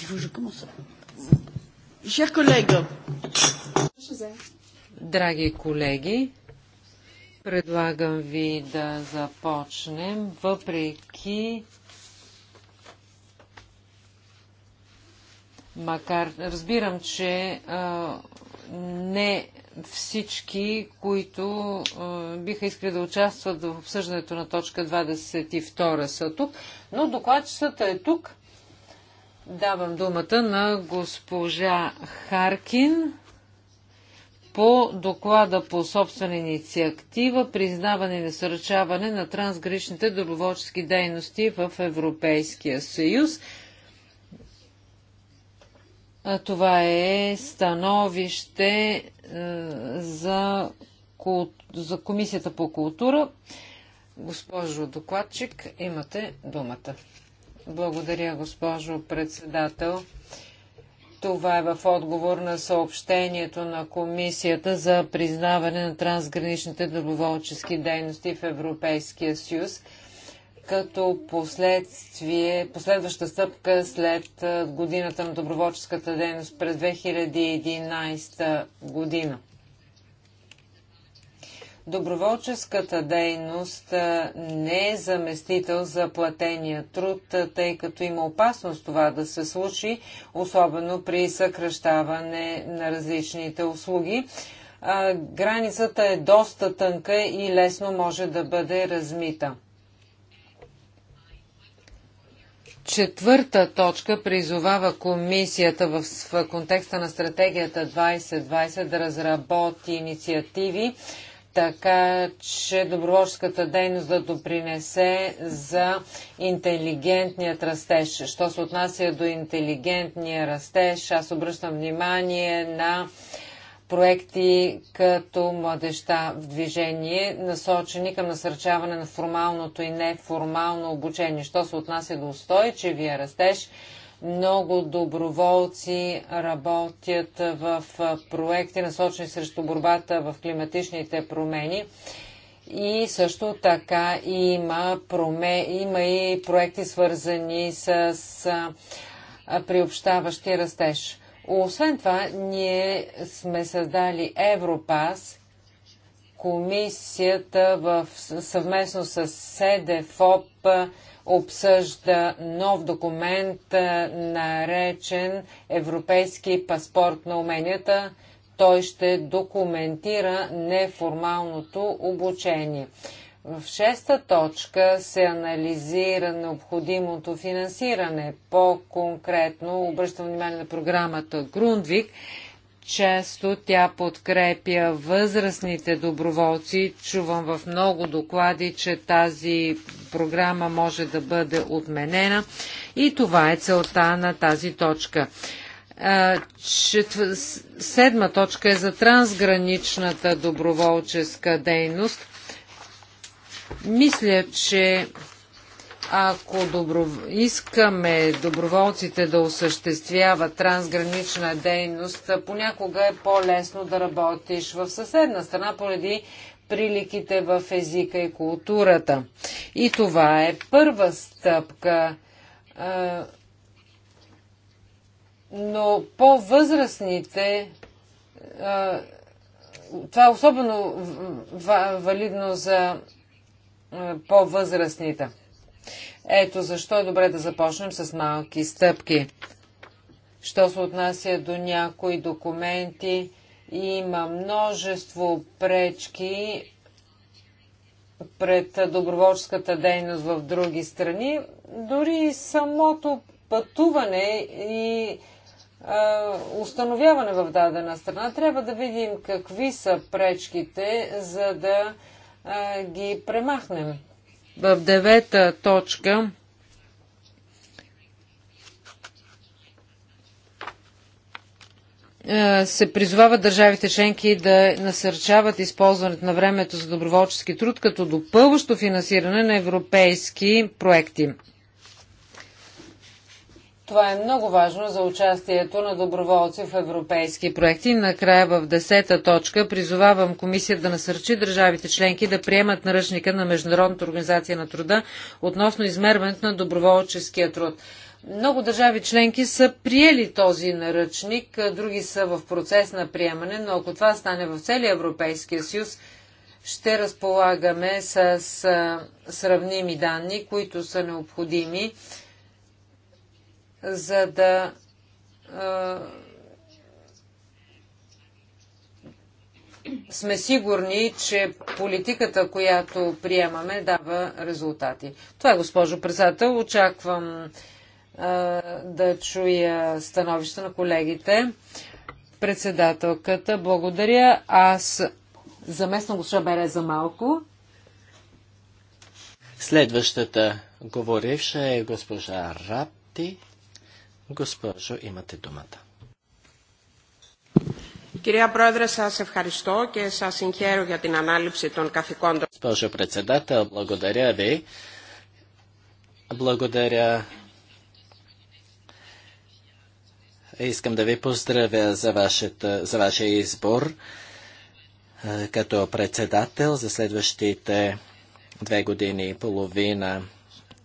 Il faut que je commence. Chers collègues. Драги колеги, предлагам ви да започнем, въпреки макар разбирам, че а, не всички, които а, биха искали да участват в обсъждането на точка 22 са тук, но докладчицата е тук Давам думата на госпожа Харкин по доклада по собствена инициатива признаване и насърчаване на трансграничните доброволчески дейности в Европейския съюз. а Това е становище е, за, за Комисията по култура. Госпожо докладчик, имате думата. Благодаря, госпожо председател. Това е в отговор на съобщението на Комисията за признаване на трансграничните доброволчески дейности в Европейския съюз като последствие, последваща стъпка след годината на доброволческата дейност през 2011 година. Доброволческата дейност не е заместител за платения труд, тъй като има опасност това да се случи, особено при съкръщаване на различните услуги. границата е доста тънка и лесно може да бъде размита. Четвърта точка призовава комисията в, в контекста на стратегията 2020 да разработи инициативи, така че доброволческата дейност да допринесе за интелигентният растеж. Що се отнася до интелигентния растеж, аз обръщам внимание на проекти като младеща в движение, насочени към насърчаване на формалното и неформално обучение. Що се отнася до устойчивия растеж, много доброволци работят в проекти, насочени срещу борбата в климатичните промени. И също така има, проме, има и проекти свързани с приобщаващи растеж. Освен това, ние сме създали Европас, комисията в съвместно с СЕДЕФОП, обсъжда нов документ, наречен Европейски паспорт на уменията. Той ще документира неформалното обучение. В шеста точка се анализира необходимото финансиране. По-конкретно обръщам внимание на програмата Грундвик, често тя подкрепя възрастните доброволци. Чувам в много доклади, че тази програма може да бъде отменена и това е целта на тази точка. Седма точка е за трансграничната доброволческа дейност. Мисля, че ако искаме доброволците да осъществяват трансгранична дейност, понякога е по-лесно да работиш в съседна страна поради приликите в езика и културата. И това е първа стъпка. Но по-възрастните това е особено валидно за по-възрастните. Ето защо е добре да започнем с малки стъпки. Що се отнася до някои документи, има множество пречки пред доброволческата дейност в други страни. Дори самото пътуване и установяване в дадена страна, трябва да видим какви са пречките, за да а, ги премахнем в девета точка е, се призвават държавите членки да насърчават използването на времето за доброволчески труд като допълващо финансиране на европейски проекти. Това е много важно за участието на доброволци в европейски проекти. Накрая в десета точка призовавам комисията да насърчи държавите членки да приемат наръчника на Международната организация на труда относно измерването на доброволческия труд. Много държави членки са приели този наръчник, други са в процес на приемане, но ако това стане в целия Европейския съюз, ще разполагаме с сравними данни, които са необходими за да а, сме сигурни, че политиката, която приемаме, дава резултати. Това е, госпожо председател. Очаквам а, да чуя становище на колегите. Председателката, благодаря. Аз заместно госпожа Бере за малко. Следващата говоривша е госпожа Рапти. Госпожо, имате думата. Κυρία Πρόεδρε, σας ευχαριστώ και σας συγχαίρω για την ανάληψη των καθηκόντων. Госпожо председател, благодаря ви. Благодаря. Искам да ви поздравя за, вашата, за вашия избор като председател за следващите две години и половина.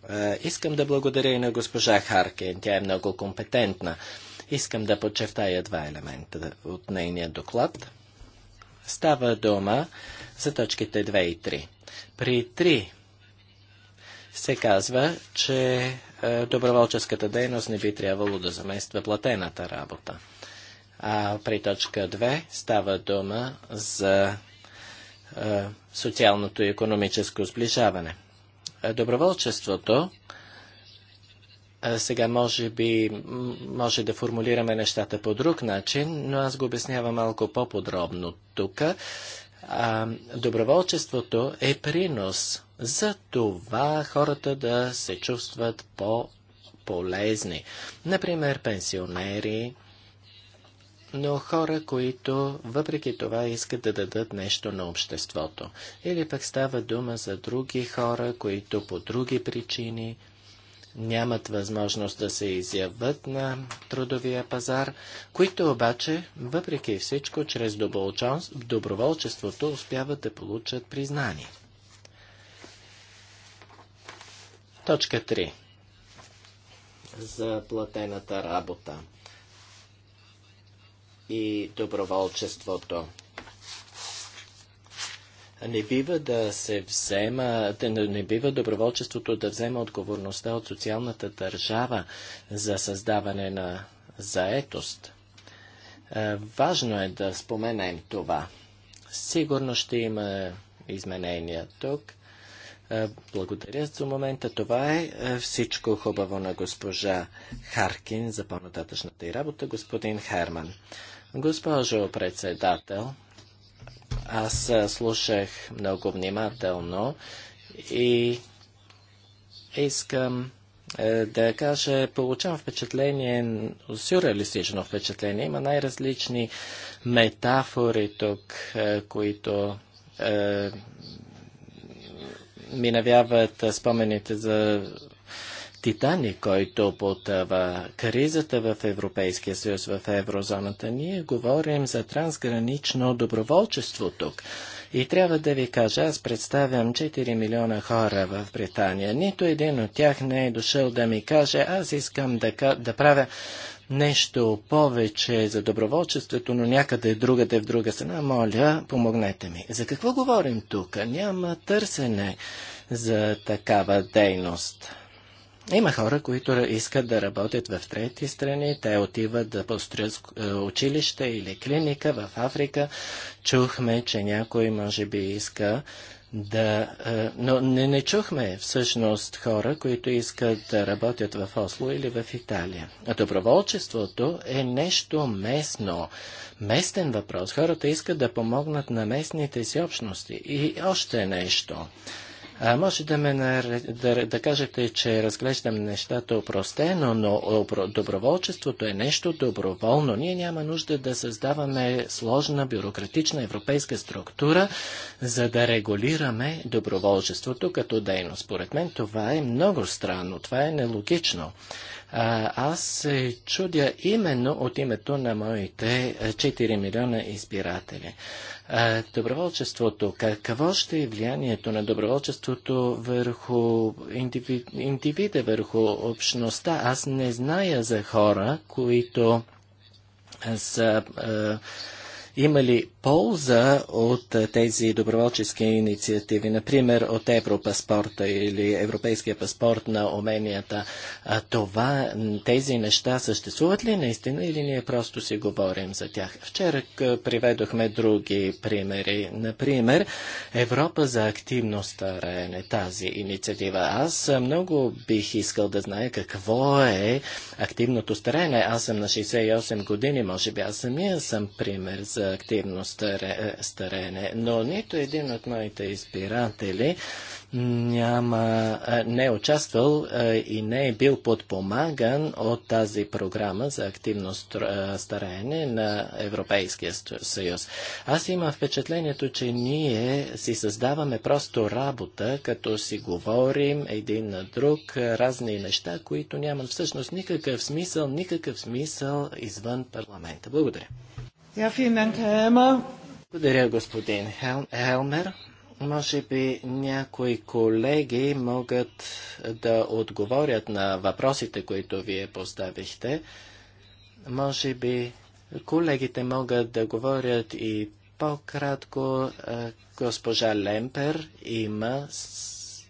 Е, искам да благодаря и на госпожа Харкен. Тя е много компетентна. Искам да подчертая два елемента от нейния доклад. Става дума за точките 2 и 3. При 3 се казва, че е, доброволческата дейност не би трябвало да замества платената работа. А при точка 2 става дума за е, социалното и економическо сближаване. Е, доброволчеството, е, сега може би може да формулираме нещата по друг начин, но аз го обяснявам малко по-подробно тук. Е, доброволчеството е принос за това хората да се чувстват по-полезни. Например, пенсионери, но хора, които въпреки това искат да дадат нещо на обществото. Или пък става дума за други хора, които по други причини нямат възможност да се изяват на трудовия пазар, които обаче, въпреки всичко, чрез доброволчеството успяват да получат признание. Точка 3. За платената работа и доброволчеството. Не бива да се взема, не бива доброволчеството да взема отговорността от социалната държава за създаване на заетост. Е, важно е да споменем това. Сигурно ще има изменения тук. Е, благодаря за момента. Това е, е всичко хубаво на госпожа Харкин за по-нататъчната и работа, господин Херман. Госпожо председател, аз слушах много внимателно и искам да кажа, получавам впечатление, сюрреалистично впечатление. Има най-различни метафори тук, които е, ми навяват спомените за Титани, който потъва кризата в Европейския съюз, в еврозоната. Ние говорим за трансгранично доброволчество тук. И трябва да ви кажа, аз представям 4 милиона хора в Британия. Нито един от тях не е дошъл да ми каже, аз искам да, да правя нещо повече за доброволчеството, но някъде другаде в друга страна, моля, помогнете ми. За какво говорим тук? Няма търсене за такава дейност. Има хора, които искат да работят в трети страни, те отиват да построят е, училище или клиника в Африка. Чухме, че някой може би иска да... Е, но не, не чухме всъщност хора, които искат да работят в Осло или в Италия. А доброволчеството е нещо местно. Местен въпрос. Хората искат да помогнат на местните си общности. И още нещо. А, може да, ме, наре... да, да кажете, че разглеждам нещата опростено, но доброволчеството е нещо доброволно. Ние няма нужда да създаваме сложна бюрократична европейска структура, за да регулираме доброволчеството като дейност. Според мен това е много странно, това е нелогично. Аз се чудя именно от името на моите 4 милиона избиратели. Доброволчеството. Какво ще е влиянието на доброволчеството върху индивида, върху общността? Аз не зная за хора, които са е, има ли полза от тези доброволчески инициативи, например от Европаспорта или Европейския паспорт на уменията? А това, тези неща съществуват ли наистина или ние просто си говорим за тях? Вчера приведохме други примери. Например, Европа за активно стареене, тази инициатива. Аз много бих искал да знае какво е активното стареене. Аз съм на 68 години, може би аз самия съм пример за за активно старене, е, но нито един от моите избиратели няма, е, не е участвал е, и не е бил подпомаган от тази програма за активно стареене на Европейския съюз. Аз имам впечатлението, че ние си създаваме просто работа, като си говорим един на друг разни неща, които нямат всъщност никакъв смисъл, никакъв смисъл извън парламента. Благодаря. Благодаря, господин Хел... Хелмер. Може би някои колеги могат да отговорят на въпросите, които вие поставихте. Може би колегите могат да говорят и по-кратко. Госпожа Лемпер има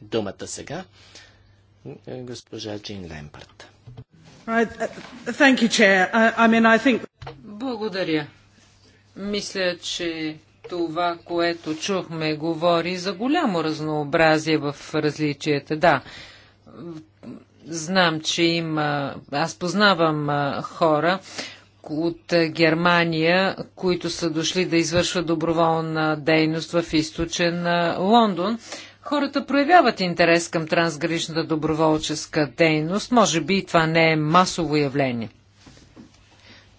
думата сега. Госпожа Джин Лемперт. Благодаря. Мисля, че това, което чухме, говори за голямо разнообразие в различията. Да, знам, че има... Аз познавам хора от Германия, които са дошли да извършват доброволна дейност в източен Лондон. Хората проявяват интерес към трансграничната доброволческа дейност. Може би това не е масово явление.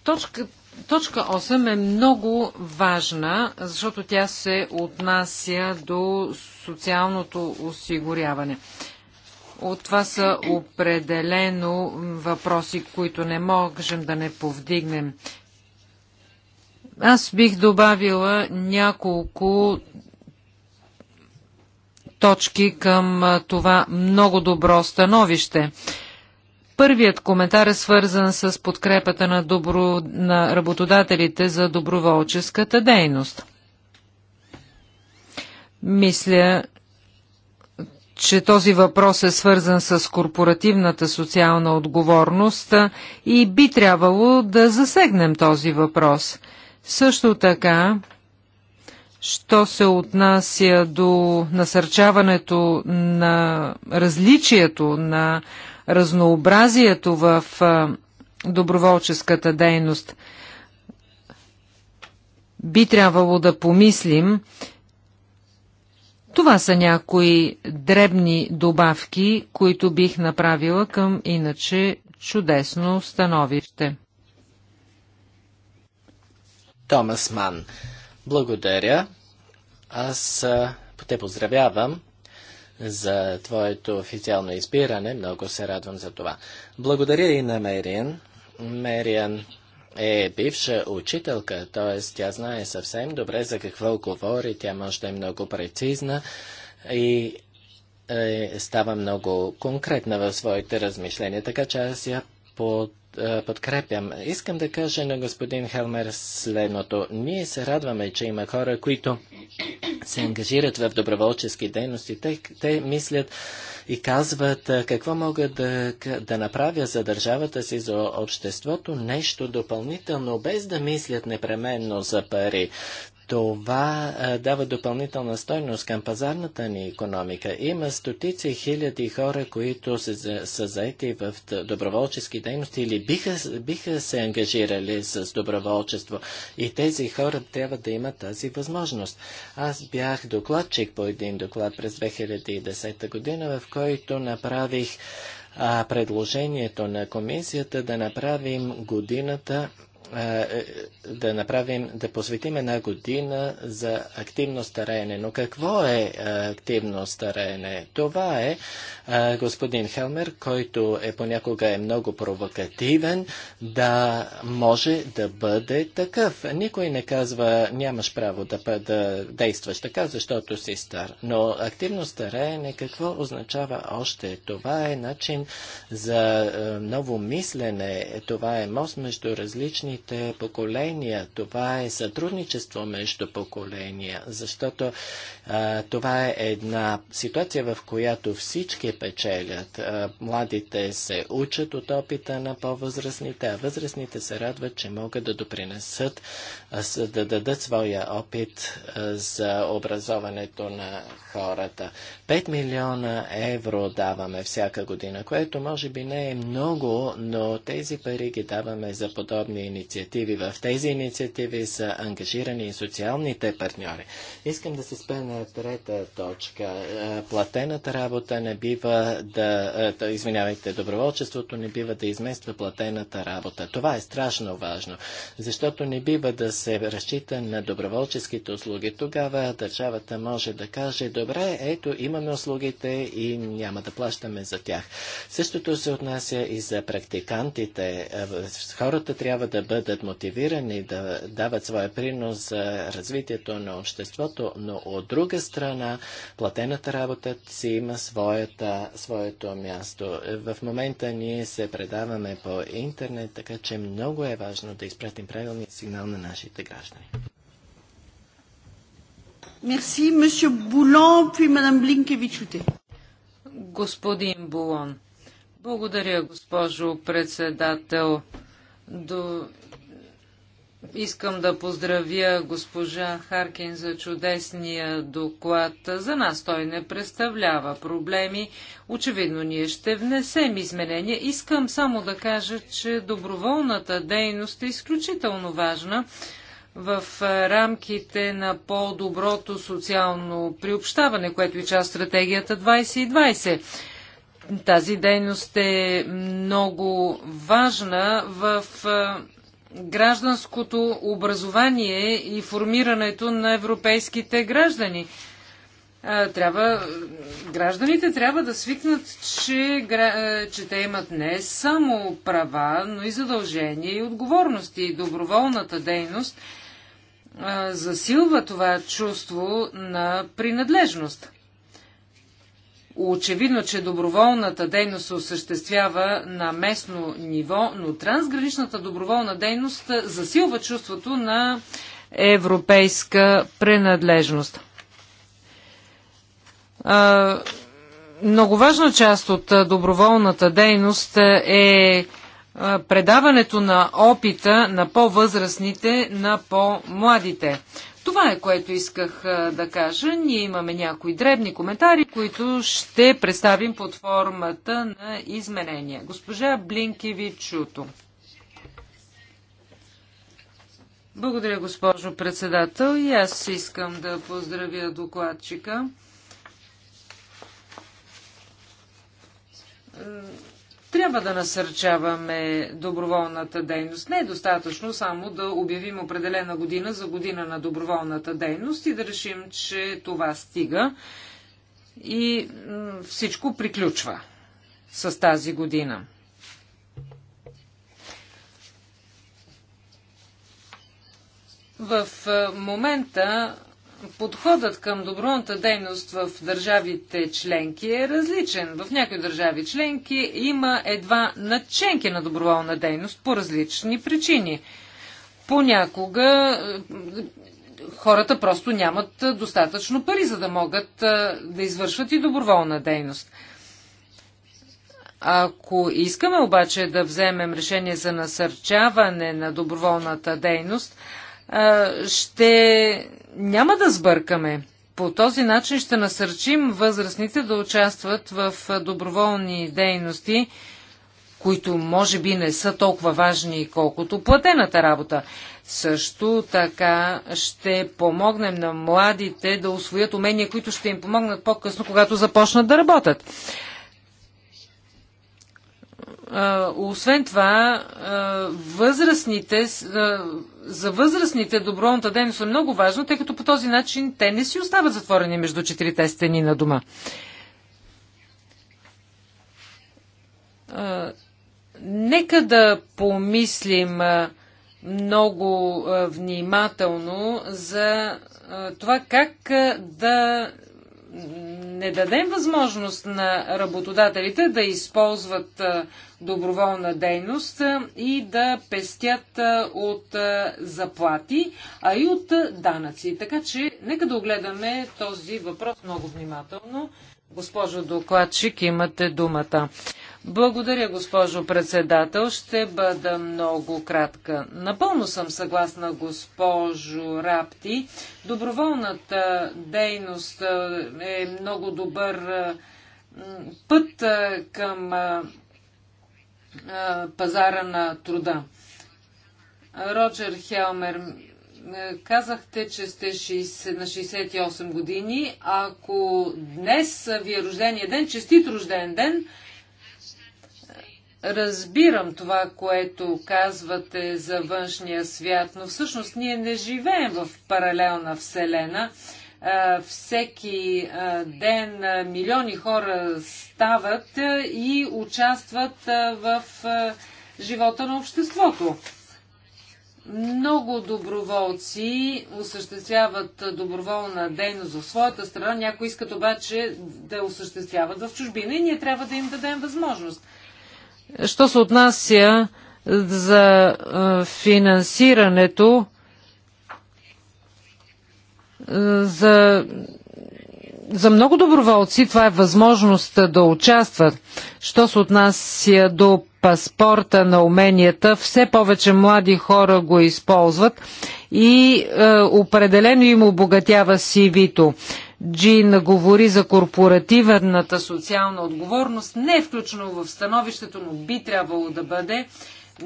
Точка Точка 8 е много важна, защото тя се отнася до социалното осигуряване. От това са определено въпроси, които не можем да не повдигнем. Аз бих добавила няколко точки към това много добро становище. Първият коментар е свързан с подкрепата на, добро, на работодателите за доброволческата дейност. Мисля, че този въпрос е свързан с корпоративната социална отговорност и би трябвало да засегнем този въпрос. Също така, що се отнася до насърчаването на различието на разнообразието в доброволческата дейност. Би трябвало да помислим. Това са някои дребни добавки, които бих направила към иначе чудесно становище. Томас Ман, благодаря. Аз те поздравявам за твоето официално избиране. Много се радвам за това. Благодаря и на Мериан. Мериан е бивша учителка, т.е. тя знае съвсем добре за какво говори, тя може да е много прецизна и е, става много конкретна в своите размишления, така че аз я под е, подкрепям. Искам да кажа на господин Хелмер следното. Ние се радваме, че има хора, които се ангажират в доброволчески дейности. Те, те мислят и казват е, какво могат да, да направя за държавата си, за обществото, нещо допълнително, без да мислят непременно за пари това а, дава допълнителна стойност към пазарната ни економика. Има стотици хиляди хора, които са, са заети в доброволчески дейности или биха, биха се ангажирали с доброволчество. И тези хора трябва да имат тази възможност. Аз бях докладчик по един доклад през 2010 година, в който направих а, предложението на комисията да направим годината е, да направим, да посветим една година за активно стареене. Но какво е, е активно стареене? Това е, е господин Хелмер, който е понякога е много провокативен, да може да бъде такъв. Никой не казва, нямаш право да, да действаш така, защото си стар. Но активно стареене какво означава още? Това е начин за ново мислене. Това е мост между различни новите поколения. Това е сътрудничество между поколения, защото а, това е една ситуация, в която всички печелят. А, младите се учат от опита на по-възрастните, а възрастните се радват, че могат да допринесат, а, да дадат своя опит а, за образоването на хората. 5 милиона евро даваме всяка година, което може би не е много, но тези пари ги даваме за подобни инициативи. В тези инициативи са ангажирани и социалните партньори. Искам да се спе на трета точка. Е, платената работа не бива е, да... Извинявайте, доброволчеството не бива да измества платената работа. Това е страшно важно, защото не бива да се разчита на доброволческите услуги. Тогава държавата може да каже, добре, ето има взимаме услугите и няма да плащаме за тях. Същото се отнася и за практикантите. Е, хората трябва да бъдат мотивирани да дават своя принос за развитието на обществото, но от друга страна платената работа си има своята, своето място. Е, в момента ние се предаваме по интернет, така че много е важно да изпратим правилния сигнал на нашите граждани puis Господин Булон. Благодаря, госпожо председател. До... Искам да поздравя госпожа Харкин за чудесния доклад. За нас той не представлява проблеми. Очевидно ние ще внесем изменения. Искам само да кажа, че доброволната дейност е изключително важна в рамките на по-доброто социално приобщаване, което и част стратегията 2020. Тази дейност е много важна в гражданското образование и формирането на европейските граждани – трябва, гражданите трябва да свикнат, че, че те имат не само права, но и задължения и отговорности. И доброволната дейност засилва това чувство на принадлежност. Очевидно, че доброволната дейност се осъществява на местно ниво, но трансграничната доброволна дейност засилва чувството на европейска принадлежност. Много важна част от доброволната дейност е, е предаването на опита на по-възрастните на по-младите. Това е което исках да кажа. Ние имаме някои дребни коментари, които ще представим под формата на изменения. Госпожа Чуто. Благодаря, госпожо председател. И аз искам да поздравя докладчика трябва да насърчаваме доброволната дейност. Не е достатъчно само да обявим определена година за година на доброволната дейност и да решим, че това стига и всичко приключва с тази година. В е, момента подходът към доброната дейност в държавите членки е различен. В някои държави членки има едва наченки на доброволна дейност по различни причини. Понякога е, хората просто нямат е, достатъчно пари, за да могат е, да извършват и доброволна дейност. Ако искаме обаче да вземем решение за насърчаване на доброволната дейност, ще няма да сбъркаме. По този начин ще насърчим възрастните да участват в доброволни дейности, които може би не са толкова важни, колкото платената работа. Също така ще помогнем на младите да освоят умения, които ще им помогнат по-късно, когато започнат да работят. Освен това, възрастните, за възрастните доброволната дейност е много важна, тъй като по този начин те не си остават затворени между четирите стени на дома. Нека да помислим много внимателно за това как да не дадем възможност на работодателите да използват доброволна дейност и да пестят от заплати, а и от данъци. Така че нека да огледаме този въпрос много внимателно. Госпожо докладчик, имате думата. Благодаря, госпожо председател. Ще бъда много кратка. Напълно съм съгласна, госпожо Рапти. Доброволната дейност е много добър път към пазара на труда. Роджер Хелмер, казахте, че сте 60, на 68 години. Ако днес ви е рождения ден, честит рожден ден, Разбирам това, което казвате за външния свят, но всъщност ние не живеем в паралелна вселена. Всеки ден милиони хора стават и участват в живота на обществото. Много доброволци осъществяват доброволна дейност в своята страна, някои искат обаче да осъществяват в чужбина и ние трябва да им дадем възможност – Що се отнася за финансирането, за, за много доброволци това е възможност да участват. Що се отнася до паспорта на уменията, все повече млади хора го използват и е, определено им обогатява CV-то. Джин говори за корпоративната социална отговорност, не е включено в становището, но би трябвало да бъде.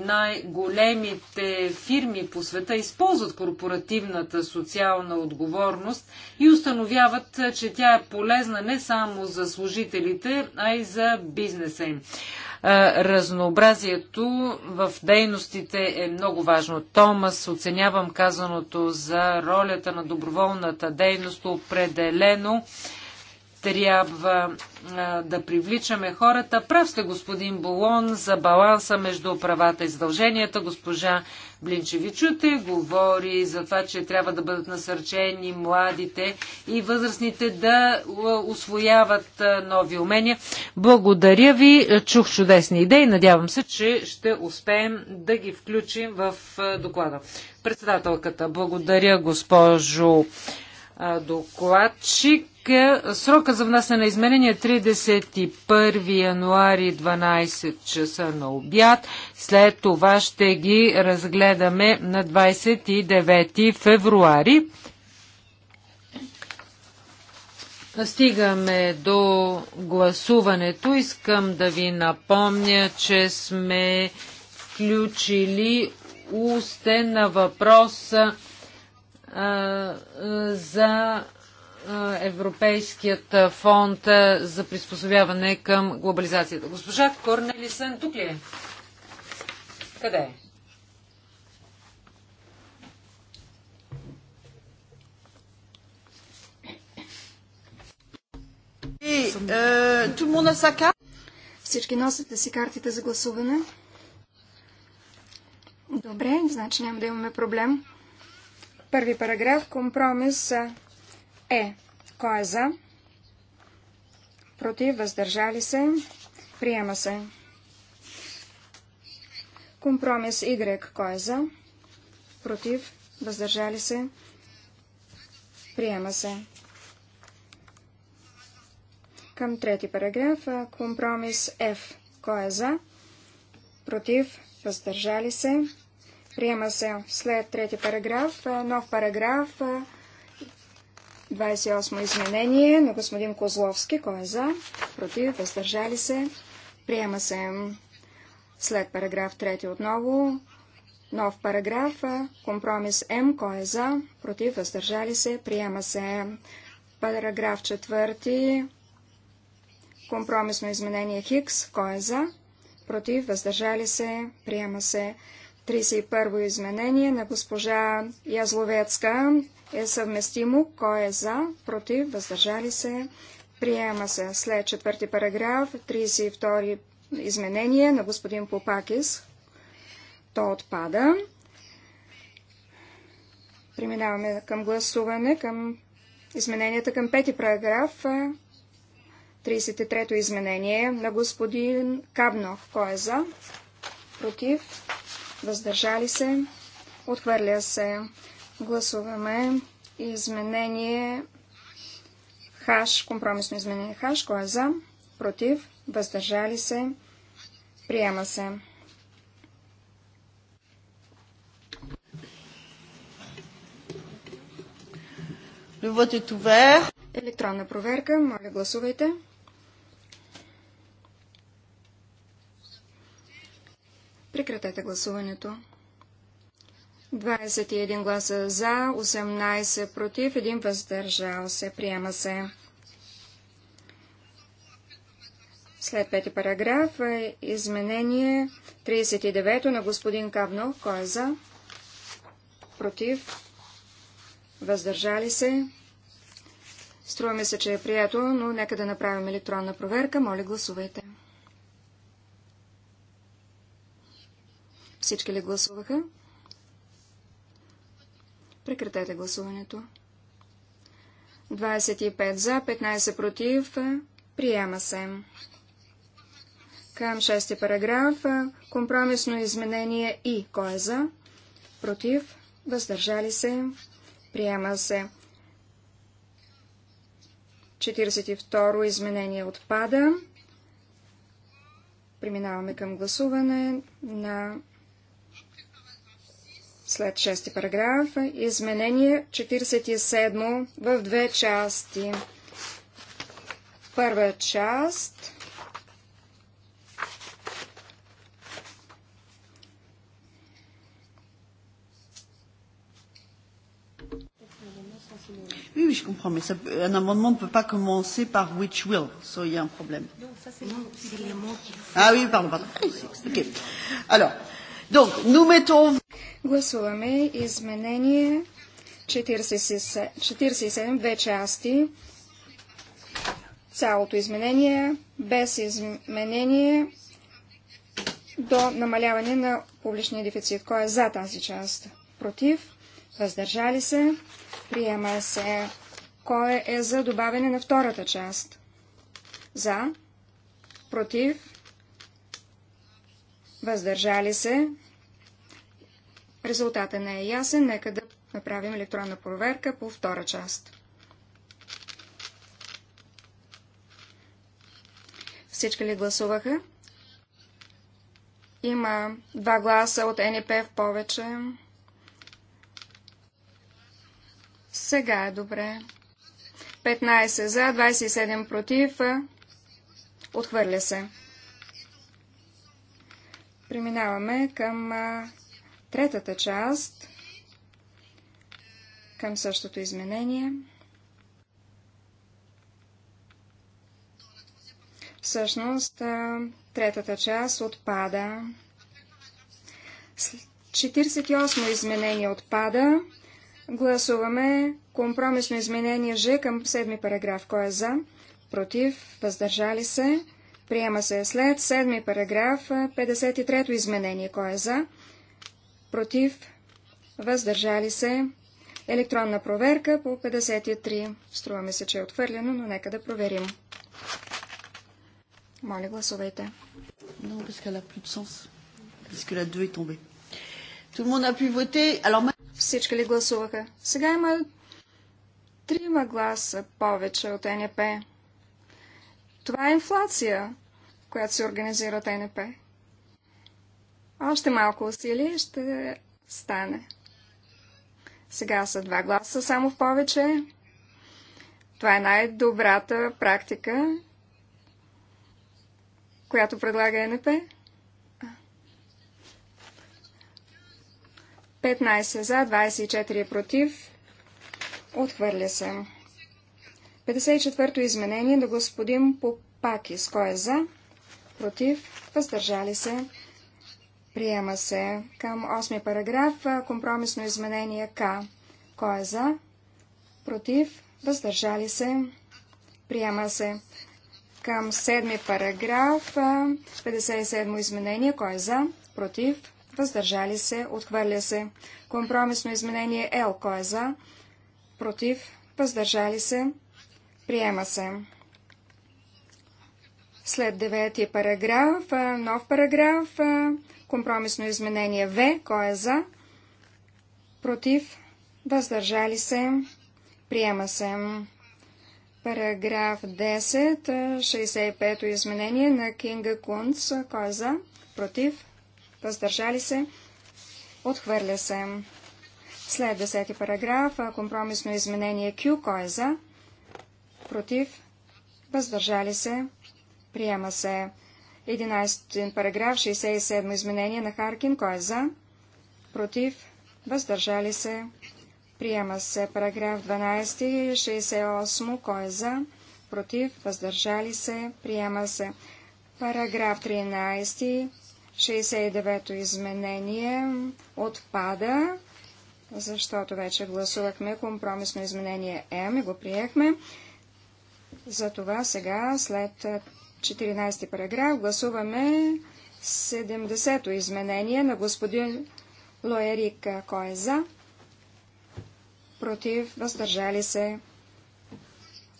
Най-големите фирми по света използват корпоративната социална отговорност и установяват, че тя е полезна не само за служителите, а и за бизнеса им. Разнообразието в дейностите е много важно. Томас, оценявам казаното за ролята на доброволната дейност определено трябва да привличаме хората. Прав сте, господин Болон, за баланса между правата и задълженията. Госпожа Блинчевичуте говори за това, че трябва да бъдат насърчени младите и възрастните да освояват нови умения. Благодаря ви, чух чудесни идеи. Надявам се, че ще успеем да ги включим в доклада. Председателката, благодаря госпожо докладчик. Е, срока за внасяне на изменения е 31 януари 12 часа на обяд. След това ще ги разгледаме на 29 февруари. Стигаме до гласуването. Искам да ви напомня, че сме включили устен на въпроса за Европейският фонд за приспособяване към глобализацията. Госпожа Корнелисън, тук ли е? Къде е? е Всички носите си картите за гласуване. Добре, значи няма да имаме проблем. Първи параграф, компромис е. Кой е за? Против, въздържали се, приема се. Компромис Y, кой е за? Против, въздържали се, приема се. Към трети параграф, компромис F, кой е за? Против, въздържали се, приема се. Приема се след трети параграф, нов параграф, 28 изменение на господин Козловски. Кой е за? Против? Въздържали се? Приема се след параграф 3 отново. Нов параграф. Компромис М. Кой е за? Против? Въздържали се? Приема се. Параграф 4. Компромисно изменение Хикс. Кой е за? Против? Въздържали се? Приема се. 31-во изменение на госпожа Язловецка е съвместимо. Кой е за? Против? Въздържали се? Приема се след четвърти параграф, 32 изменение на господин Попакис. То отпада. Преминаваме към гласуване, към измененията към пети параграф, 33-то изменение на господин Кабнов. Кой е за? Против? въздържали се, отхвърля се. Гласуваме изменение хаш, компромисно изменение хаш, кой е за, против, въздържали се, приема се. Електронна проверка. Моля, гласувайте. Прекратете гласуването. 21 гласа за, 18 против, 1 въздържал се. Приема се. След пети параграф е изменение 39 на господин Кавно. Кой е за? Против? Въздържали се? Струваме се, че е прието, но нека да направим електронна проверка. Моля, гласувайте. Всички ли гласуваха? Прекратете гласуването. 25 за, 15 против. Приема се. Към 6 параграф. Компромисно изменение и. Кой е за? Против. Въздържали се. Приема се. 42 изменение отпада. Преминаваме към гласуване на след 6-ти параграф, изменение 47 в две части. Първа част Oui, oui, je comprends, mais ça, un amendement ne peut pas commencer par which will, so il y a un problème. Non, ça c'est Ah oui, pardon, pardon. Okay. Alors, euh, Гласуваме изменение 47, две части. Цялото изменение без изменение до намаляване на публичния дефицит. Кой е за тази част? Против? Въздържали се? Приема се. Кой е за добавяне на втората част? За? Против? въздържали се. Резултата не е ясен. Нека да направим електронна проверка по втора част. Всички ли гласуваха? Има два гласа от НП в повече. Сега е добре. 15 за, 27 против. Отхвърля се. Преминаваме към третата част, към същото изменение. Всъщност, третата част отпада. 48 изменение отпада. Гласуваме компромисно изменение Ж към 7 параграф. Кой е за? Против? Въздържали се? Приема се след седми параграф 53-то изменение. Кой е за? Против? Въздържали се? Електронна проверка по 53. Струва ми се, че е отхвърлено, но нека да проверим. Моля, гласувайте. Non, parce qu'elle a Всички ли гласуваха? Сега има трима гласа повече от НП. Това е инфлация, която се организира от НП. Още малко усилие ще стане. Сега са два гласа само в повече. Това е най-добрата практика, която предлага НП. 15 за, 24 против. Отхвърля се. 54-то изменение на господин Попакис. Кой е за? Против? Въздържали се? Приема се. Към 8 параграф компромисно изменение К. Кой е за? Против? Въздържали се? Приема се. Към 7 параграф 57 изменение. Кой е за? Против? Въздържали се? Отхвърля се. Компромисно изменение Л. Кой е за? Против? Въздържали се? Приема се. След деветия параграф, нов параграф, компромисно изменение В. Кой е за? Против? Въздържали се? Приема се. Параграф 10, 65-то изменение на Кинга Кунц. Кой е за? Против? Въздържали се? Отхвърля се. След 10 параграф, компромисно изменение Q. Кой е за? против, въздържали се, приема се. 11 параграф, 67 изменение на Харкин, кой е за, против, въздържали се, приема се. Параграф 12, 68, кой е за, против, въздържали се, приема се. Параграф 13, 69-то изменение отпада, защото вече гласувахме компромисно изменение М и го приехме. Затова сега, след 14 параграф, гласуваме 70-то изменение на господин Лоерик. Кой е за? Против, въздържали се.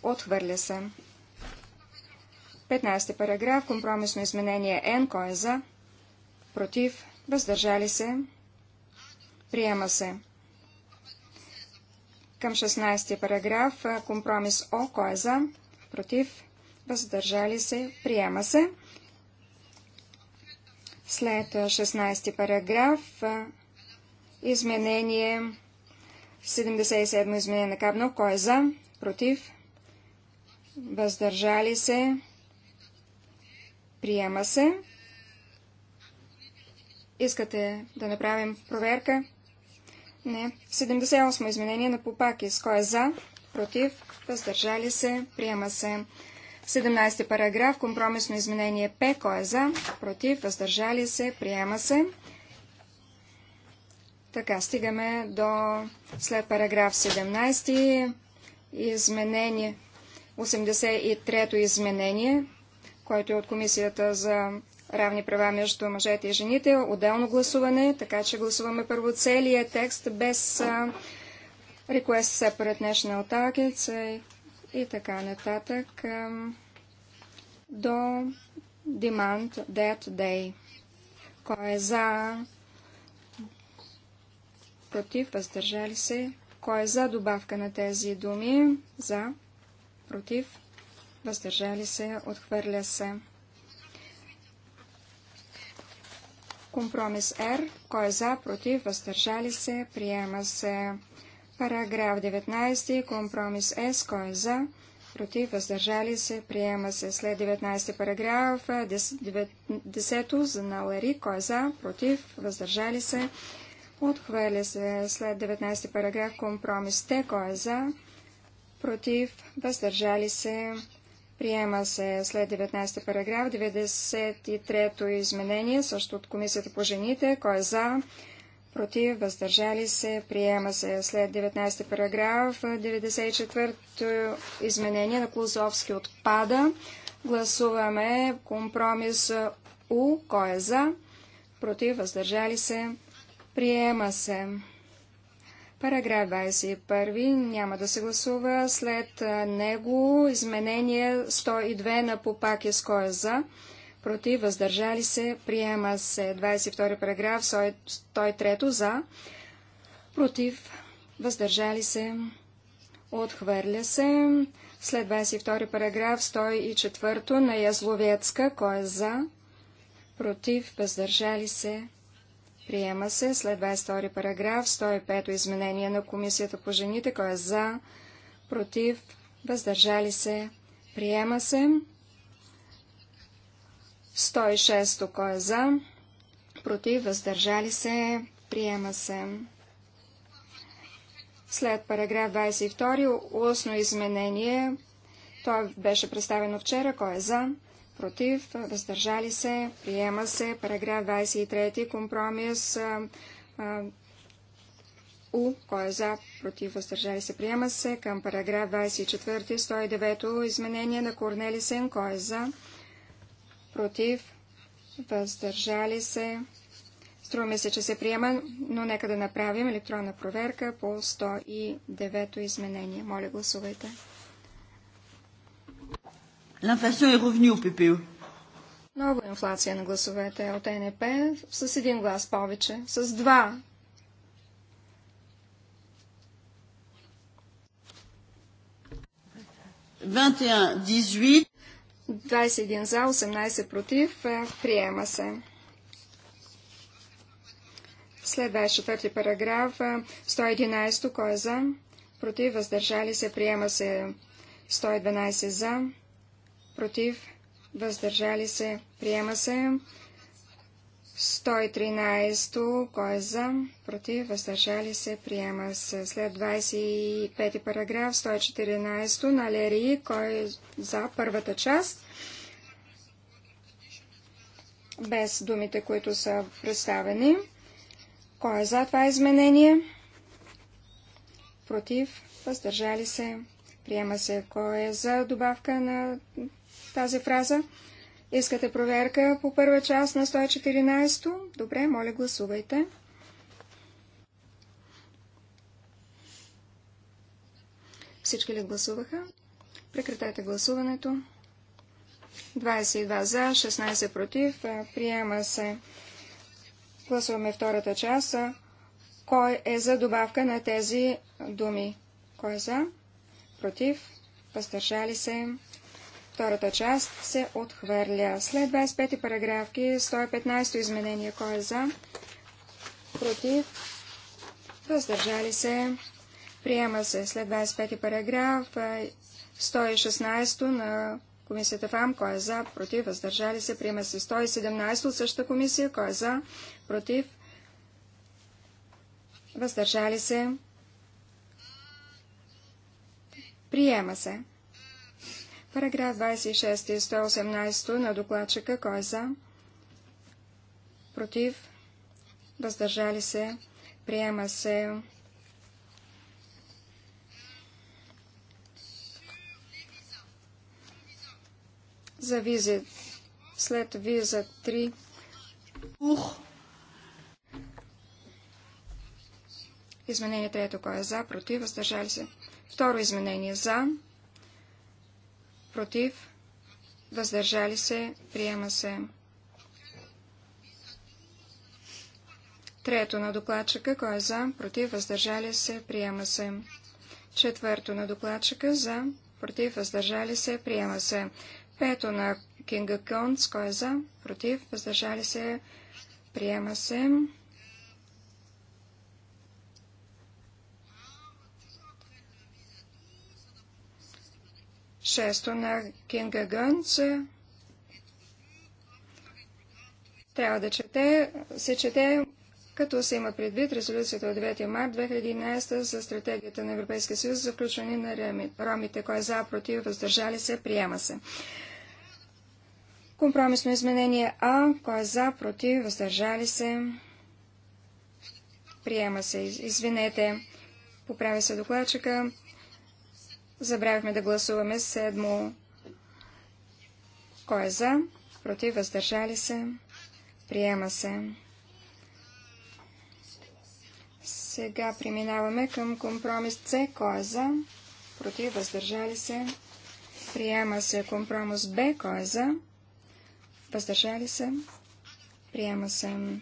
Отхвърля се. 15 параграф, компромисно изменение Н. Кой е за? Против, въздържали се. Приема се. Към 16 параграф, компромис О. Кой е за? против, въздържали се, приема се. След 16 параграф, изменение 77 изменение на кабно. кой е за, против, въздържали се, приема се. Искате да направим проверка? Не. 78 изменение на Попакис. Кой е за? против, въздържали се, приема се. 17 параграф, компромисно изменение П, кой е за, против, въздържали се, приема се. Така, стигаме до след параграф 17, изменение, 83-то изменение, което е от Комисията за равни права между мъжете и жените, отделно гласуване, така че гласуваме първо целият текст без request separate national targets eh, и така нататък до demand that day. Кой е за? Против? Въздържали се? Кой е за добавка на тези думи? За? Против? Въздържали се? Отхвърля се. Компромис R. Кой е за? Против? Въздържали се? Приема се. Параграф 19. Компромис С. Кой е за? Против. Въздържали се. Приема се. След 19 параграф. 10 за Налари. Кой е за? Против. Въздържали се. Отхвърля се. След 19 параграф. Компромис Т. Кой е за? Против. Въздържали се. Приема се след 19 параграф 93-то изменение, също от Комисията по жените. Кой е за? против, въздържали се, приема се. След 19 параграф, 94-то изменение на Клузовски отпада. Гласуваме компромис У, кой е за, против, въздържали се, приема се. Параграф 21 няма да се гласува. След него изменение 102 на Попакис, кой е за, против, въздържали се, приема се 22 параграф, 103 е за, против, въздържали се, отхвърля се. След 22 параграф, 104 на Язловецка, кой е за, против, въздържали се, приема се. След 22 параграф, 105 изменение на Комисията по жените, кой е за, против, въздържали се, приема се. 106 кой е за, против, въздържали се, приема се. След параграф 22 устно изменение, то беше представено вчера, кой е за, против, въздържали се, приема се. Параграф 23 компромис а, а, У, кой е за, против, въздържали се, приема се. Към параграф 24 109 изменение на Корнелисен, кой е за, против, въздържали се. Струва ми се, че се приема, но нека да направим електронна проверка по 109-то изменение. Моля, гласувайте. L'inflation е revenue au PPE. Много е инфлация на гласовете от НП с един глас повече, с два. 21 за, 18 против. Е, приема се. След 24 параграф, 111, е, кой е за? Против, въздържали се, приема се 112 за, против, въздържали се, приема се 113, кой е за, против, въздържали се, приема се. След 25 параграф, 114 на Лерии, кой е за първата част, без думите, които са представени. Кой е за това изменение? Против, въздържали се, приема се. Кой е за добавка на тази фраза? Искате проверка по първа част на 114? Добре, моля гласувайте. Всички ли гласуваха? Прекратете гласуването. 22 за, 16 против. Приема се. Гласуваме втората част. Кой е за добавка на тези думи? Кой е за? Против? Въздържали се? Втората част се отхвърля. След 25 параграфки, 115 изменение. Кой е за? Против? Въздържали се? Приема се след 25 параграф 116 на комисията ФАМ. Кой е за? Против? Въздържали се? Приема се 117 от същата комисия. Кой е за? Против? Въздържали се? Приема се. Параграф 26 и 118 на докладчика. Кой е за? Против? Въздържали се? Приема се. За виза. След виза 3. Ух! Изменение трето. Кой е за? Против? Въздържали се? Второ изменение. За против, въздържали се, приема се. Трето на докладчика, кой е за, против, въздържали се, приема се. Четвърто на докладчика, за, против, въздържали се, приема се. Пето на Кинга Конц, кой е за, против, въздържали се, приема се. Шесто на Кинга Гънц трябва да чете, се чете, като се има предвид резолюцията от 9 март 2011 за стратегията на Европейския съюз за включване на ромите. Кой е за, против, въздържали се, приема се. Компромисно изменение А. Кой е за, против, въздържали се, приема се. Извинете, поправя се докладчика. Забравихме да гласуваме седмо. Кой е за? Против, въздържали се. Приема се. Сега преминаваме към компромис С. Кой е за? Против, въздържали се. Приема се компромис Б. Кой е за? Въздържали се. Приема се.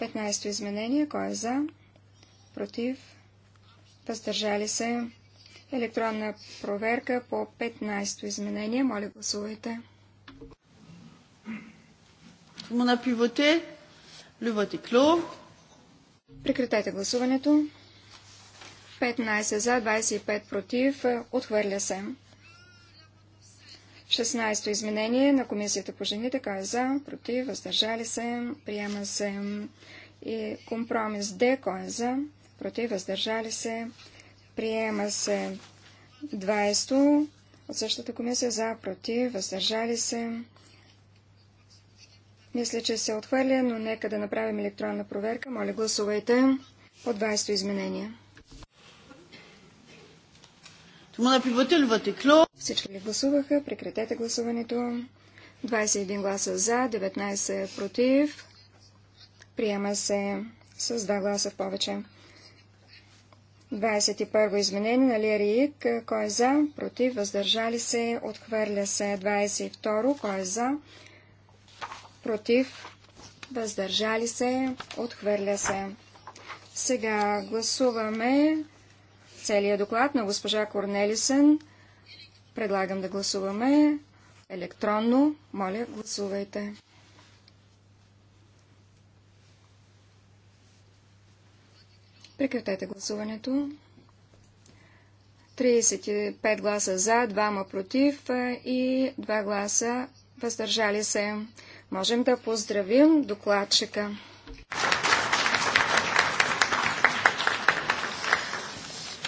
15-то изменение. Кой е за? Против въздържали се. Електронна проверка по 15-то изменение. Моля, гласувайте. Mon a pu Прекратете гласуването. 15 за, 25 против. Отхвърля се. 16-то изменение на Комисията по жените. Кой е за, против, въздържали се. Приема се и компромис Д. Кой е за, против, въздържали се, приема се 20 от същата комисия за, против, въздържали се. Мисля, че се отхвърля, но нека да направим електронна проверка. Моля, гласувайте по 20 изменения. Всички ли гласуваха? Прекратете гласуването. 21 гласа за, 19 против. Приема се с 2 гласа в повече. 21 изменение на Лерик. Кой е за? Против? Въздържали се? Отхвърля се. 22. Кой е за? Против? Въздържали се? Отхвърля се. Сега гласуваме целият доклад на госпожа Корнелисен. Предлагам да гласуваме електронно. Моля, гласувайте. Прекратете гласуването. 35 гласа за, 2 против и 2 гласа въздържали се. Можем да поздравим докладчика.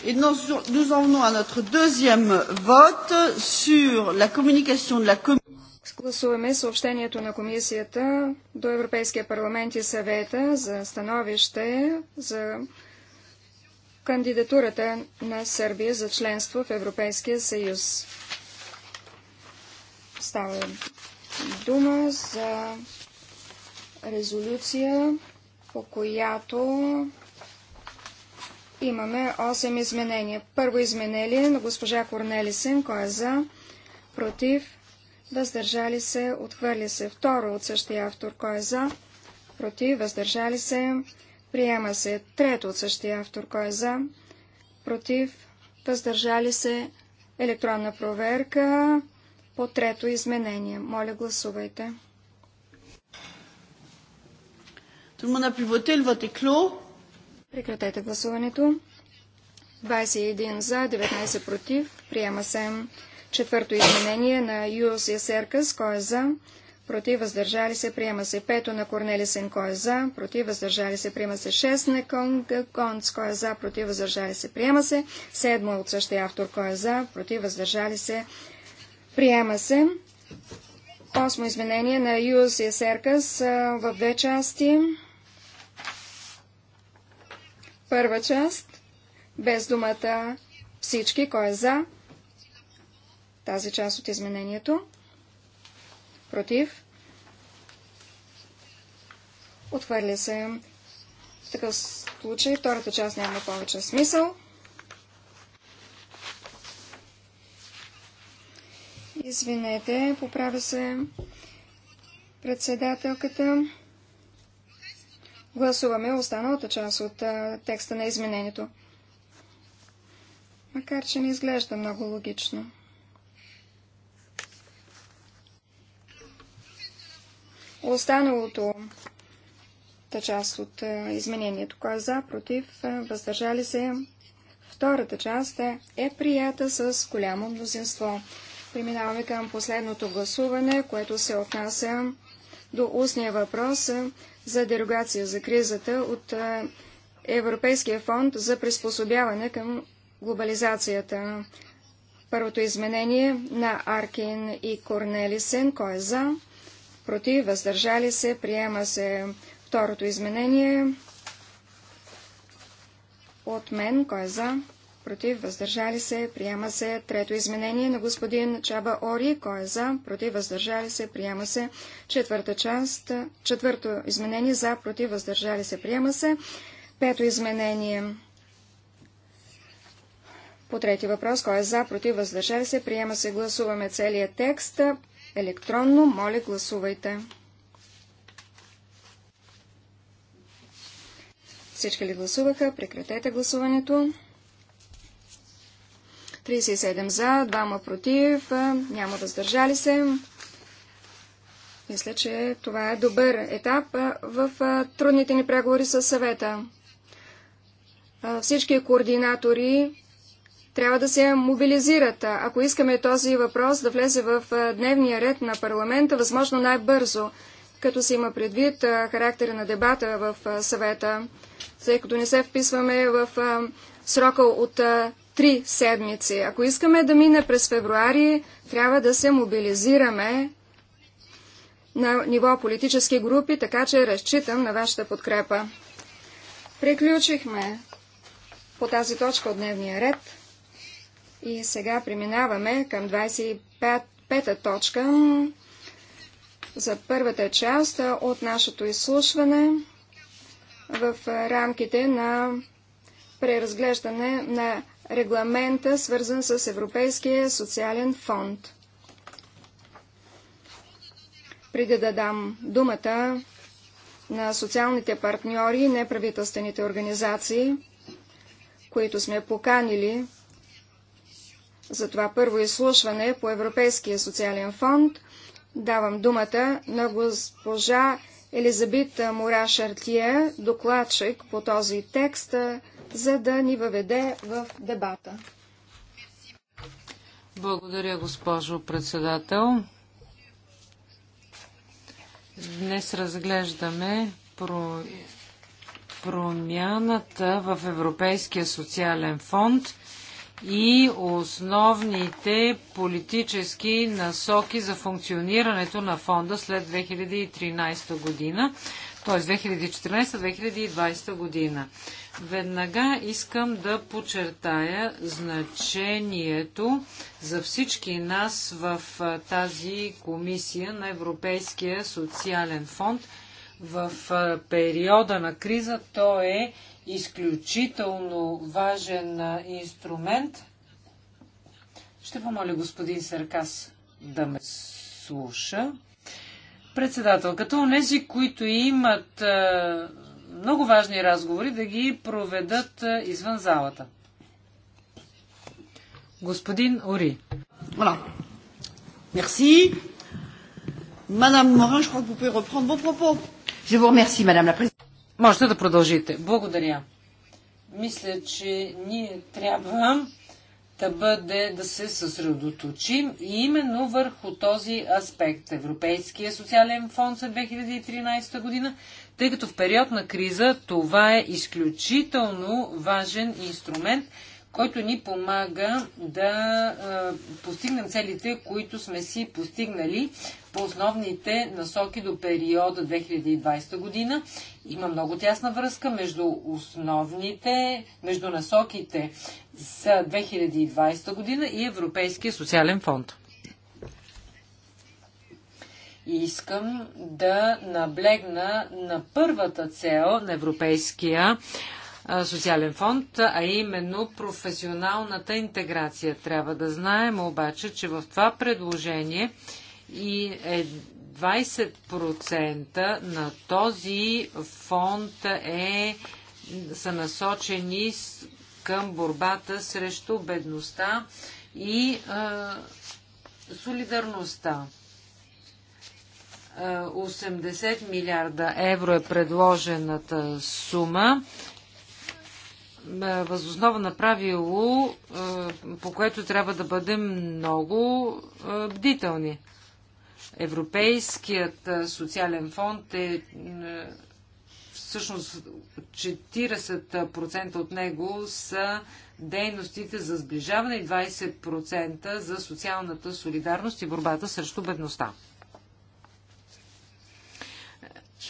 Et nous, nous en venons à notre deuxième vote sur la communication de la Commission. Гласуваме съобщението на комисията до Европейския парламент и съвета за становище за кандидатурата на Сърбия за членство в Европейския съюз. Става дума за резолюция, по която имаме 8 изменения. Първо изменение на госпожа Корнелисен, кой е за, против, въздържали се, отхвърли се. Второ от същия автор, кой е за, против, въздържали се, Приема се трето от същия автор, кой е за, против, въздържали се, електронна проверка по трето изменение. Моля, гласувайте. Прекратете гласуването. 21 за, 19 против. Приема се четвърто изменение на Юс Есеркас, кой е за, против въздържали се, приема се Пето на Корнелисен, кой е за, против въздържали се, приема се Шест на Конг Конц, кой е за, против въздържали се, приема се Седмо от същия автор, кой е за, против въздържали се, приема се. Осмо изменение на Юс и Серкас в две части. Първа част, без думата всички, кой е за тази част от изменението против, отхвърля се. В такъв случай втората част няма повече смисъл. Извинете, поправя се председателката. Гласуваме останалата част от а, текста на изменението. Макар, че не изглежда много логично. Останалото та част от е, изменението, кой е за, против, е, въздържали се, втората част е, е прията с голямо мнозинство. Преминаваме към последното гласуване, което се отнася до устния въпрос за дерогация за кризата от Европейския фонд за приспособяване към глобализацията. Първото изменение на Аркин и Корнелисен. Кой е за? против, въздържали се, приема се второто изменение от мен, кой е за, против, въздържали се, приема се трето изменение на господин Чаба Ори, кой е за, против, въздържали се, приема се четвърта част, четвърто изменение за, против, въздържали се, приема се пето изменение. По трети въпрос, кой е за, против, въздържали се, приема се, гласуваме целият текст електронно. Моля, гласувайте. Всички ли гласуваха? Прекратете гласуването. 37 за, 2 против, няма въздържали се. Мисля, че това е добър етап в трудните ни преговори с съвета. Всички координатори трябва да се мобилизират. Ако искаме този въпрос да влезе в дневния ред на парламента, възможно най-бързо, като се има предвид характера на дебата в съвета, тъй като не се вписваме в срока от три седмици. Ако искаме да мине през февруари, трябва да се мобилизираме на ниво политически групи, така че разчитам на вашата подкрепа. Приключихме по тази точка от дневния ред. И сега преминаваме към 25-та точка за първата част от нашето изслушване в рамките на преразглеждане на регламента, свързан с Европейския социален фонд. Преди да дам думата на социалните партньори и неправителствените организации, които сме поканили за това първо изслушване по Европейския социален фонд. Давам думата на госпожа Елизабит Мора Шартия, докладчик по този текст, за да ни въведе в дебата. Благодаря, госпожо председател. Днес разглеждаме про... промяната в Европейския социален фонд и основните политически насоки за функционирането на фонда след 2013 година, т.е. 2014-2020 година. Веднага искам да подчертая значението за всички нас в тази комисия на Европейския социален фонд в периода на криза. То е изключително важен инструмент. Ще помоля господин Саркас да ме слуша. Председателката, тези, които имат много важни разговори, да ги проведат извън залата. Господин Ори. Voilà. Merci. Madame Morin, je crois que vous pouvez reprendre vos propos. Je vous remercie, Madame la Présidente. Можете да продължите. Благодаря. Мисля, че ние трябва да бъде да се съсредоточим и именно върху този аспект. Европейския социален фонд за 2013 година, тъй като в период на криза това е изключително важен инструмент – който ни помага да постигнем целите, които сме си постигнали по основните насоки до периода 2020 година. Има много тясна връзка между основните, между насоките за 2020 година и Европейския социален фонд. И искам да наблегна на първата цел на Европейския социален фонд, а именно професионалната интеграция. Трябва да знаем обаче, че в това предложение и е 20% на този фонд е, са насочени към борбата срещу бедността и е, солидарността. 80 милиарда евро е предложената сума е, възоснова на правило, е, по което трябва да бъдем много е, бдителни. Европейският социален фонд е всъщност 40% от него са дейностите за сближаване и 20% за социалната солидарност и борбата срещу бедността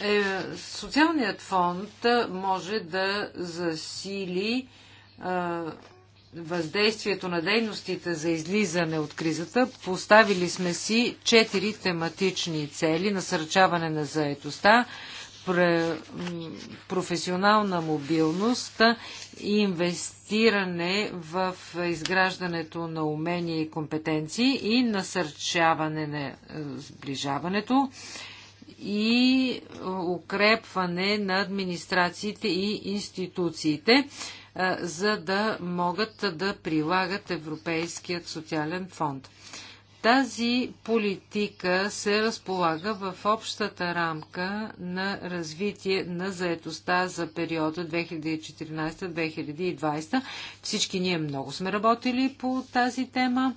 е, социалният фонд може да засили е, въздействието на дейностите за излизане от кризата. Поставили сме си четири тематични цели. Насърчаване на заетостта, професионална мобилност, инвестиране в изграждането на умения и компетенции и насърчаване на е, сближаването и укрепване на администрациите и институциите, за да могат да прилагат Европейският социален фонд. Тази политика се разполага в общата рамка на развитие на заетостта за периода 2014-2020. Всички ние много сме работили по тази тема.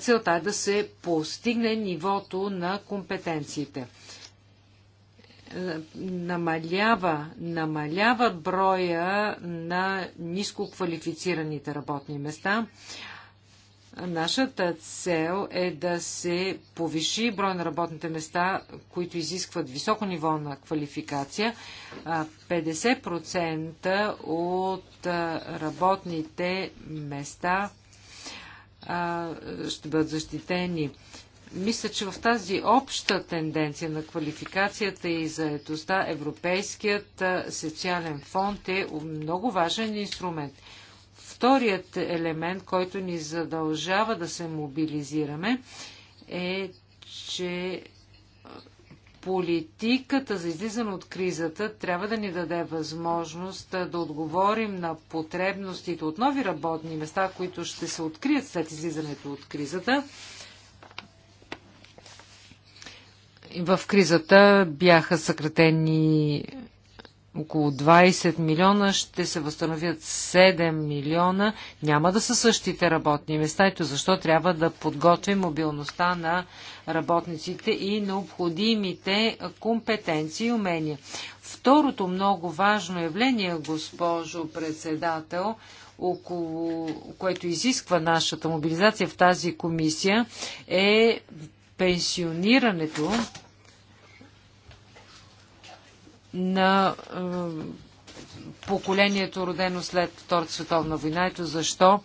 Целта е да се постигне нивото на компетенциите. Е, намалява, намалява броя на ниско квалифицираните работни места. Нашата цел е да се повиши брой на работните места, които изискват високо ниво на квалификация. 50% от работните места ще бъдат защитени. Мисля, че в тази обща тенденция на квалификацията и заетостта Европейският социален фонд е много важен инструмент. Вторият елемент, който ни задължава да се мобилизираме, е, че Политиката за излизане от кризата трябва да ни даде възможност да отговорим на потребностите от нови работни места, които ще се открият след излизането от кризата. В кризата бяха съкратени около 20 милиона, ще се възстановят 7 милиона. Няма да са същите работни места. Ето защо трябва да подготвим мобилността на работниците и необходимите компетенции и умения. Второто много важно явление, госпожо председател, около, което изисква нашата мобилизация в тази комисия, е пенсионирането на е, поколението родено след Втората световна война. Ето защо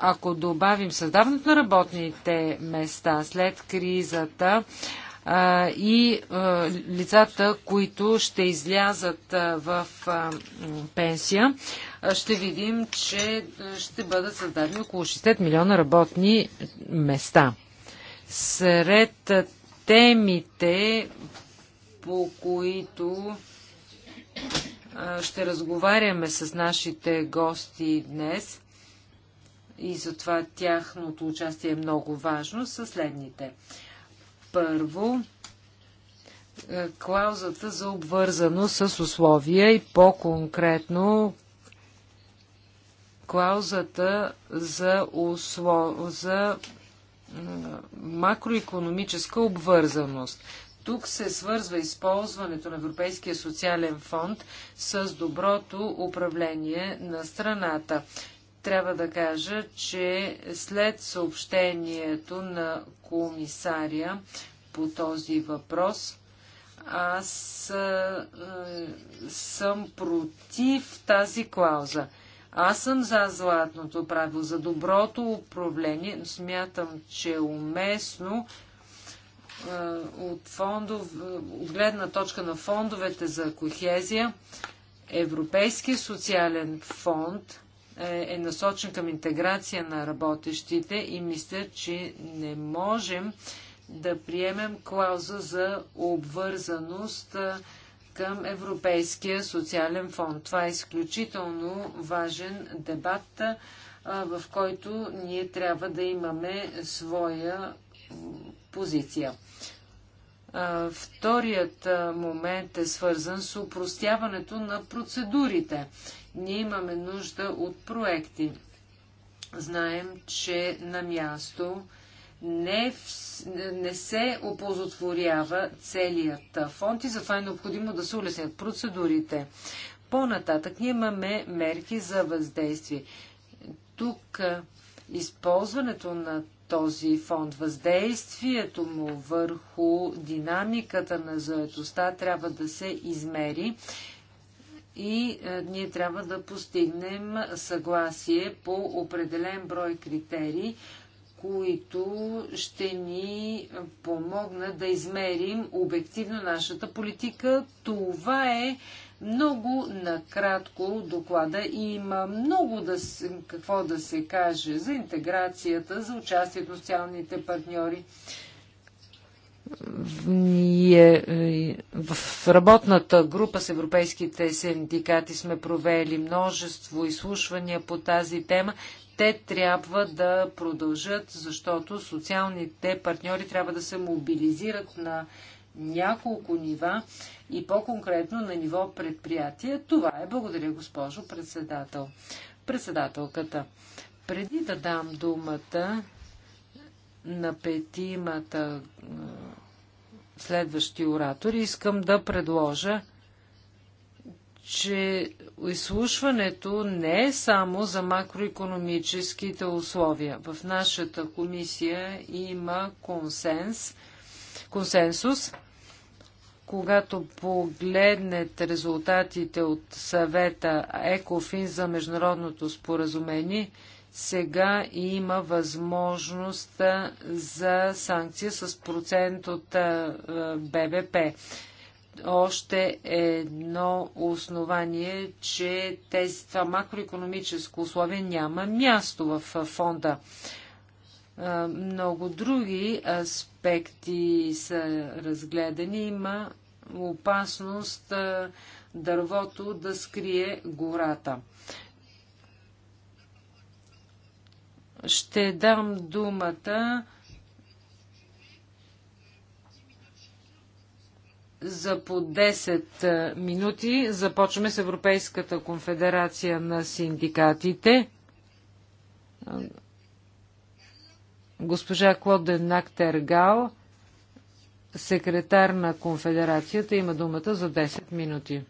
ако добавим създаването на работните места след кризата е, и е, лицата, които ще излязат в пенсия, ще видим, че ще бъдат създадени около 60 милиона работни места. Сред темите, по които ще разговаряме с нашите гости днес и затова тяхното участие е много важно, са следните. Първо, е, клаузата за обвързано с условия и по-конкретно клаузата за, услов... за макроекономическа обвързаност тук се свързва използването на Европейския социален фонд с доброто управление на страната. Трябва да кажа, че след съобщението на комисаря по този въпрос, аз а, съм против тази клауза. Аз съм за златното правило, за доброто управление. Смятам, че е уместно е, от, фондов, е, от гледна точка на фондовете за кохезия, Европейски социален фонд е, е насочен към интеграция на работещите и мисля, че не можем да приемем клауза за обвързаност е, към Европейския социален фонд. Това е изключително важен дебат, в който ние трябва да имаме своя позиция. Вторият момент е свързан с упростяването на процедурите. Ние имаме нужда от проекти. Знаем, че на място не, не се оползотворява целият фонд и затова е необходимо да се улеснят процедурите. По-нататък ние имаме мерки за въздействие. Тук използването на този фонд. Въздействието му върху динамиката на заедостта трябва да се измери и е, ние трябва да постигнем съгласие по определен брой критерии, които ще ни помогнат да измерим обективно нашата политика. Това е много накратко доклада има много да, какво да се каже за интеграцията, за участието в социалните партньори ние е, в работната група с европейските синдикати сме провели множество изслушвания по тази тема. Те трябва да продължат, защото социалните партньори трябва да се мобилизират на няколко нива и по-конкретно на ниво предприятие. Това е. Благодаря, госпожо председател. Председателката. Преди да дам думата на петимата следващи оратори, искам да предложа, че изслушването не е само за макроекономическите условия. В нашата комисия има консенс – консенсус. Когато погледнете резултатите от съвета ЕКОФИН за международното споразумение, сега има възможност за санкция с процент от БВП. Още едно основание, че тези, това макроекономическо условие няма място в фонда. Много други аспекти са разгледани. Има опасност дървото да скрие гората. Ще дам думата за по 10 минути. Започваме с Европейската конфедерация на синдикатите. Госпожа Клоден Нактергал, секретар на конфедерацията, има думата за 10 минути.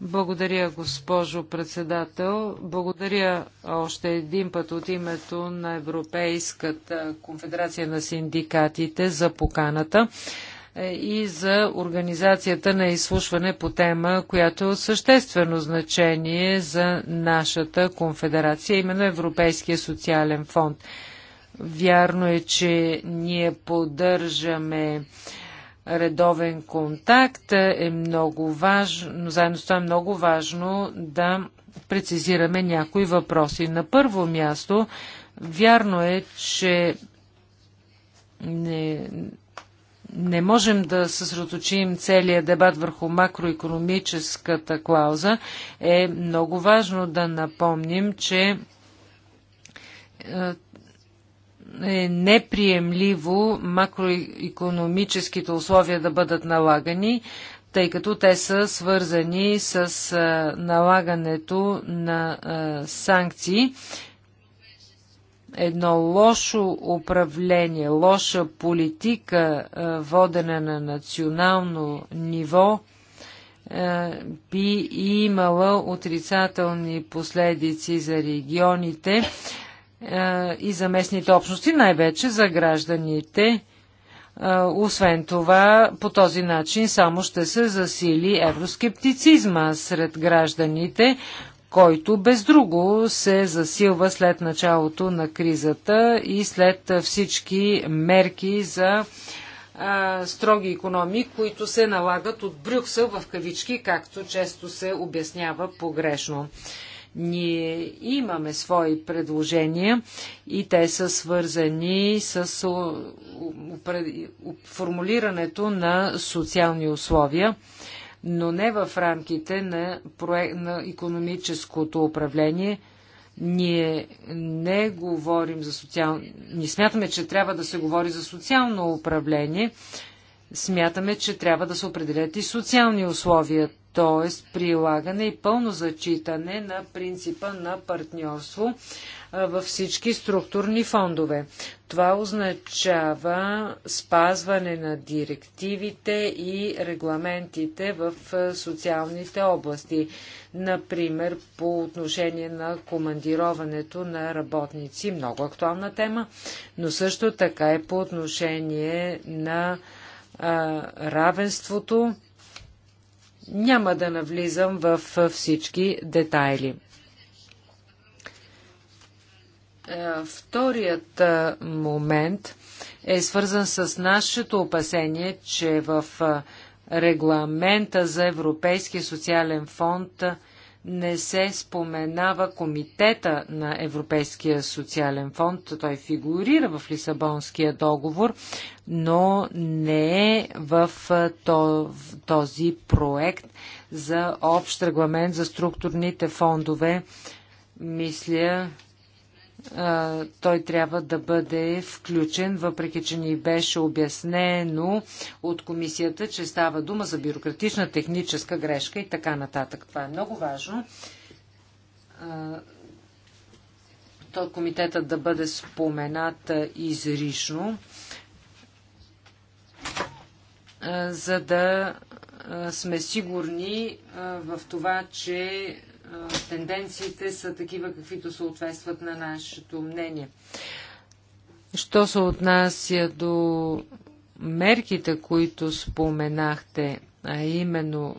Благодаря, госпожо председател. Благодаря още един път от името на Европейската конфедерация на синдикатите за поканата е, и за организацията на изслушване по тема, която е от съществено значение за нашата конфедерация, именно Европейския социален фонд. Вярно е, че ние поддържаме редовен контакт. Е много важно, но заедно с това е много важно да прецизираме някои въпроси. На първо място, вярно е, че не, не можем да съсредоточим целият дебат върху макроекономическата клауза, е много важно да напомним, че е, е неприемливо макроекономическите условия да бъдат налагани, тъй като те са свързани с налагането на санкции. Едно лошо управление, лоша политика, водена на национално ниво, би имала отрицателни последици за регионите е, и за местните общности, най-вече за гражданите. Е, освен това, по този начин само ще се засили евроскептицизма сред гражданите, който без друго се засилва след началото на кризата и след всички мерки за е, строги економии, които се налагат от Брюксел в кавички, както често се обяснява погрешно. Ние имаме свои предложения и те са свързани с формулирането на социални условия но не в рамките на, проект, на економическото управление. Ние не говорим за социално. Ние смятаме, че трябва да се говори за социално управление, Смятаме, че трябва да се определят и социални условия, т.е. прилагане и пълно зачитане на принципа на партньорство във всички структурни фондове. Това означава спазване на директивите и регламентите в социалните области, например по отношение на командироването на работници, много актуална тема, но също така и е по отношение на равенството. Няма да навлизам в всички детайли. Вторият момент е свързан с нашето опасение, че в регламента за Европейския социален фонд – не се споменава комитета на Европейския социален фонд. Той фигурира в Лисабонския договор, но не е в този проект за общ регламент за структурните фондове. Мисля, той трябва да бъде включен, въпреки че ни беше обяснено от комисията, че става дума за бюрократична техническа грешка и така нататък. Това е много важно. Той комитетът да бъде споменат изрично, за да сме сигурни в това, че тенденциите са такива, каквито съответстват на нашето мнение. Що се отнася до мерките, които споменахте, а именно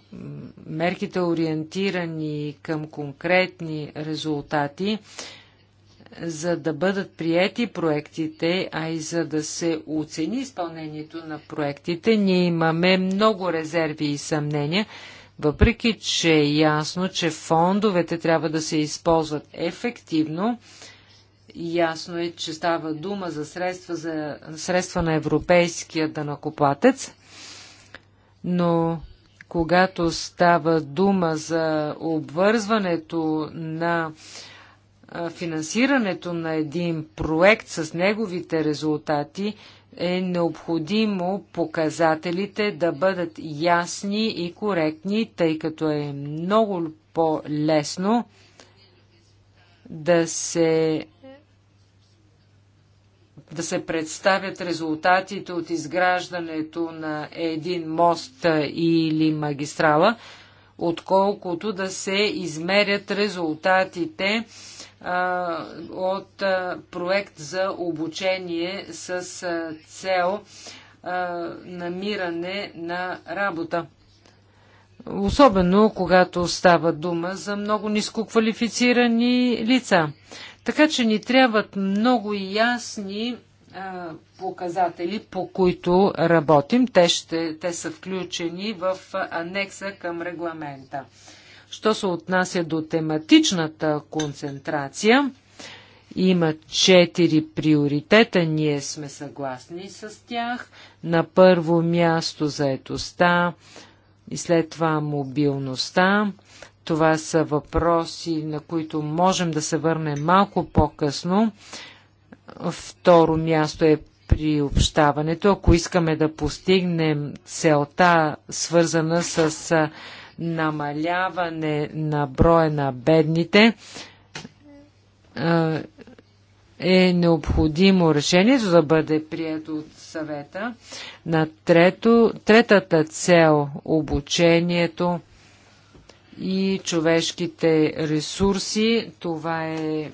мерките ориентирани към конкретни резултати, за да бъдат приети проектите, а и за да се оцени изпълнението на проектите, ние имаме много резерви и съмнения. Въпреки, че е ясно, че фондовете трябва да се използват ефективно, ясно е, че става дума за средства, за средства на европейския данакоплатец, но когато става дума за обвързването на финансирането на един проект с неговите резултати, е необходимо показателите да бъдат ясни и коректни, тъй като е много по-лесно да се да се представят резултатите от изграждането на един мост или магистрала, отколкото да се измерят резултатите а, от а, проект за обучение с а, цел намиране на работа. Особено когато става дума за много нискоквалифицирани лица. Така че ни трябват много ясни показатели, по които работим. Те, ще, те са включени в анекса към регламента. Що се отнася до тематичната концентрация, има четири приоритета, ние сме съгласни с тях. На първо място заетостта и след това мобилността. Това са въпроси, на които можем да се върнем малко по-късно. Второ място е приобщаването. Ако искаме да постигнем целта, свързана с намаляване на броя на бедните, е необходимо решението да бъде прието от съвета. На трето, третата цел обучението и човешките ресурси. Това е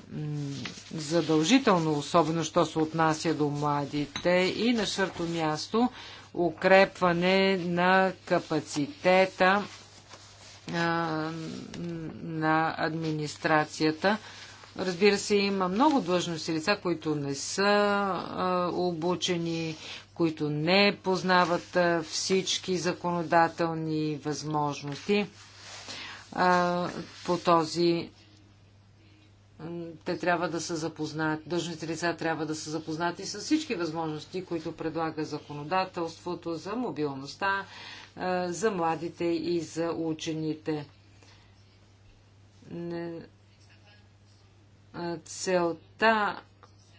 задължително, особено що се отнася до младите. И на шърто място укрепване на капацитета а, на администрацията. Разбира се, има много длъжности лица, които не са а, обучени, които не познават а, всички законодателни възможности а, по този те трябва да са запознати, дължните лица трябва да са запознати с всички възможности, които предлага законодателството за мобилността, а, за младите и за учените. Не... Целта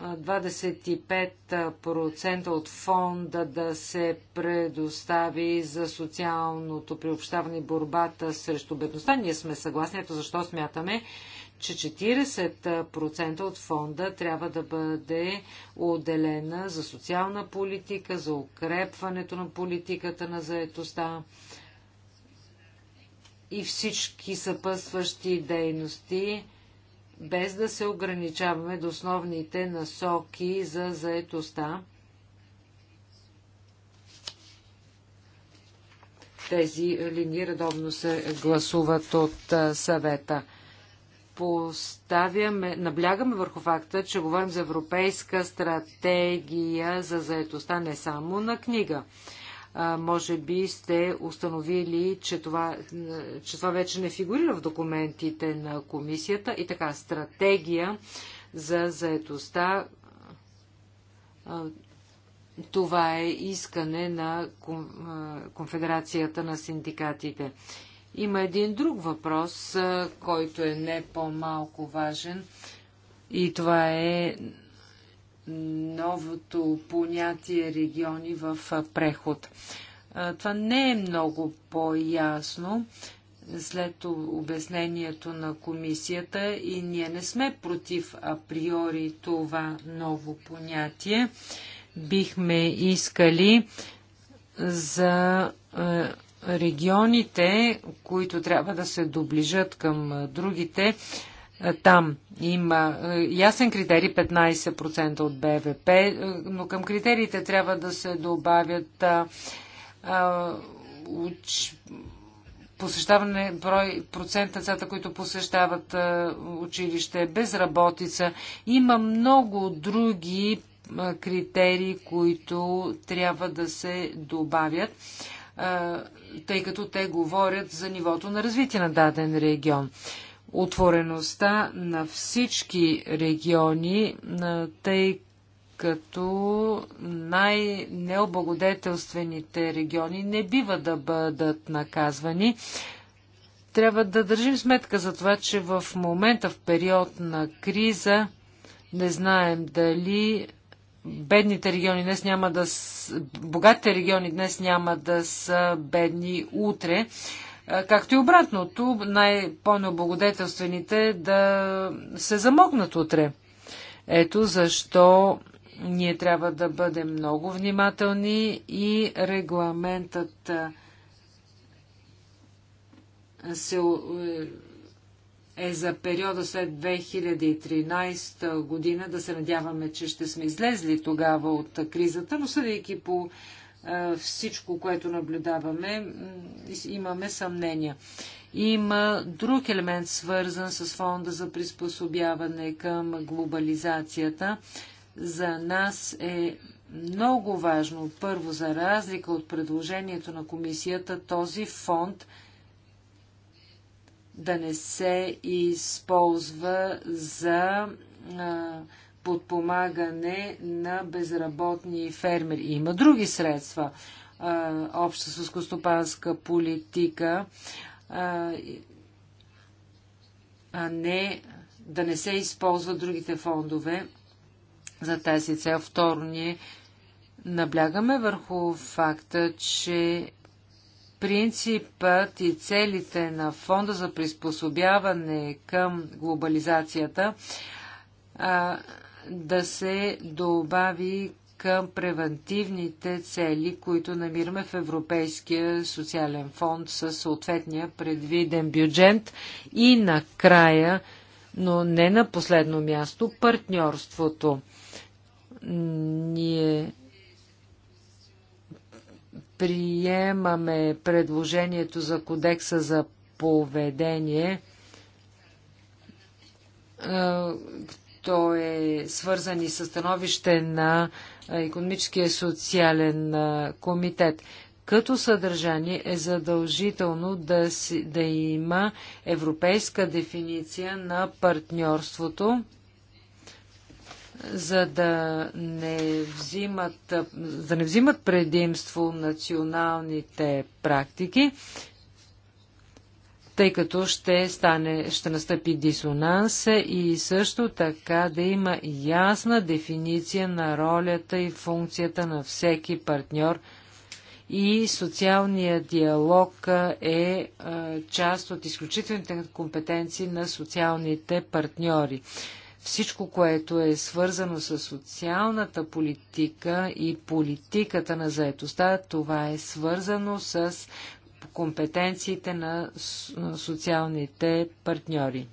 25% от фонда да се предостави за социалното приобщаване и борбата срещу бедността. Ние сме съгласни, ето защо смятаме, че 40% от фонда трябва да бъде отделена за социална политика, за укрепването на политиката на заетостта и всички съпътстващи дейности без да се ограничаваме до основните насоки за заетостта. Тези линии редовно се гласуват от съвета. Поставяме, наблягаме върху факта, че говорим за европейска стратегия за заетостта не само на книга може би сте установили, че това, е, че това вече не фигурира в документите на комисията и така стратегия за заетостта. Това е искане на Конфедерацията на синдикатите. Има един друг въпрос, който е не по-малко важен и това е новото понятие региони в преход. Това не е много по-ясно след обяснението на комисията и ние не сме против априори това ново понятие. Бихме искали за регионите, които трябва да се доближат към другите, е, там има е, ясен критерий 15% от БВП, е, но към критериите трябва да се добавят а, уч... посещаване, брой, процент на децата, които посещават а, училище, безработица. Има много други а, критерии, които трябва да се добавят, а, тъй като те говорят за нивото на развитие на даден регион отвореността на всички региони, тъй като най-необлагодетелствените региони не бива да бъдат наказвани. Трябва да държим сметка за това, че в момента, в период на криза, не знаем дали бедните региони днес няма да с... богатите региони днес няма да са бедни утре. Както и обратното, най-по-необлагодетелствените да се замогнат утре. Ето защо ние трябва да бъдем много внимателни и регламентът се е, е за периода след 2013 година. Да се надяваме, че ще сме излезли тогава от кризата, но съдейки по всичко, което наблюдаваме, имаме съмнения. Има друг елемент, свързан с фонда за приспособяване към глобализацията. За нас е много важно, първо, за разлика от предложението на комисията, този фонд да не се използва за подпомагане на безработни фермери. Има други средства. Обща съскостопанска политика, а не да не се използват другите фондове за тази цел. Второ, ние наблягаме върху факта, че принципът и целите на фонда за приспособяване към глобализацията а, да се добави към превентивните цели, които намираме в Европейския социален фонд със съответния предвиден бюджет и накрая, но не на последно място, партньорството. Ние приемаме предложението за кодекса за поведение е, – то е свързан и с становище на економическия социален комитет. Като съдържание е задължително да, си, да има европейска дефиниция на партньорството, за да не взимат, да не взимат предимство националните практики тъй като ще, стане, ще настъпи дисонанс и също така да има ясна дефиниция на ролята и функцията на всеки партньор и социалният диалог е, е част от изключителните компетенции на социалните партньори. Всичко, което е свързано с социалната политика и политиката на заетостта, това е свързано с компетенциите на социалните партньори.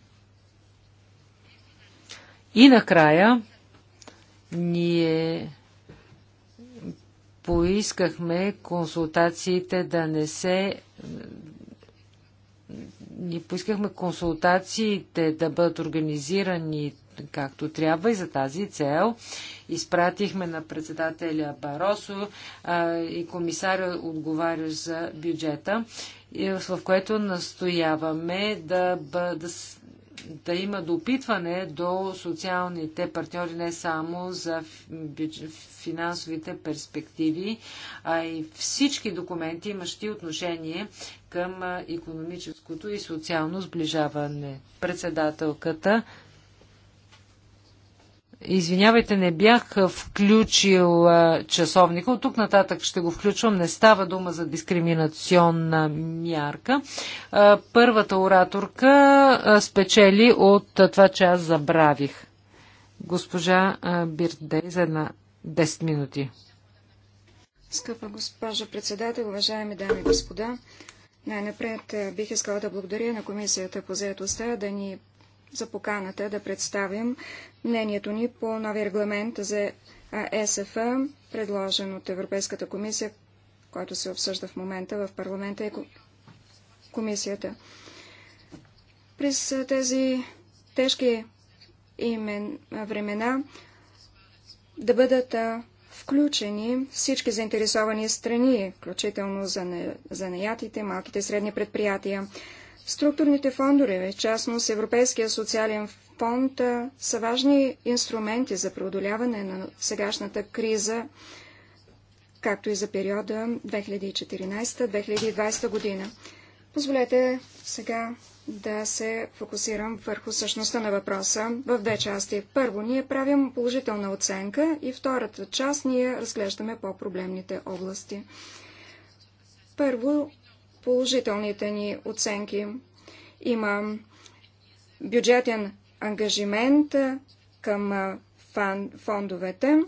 И накрая ние поискахме консултациите да не се. Ние поискахме консултациите да бъдат организирани както трябва и за тази цел изпратихме на председателя Баросо и комисаря отговаря за бюджета, в което настояваме да, да, да има допитване до социалните партньори не само за финансовите перспективи, а и всички документи, имащи отношение към економическото и социално сближаване. Председателката Извинявайте, не бях включил часовника. От тук нататък ще го включвам. Не става дума за дискриминационна мярка. Първата ораторка спечели от това, че аз забравих. Госпожа Бирдей за една 10 минути. Скъпа госпожа председател, уважаеми дами и господа, най-напред бих искала да благодаря на Комисията по заедостта да ни за поканата да представим мнението ни по нови регламент за СФ, предложен от Европейската комисия, който се обсъжда в момента в парламента и комисията. През тези тежки имен, времена да бъдат включени всички заинтересовани страни, включително за занаятите, малките и средни предприятия. Структурните фондове, частно частност Европейския социален фонд, са важни инструменти за преодоляване на сегашната криза, както и за периода 2014-2020 година. Позволете сега да се фокусирам върху същността на въпроса в две части. Първо, ние правим положителна оценка и втората част ние разглеждаме по-проблемните области. Първо, положителните ни оценки. Има бюджетен ангажимент към фондовете.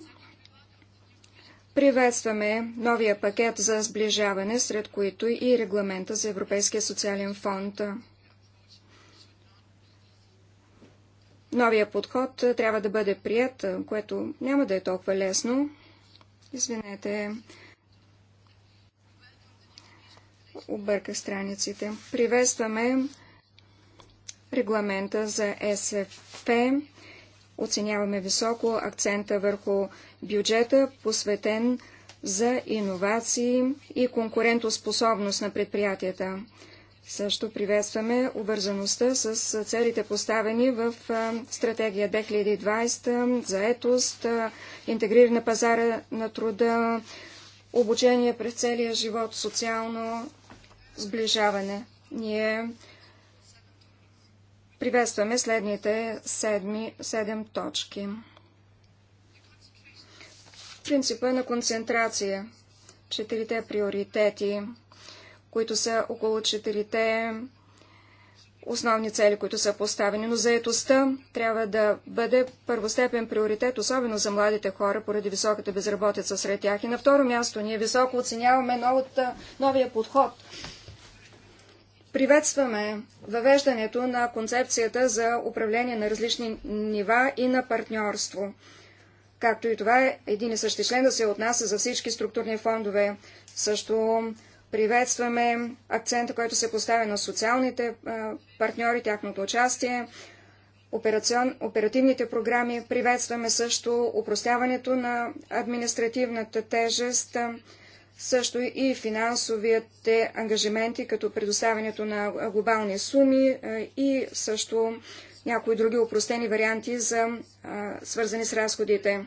Приветстваме новия пакет за сближаване, сред които и регламента за Европейския социален фонд. Новия подход трябва да бъде прият, което няма да е толкова лесно. Извинете, обърка страниците. Приветстваме регламента за СФП. Оценяваме високо акцента върху бюджета, посветен за иновации и конкурентоспособност на предприятията. Също приветстваме обвързаността с целите поставени в стратегия 2020 за етост, интегриране пазара на труда, обучение през целия живот, социално сближаване. Ние приветстваме следните седми, седем точки. Принципа на концентрация. Четирите приоритети, които са около четирите основни цели, които са поставени, но заетостта трябва да бъде първостепен приоритет, особено за младите хора, поради високата безработица сред тях. И на второ място, ние високо оценяваме новата, новия подход Приветстваме въвеждането на концепцията за управление на различни нива и на партньорство. Както и това е един и същи член да се отнася за всички структурни фондове. Също приветстваме акцента, който се поставя на социалните партньори, тяхното участие, операцион, оперативните програми. Приветстваме също упростяването на административната тежест, също и финансовите ангажименти, като предоставянето на глобални суми е, и също някои други упростени варианти за свързани с разходите.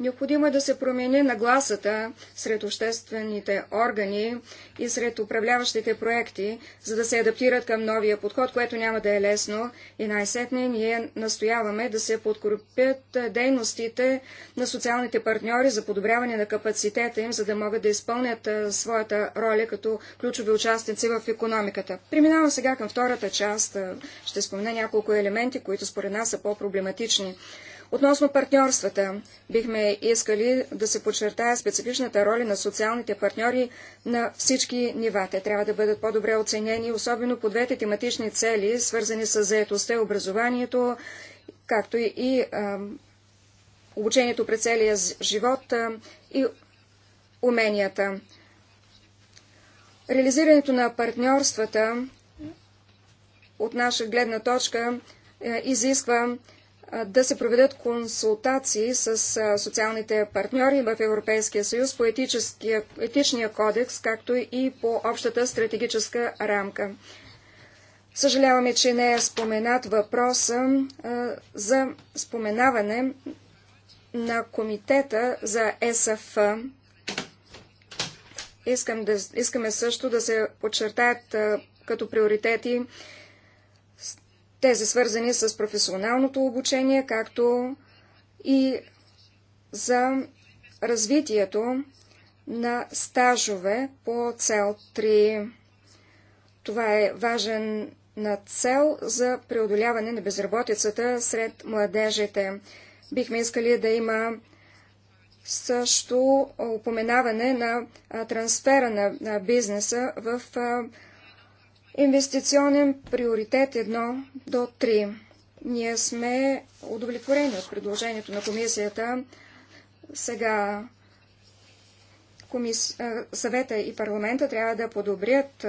Необходимо е да се промени нагласата сред обществените органи и сред управляващите проекти, за да се адаптират към новия подход, което няма да е лесно. И най-сетне ние настояваме да се подкрепят дейностите на социалните партньори за подобряване на капацитета им, за да могат да изпълнят своята роля като ключови участници в економиката. Преминавам сега към втората част. Ще спомена няколко елементи, които според нас са по-проблематични. Относно партньорствата, бихме искали да се подчертая специфичната роля на социалните партньори на всички нива. Те трябва да бъдат по-добре оценени, особено по двете тематични цели, свързани с заетостта, образованието, както и обучението пред целия живот и уменията. Реализирането на партньорствата от наша гледна точка е, изисква да се проведат консултации с социалните партньори в Европейския съюз по етичния кодекс, както и по общата стратегическа рамка. Съжаляваме, че не е споменат въпроса за споменаване на комитета за СФ. Искам да, искаме също да се подчертаят като приоритети тези свързани с професионалното обучение, както и за развитието на стажове по цел 3. Това е важен на цел за преодоляване на безработицата сред младежите. Бихме искали да има също упоменаване на трансфера на бизнеса в Инвестиционен приоритет 1 до 3. Ние сме удовлетворени от предложението на комисията. Сега комис... съвета и парламента трябва да подобрят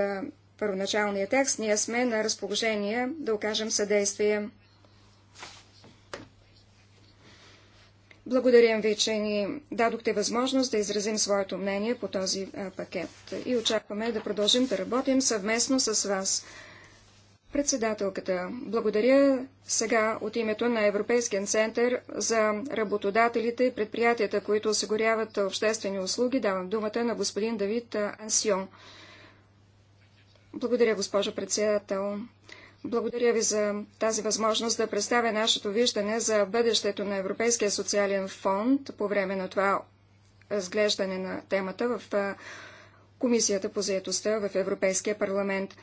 първоначалния текст. Ние сме на разположение да окажем съдействие. Благодарим ви, че ни дадохте възможност да изразим своето мнение по този пакет и очакваме да продължим да работим съвместно с вас. Председателката, благодаря сега от името на Европейския център за работодателите и предприятията, които осигуряват обществени услуги. Давам думата на господин Давид Ансион. Благодаря, госпожо председател. Благодаря ви за тази възможност да представя нашето виждане за бъдещето на Европейския социален фонд по време на това разглеждане на темата в Комисията по заедостта в Европейския парламент.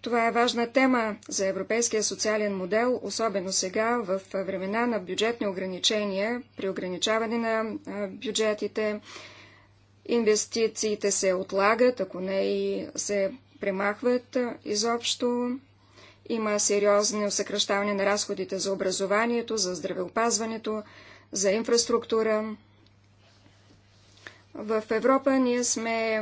Това е важна тема за европейския социален модел, особено сега в времена на бюджетни ограничения, при ограничаване на бюджетите. Инвестициите се отлагат, ако не и се премахват изобщо. Има сериозни съкръщаване на разходите за образованието, за здравеопазването, за инфраструктура. В Европа ние сме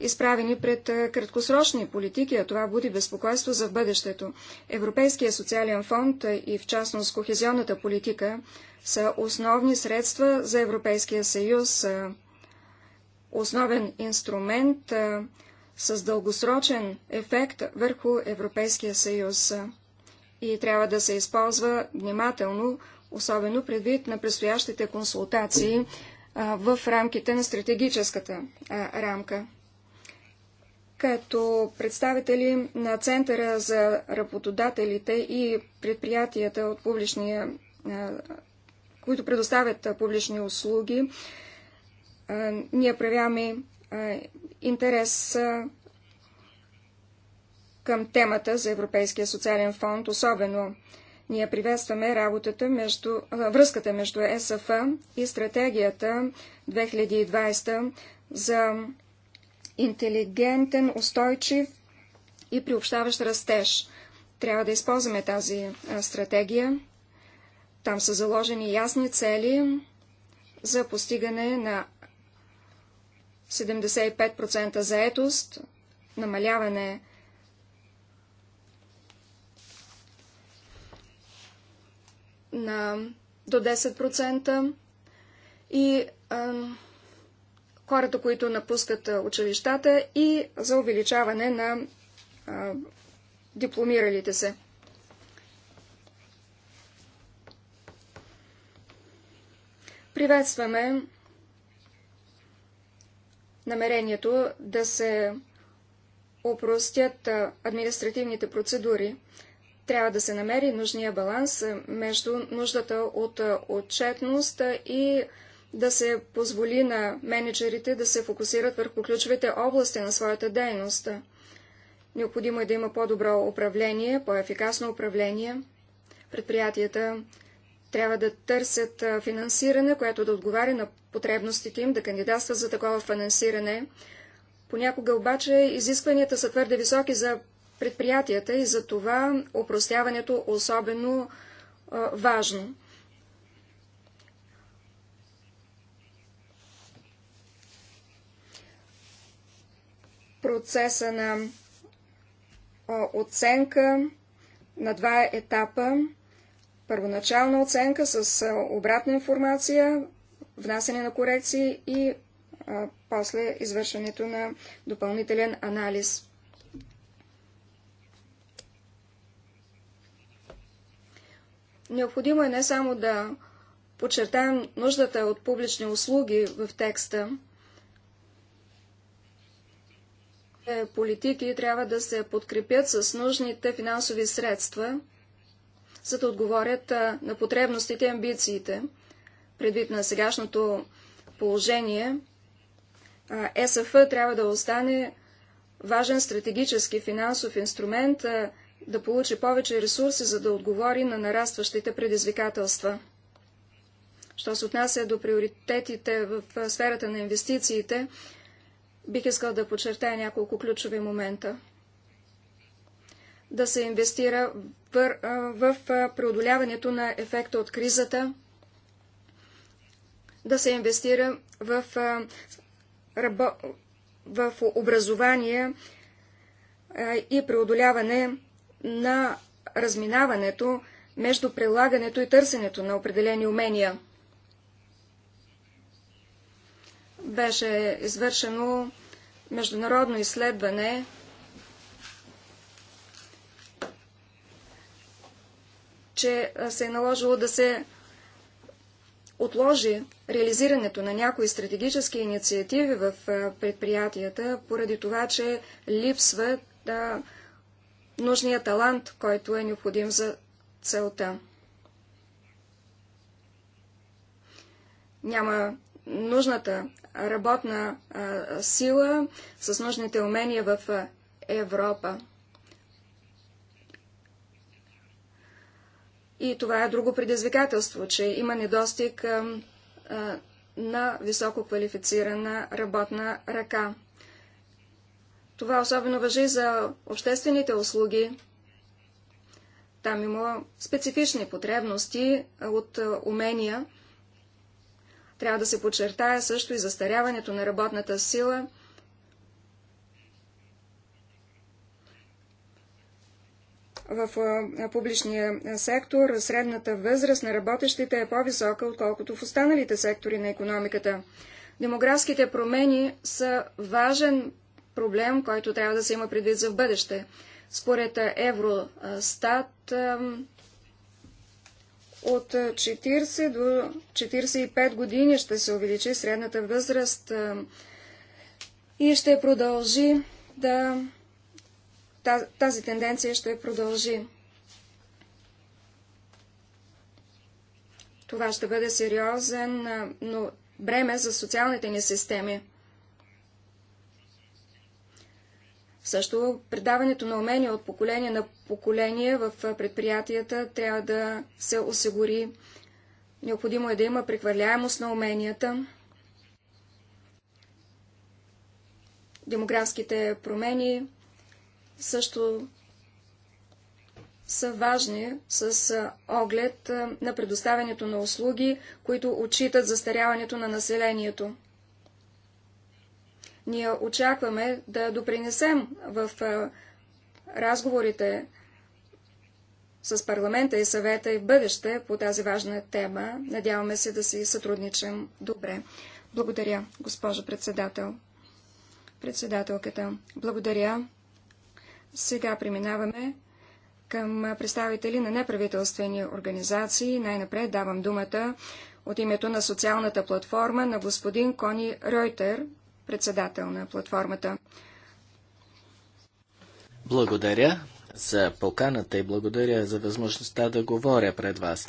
изправени пред краткосрочни политики, а това буди безпокойство за бъдещето. Европейския социален фонд и в частност кохезионната политика са основни средства за Европейския съюз, основен инструмент с дългосрочен ефект върху Европейския съюз и трябва да се използва внимателно, особено предвид на предстоящите консултации в рамките на стратегическата рамка. Като представители на Центъра за работодателите и предприятията от публичния, които предоставят публични услуги, ние проявяваме интерес към темата за Европейския социален фонд, особено ние приветстваме работата между, връзката между ЕСФ и стратегията 2020 за интелигентен, устойчив и приобщаващ растеж. Трябва да използваме тази стратегия. Там са заложени ясни цели за постигане на 75% заетост, намаляване на до 10% и а, хората, които напускат училищата и за увеличаване на а, дипломиралите се. Приветстваме намерението да се опростят административните процедури. Трябва да се намери нужния баланс между нуждата от отчетност и да се позволи на менеджерите да се фокусират върху ключовите области на своята дейност. Необходимо е да има по-добро управление, по-ефикасно управление. Предприятията трябва да търсят финансиране, което да отговаря на потребностите им, да кандидатства за такова финансиране. Понякога обаче изискванията са твърде високи за предприятията и за това упростяването особено а, важно. Процеса на оценка на два етапа първоначална оценка с обратна информация, внасяне на корекции и после извършването на допълнителен анализ. Необходимо е не само да подчертаем нуждата от публични услуги в текста, политики трябва да се подкрепят с нужните финансови средства – за да отговорят на потребностите и амбициите. Предвид на сегашното положение, ЕСФ трябва да остане важен стратегически финансов инструмент, да получи повече ресурси, за да отговори на нарастващите предизвикателства. Що се отнася до приоритетите в сферата на инвестициите, бих искал да подчертая няколко ключови момента да се инвестира в, преодоляването на ефекта от кризата, да се инвестира в, в образование и преодоляване на разминаването между прилагането и търсенето на определени умения. Беше извършено международно изследване че се е наложило да се отложи реализирането на някои стратегически инициативи в предприятията, поради това, че липсва да, нужния талант, който е необходим за целта. Няма нужната работна сила с нужните умения в Европа. И това е друго предизвикателство, че има недостиг а, а, на високо квалифицирана работна ръка. Това особено въжи за обществените услуги. Там има специфични потребности от умения. Трябва да се подчертая също и застаряването на работната сила – в публичния сектор средната възраст на работещите е по-висока, отколкото в останалите сектори на економиката. Демографските промени са важен проблем, който трябва да се има предвид за в бъдеще. Според Евростат от 40 до 45 години ще се увеличи средната възраст и ще продължи да тази тенденция ще продължи. Това ще бъде сериозен, но бреме за социалните ни системи. Също предаването на умения от поколение на поколение в предприятията трябва да се осигури. Необходимо е да има прехвърляемост на уменията. Демографските промени също са важни с оглед на предоставянето на услуги, които отчитат застаряването на населението. Ние очакваме да допринесем в разговорите с парламента и съвета и в бъдеще по тази важна тема. Надяваме се да си сътрудничим добре. Благодаря, госпожо председател. Председателката, благодаря. Сега преминаваме към представители на неправителствени организации. Най-напред давам думата от името на социалната платформа на господин Кони Ройтер, председател на платформата. Благодаря за поканата и благодаря за възможността да говоря пред вас.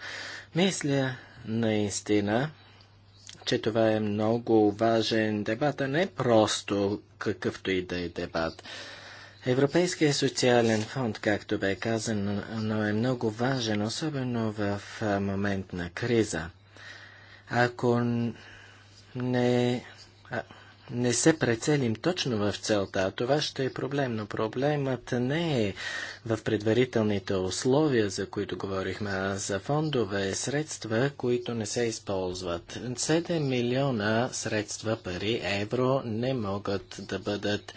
Мисля наистина, че това е много важен дебат, а не просто какъвто и да е дебат. Европейския социален фонд, както бе казано, но е много важен, особено в момент на криза. Ако не не се прецелим точно в целта, а това ще е проблем, но проблемът не е в предварителните условия, за които говорихме, а за фондове, средства, които не се използват. 7 милиона средства, пари, евро не могат да бъдат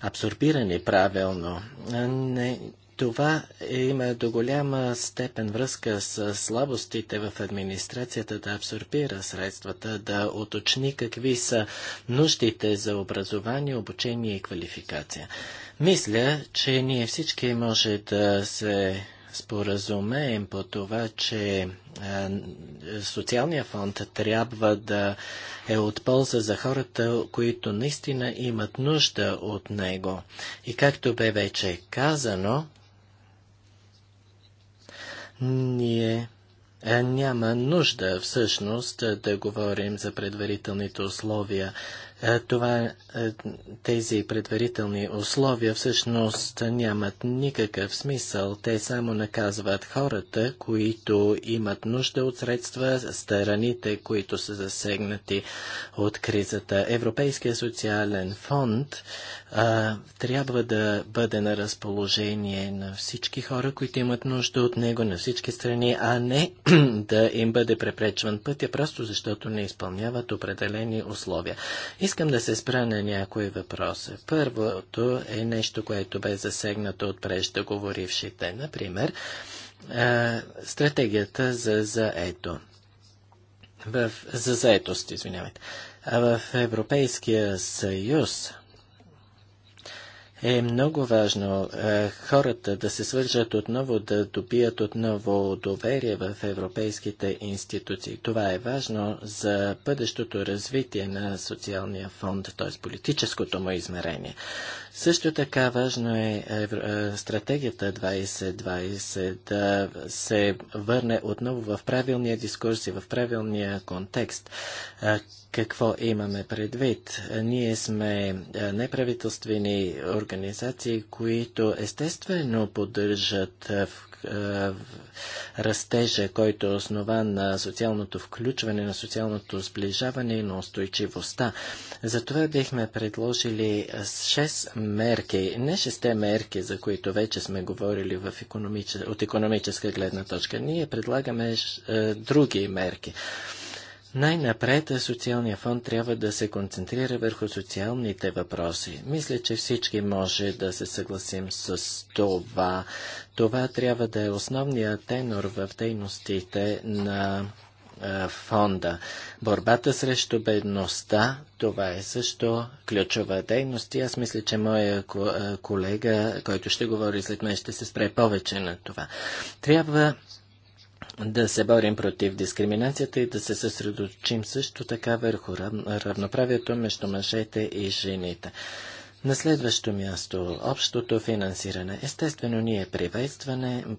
абсорбирани правилно. Не, това има до голяма степен връзка с слабостите в администрацията да абсорбира средствата, да уточни какви са нуждите за образование, обучение и квалификация. Мисля, че ние всички може да се споразумеем по това, че социалния фонд трябва да е от полза за хората, които наистина имат нужда от него. И както бе вече казано, ние е, няма нужда всъщност да говорим за предварителните условия е, това, е, тези предварителни условия всъщност нямат никакъв смисъл. Те само наказват хората, които имат нужда от средства, страните, които са засегнати от кризата. Европейския социален фонд а, е, трябва да бъде на разположение на всички хора, които имат нужда от него, на всички страни, а не да им бъде препречван пътя, просто защото не изпълняват определени условия. Искам да се спра на някои въпроси. Първото е нещо, което бе засегнато от преждеговорившите. Например, стратегията за заето. В, за заетост, извинявайте. А в Европейския съюз е много важно е, хората да се свържат отново, да добият отново доверие в европейските институции. Това е важно за бъдещото развитие на социалния фонд, т.е. политическото му измерение. Също така важно е, е, е стратегията 2020 да се върне отново в правилния дискурс и в правилния контекст. Е, какво имаме предвид? Е, ние сме неправителствени организации, организации, които естествено поддържат в, в, растежа, който е основан на социалното включване, на социалното сближаване и на устойчивостта. Затова бихме предложили 6 мерки, не 6 мерки, за които вече сме говорили в економичес... от економическа гледна точка. Ние предлагаме е, други мерки. Най-напред е, социалния фонд трябва да се концентрира върху социалните въпроси. Мисля, че всички може да се съгласим с това. Това трябва да е основният тенор в дейностите на е, фонда. Борбата срещу бедността, това е също ключова дейност и аз мисля, че моя е, колега, който ще говори след мен, ще се спре повече на това. Трябва да се борим против дискриминацията и да се съсредоточим също така върху равноправието между мъжете и жените. На следващо място, общото финансиране. Естествено, ние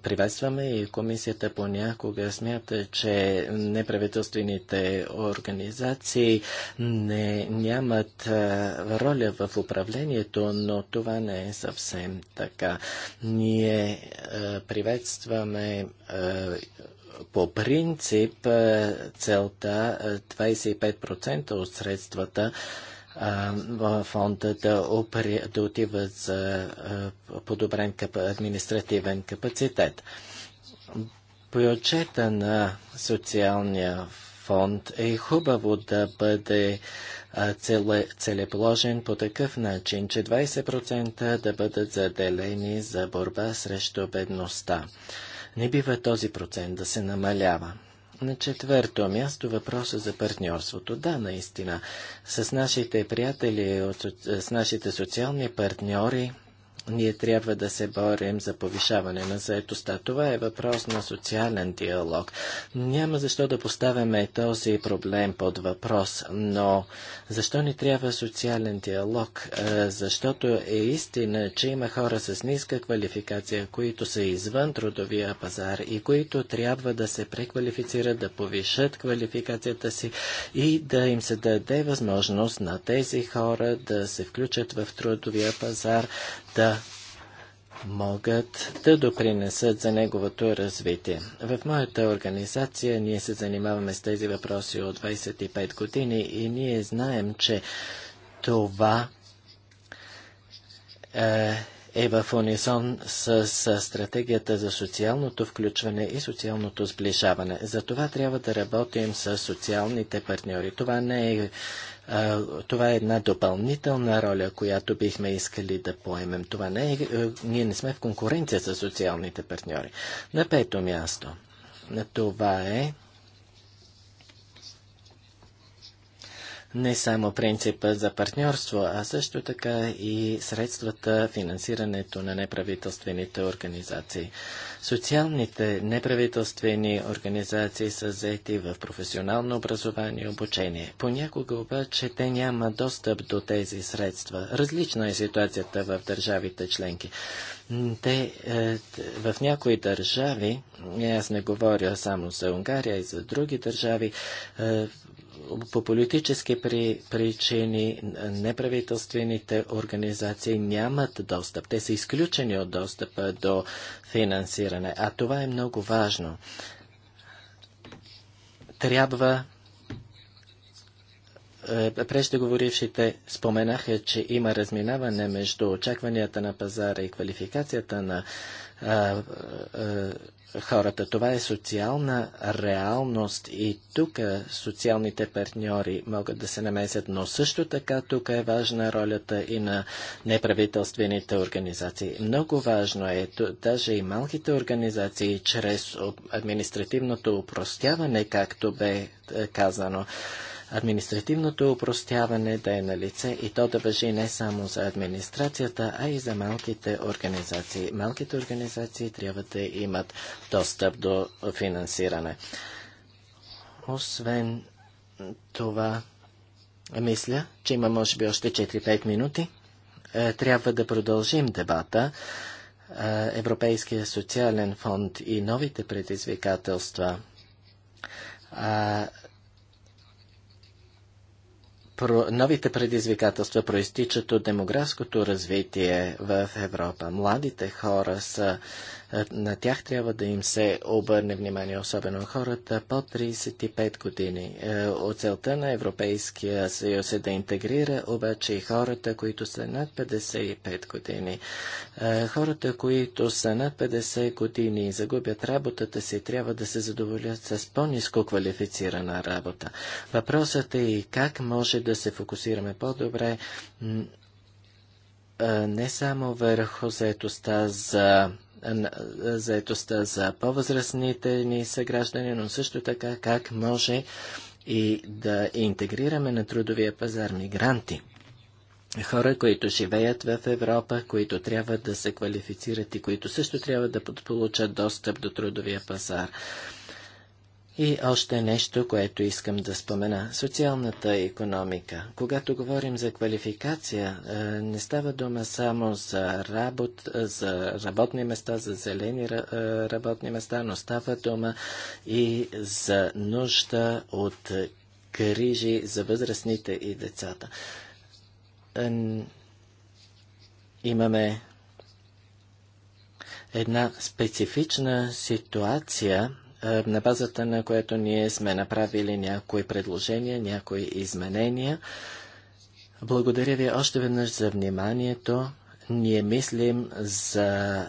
приветстваме и комисията понякога смята, че неправителствените организации не, нямат роля в управлението, но това не е съвсем така. Ние приветстваме по принцип е, целта 25% е, от средствата е, в фонда да, опри, да отиват за подобрен кап, административен капацитет. Бюджета на социалния фонд е хубаво да бъде целе, целеположен по такъв начин, че 20% да бъдат заделени за борба срещу бедността. Не бива този процент да се намалява. На четвърто място въпроса за партньорството. Да, наистина. С нашите приятели, с нашите социални партньори ние трябва да се борим за повишаване на заетостта. Това е въпрос на социален диалог. Няма защо да поставяме този проблем под въпрос, но защо ни трябва социален диалог? Е, защото е истина, че има хора с ниска квалификация, които са извън трудовия пазар и които трябва да се преквалифицират, да повишат квалификацията си и да им се даде възможност на тези хора да се включат в трудовия пазар, да могат да допринесат за неговото развитие. В моята организация ние се занимаваме с тези въпроси от 25 години и ние знаем, че това е, е в унисон с, стратегията за социалното включване и социалното сближаване. За това трябва да работим с социалните партньори. Това не е това е една допълнителна роля, която бихме искали да поемем. Това не е, е, ние не сме в конкуренция с социалните партньори. На пето място. Това е не само принципа за партньорство, а също така и средствата, финансирането на неправителствените организации. Социалните неправителствени организации са заети в професионално образование и обучение. Понякога обаче те няма достъп до тези средства. Различна е ситуацията в държавите членки. Те, е, в някои държави, аз не говоря само за Унгария и за други държави, е, по политически при, причини неправителствените организации нямат достъп. Те са изключени от достъпа до финансиране, а това е много важно. Трябва е, преждеговорившите споменаха, че има разминаване между очакванията на пазара и квалификацията на а, а, хората. Това е социална реалност и тук социалните партньори могат да се намесят, но също така тук е важна ролята и на неправителствените организации. Много важно е, даже и малките организации, чрез административното упростяване, както бе е, казано, административното упростяване да е на лице и то да въжи не само за администрацията, а и за малките организации. Малките организации трябва да имат достъп до финансиране. Освен това, мисля, че има може би още 4-5 минути. Е, трябва да продължим дебата. Е, Европейския социален фонд и новите предизвикателства. А, новите предизвикателства проистичат от демографското развитие в Европа. Младите хора са е, на тях трябва да им се обърне внимание, особено хората под 35 години. Е, Оцелта на Европейския съюз е да интегрира обаче и хората, които са над 55 години. Е, хората, които са над 50 години и загубят работата си, трябва да се задоволят с по-низко квалифицирана работа. Въпросът е и как може да се фокусираме по-добре не само върху заетостта за заетостта за по-възрастните ни съграждани, но също така как може и да интегрираме на трудовия пазар мигранти. Хора, които живеят в Европа, които трябва да се квалифицират и които също трябва да получат достъп до трудовия пазар. И още нещо, което искам да спомена. Социалната економика. Когато говорим за квалификация, е, не става дума само за, работ, е, за работни места, за зелени е, работни места, но става дума и за нужда от грижи за възрастните и децата. Имаме една специфична ситуация е, на базата на което ние сме направили някои предложения, някои изменения. Благодаря ви още веднъж за вниманието. Ние мислим за е,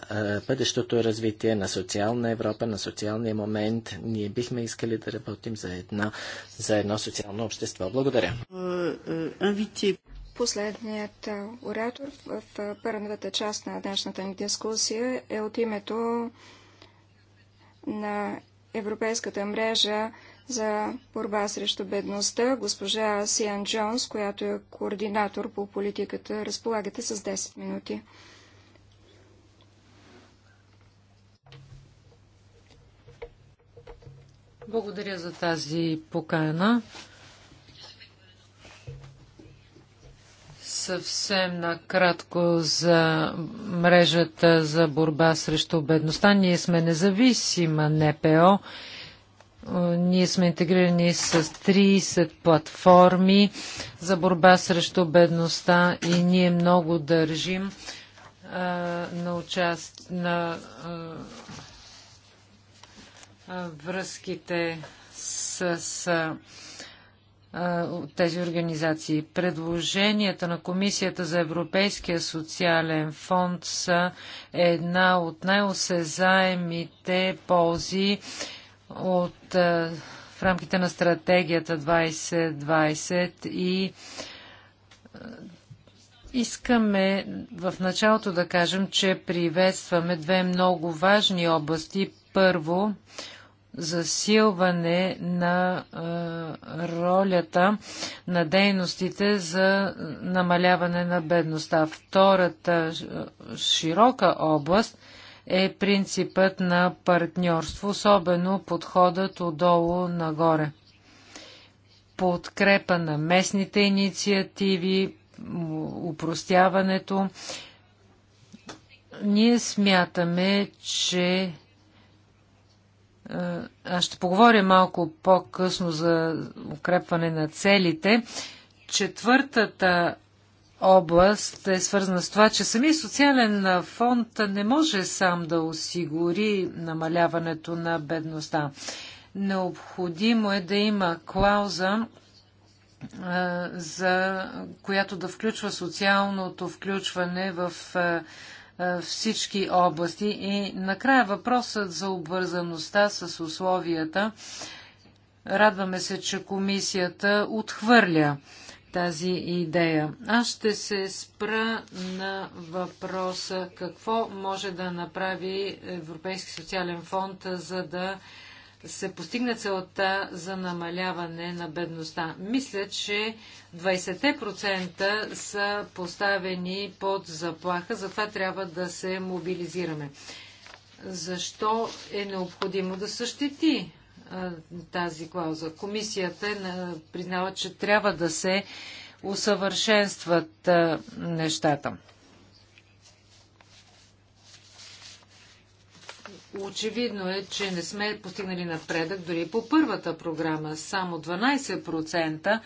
бъдещото развитие на социална Европа, на социалния момент. Ние бихме искали да работим за, едно, за едно социално общество. Благодаря. Последният е, оратор в първата част на днешната ни дискусия е от името на Европейската мрежа за борба срещу бедността, госпожа Сиан Джонс, която е координатор по политиката. Разполагате с 10 минути. Благодаря за тази покана. Съвсем накратко за мрежата за борба срещу бедността. Ние сме независима НПО. Ние сме интегрирани с 30 платформи за борба срещу бедността и ние много държим а, на, участ... на а, а, връзките с. А, от тези организации. Предложенията на Комисията за Европейския социален фонд са една от най-осезаемите ползи от, в рамките на стратегията 2020 и Искаме в началото да кажем, че приветстваме две много важни области. Първо, засилване на а, ролята на дейностите за намаляване на бедността. Втората широка област е принципът на партньорство, особено подходът отдолу нагоре. Подкрепа на местните инициативи, упростяването. Ние смятаме, че е, аз ще поговоря малко по-късно за укрепване на целите. Четвъртата област е свързана с това, че самия социален фонд не може сам да осигури намаляването на бедността. Необходимо е да има клауза, е, за която да включва социалното включване в е, всички области. И накрая въпросът за обвързаността с условията. Радваме се, че комисията отхвърля тази идея. Аз ще се спра на въпроса какво може да направи Европейски социален фонд, за да се постигне целта за намаляване на бедността. Мисля, че 20% са поставени под заплаха, затова трябва да се мобилизираме. Защо е необходимо да същити тази клауза? Комисията е признава, че трябва да се усъвършенстват нещата. Очевидно е, че не сме постигнали напредък дори по първата програма. Само 12%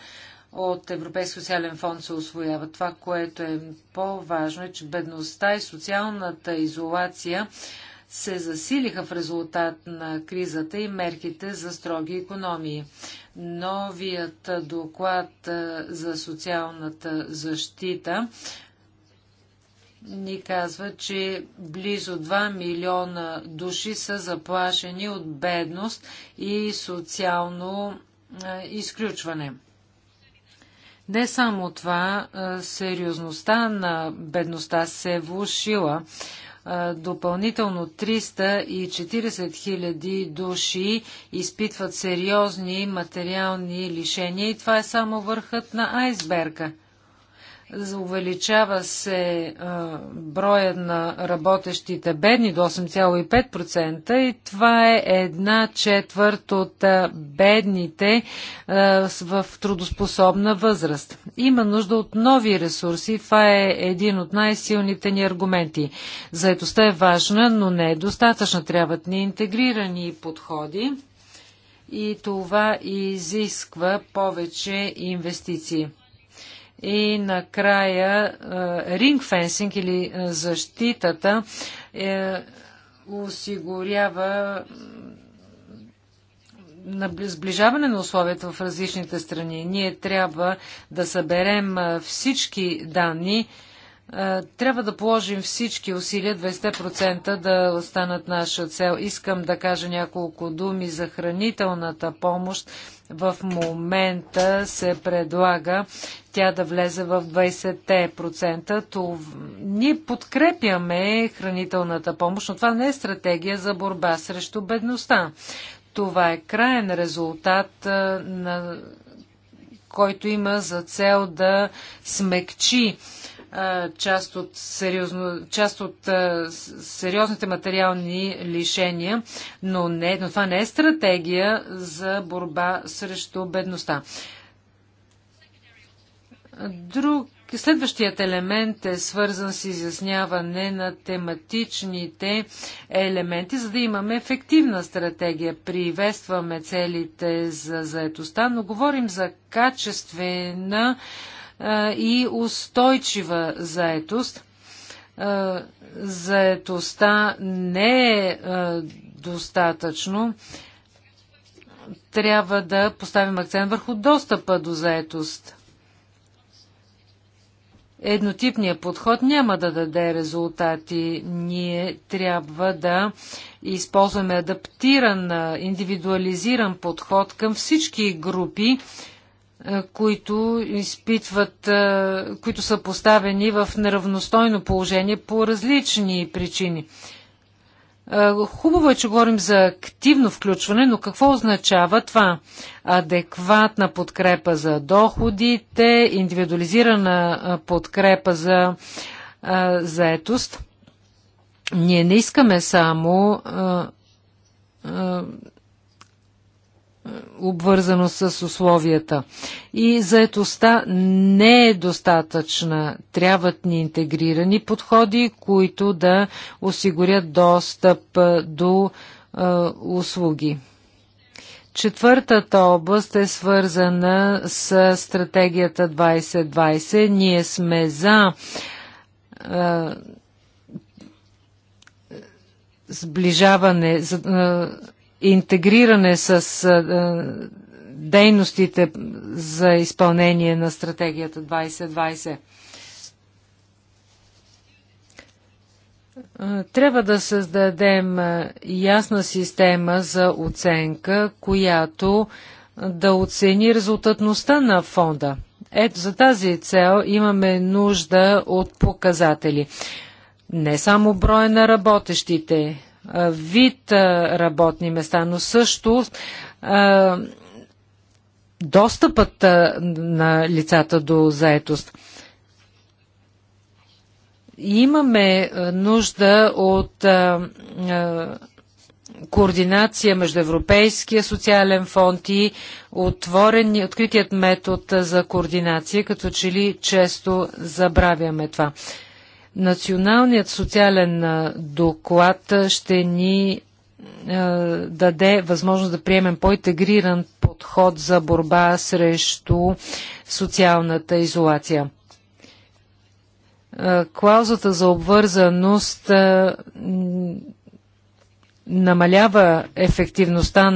от Европейски социален фонд се освоява. Това, което е по-важно е, че бедността и социалната изолация се засилиха в резултат на кризата и мерките за строги економии. Новият доклад за социалната защита ни казва, че близо 2 милиона души са заплашени от бедност и социално изключване. Не само това, сериозността на бедността се е влушила. Допълнително 340 хиляди души изпитват сериозни материални лишения и това е само върхът на айсберга – Увеличава се а, броя на работещите бедни до 8,5% и това е една четвърт от а, бедните а, в трудоспособна възраст. Има нужда от нови ресурси. Това е един от най-силните ни аргументи. Заетостта е важна, но не е достатъчна. Трябват ни интегрирани подходи и това изисква повече инвестиции. И накрая рингфенсинг или защитата е, осигурява на сближаване на условията в различните страни. Ние трябва да съберем всички данни, е, трябва да положим всички усилия, 20% да останат наша цел. Искам да кажа няколко думи за хранителната помощ. В момента се предлага тя да влезе в 20%. Ние подкрепяме хранителната помощ, но това не е стратегия за борба срещу бедността. Това е краен резултат е, на който има за цел да смекчи част от, сериозно, част от сериозните материални лишения, но, не, но това не е стратегия за борба срещу бедността. Друг, следващият елемент е свързан с изясняване на тематичните елементи, за да имаме ефективна стратегия. Приветстваме целите за заетостта, но говорим за качествена и устойчива заетост. Заетостта не е достатъчно. Трябва да поставим акцент върху достъпа до заетост. Еднотипният подход няма да даде резултати. Ние трябва да използваме адаптиран, индивидуализиран подход към всички групи които изпитват, които са поставени в неравностойно положение по различни причини. Хубаво е, че говорим за активно включване, но какво означава това? Адекватна подкрепа за доходите, индивидуализирана подкрепа за заетост. Ние не искаме само е, обвързано с условията. И заетостта не е достатъчна. Трябват ни интегрирани подходи, които да осигурят достъп е, до е, услуги. Четвъртата област е свързана с стратегията 2020. Ние сме за е, сближаване, за, е, интегриране с дейностите за изпълнение на стратегията 2020. Трябва да създадем ясна система за оценка, която да оцени резултатността на фонда. Ето за тази цел имаме нужда от показатели. Не само броя на работещите, вид работни места, но също достъпът на лицата до заетост. Имаме нужда от координация между Европейския социален фонд и отворен, откритият метод за координация, като че ли често забравяме това. Националният социален доклад ще ни даде възможност да приемем по-интегриран подход за борба срещу социалната изолация. Клаузата за обвързаност намалява ефективността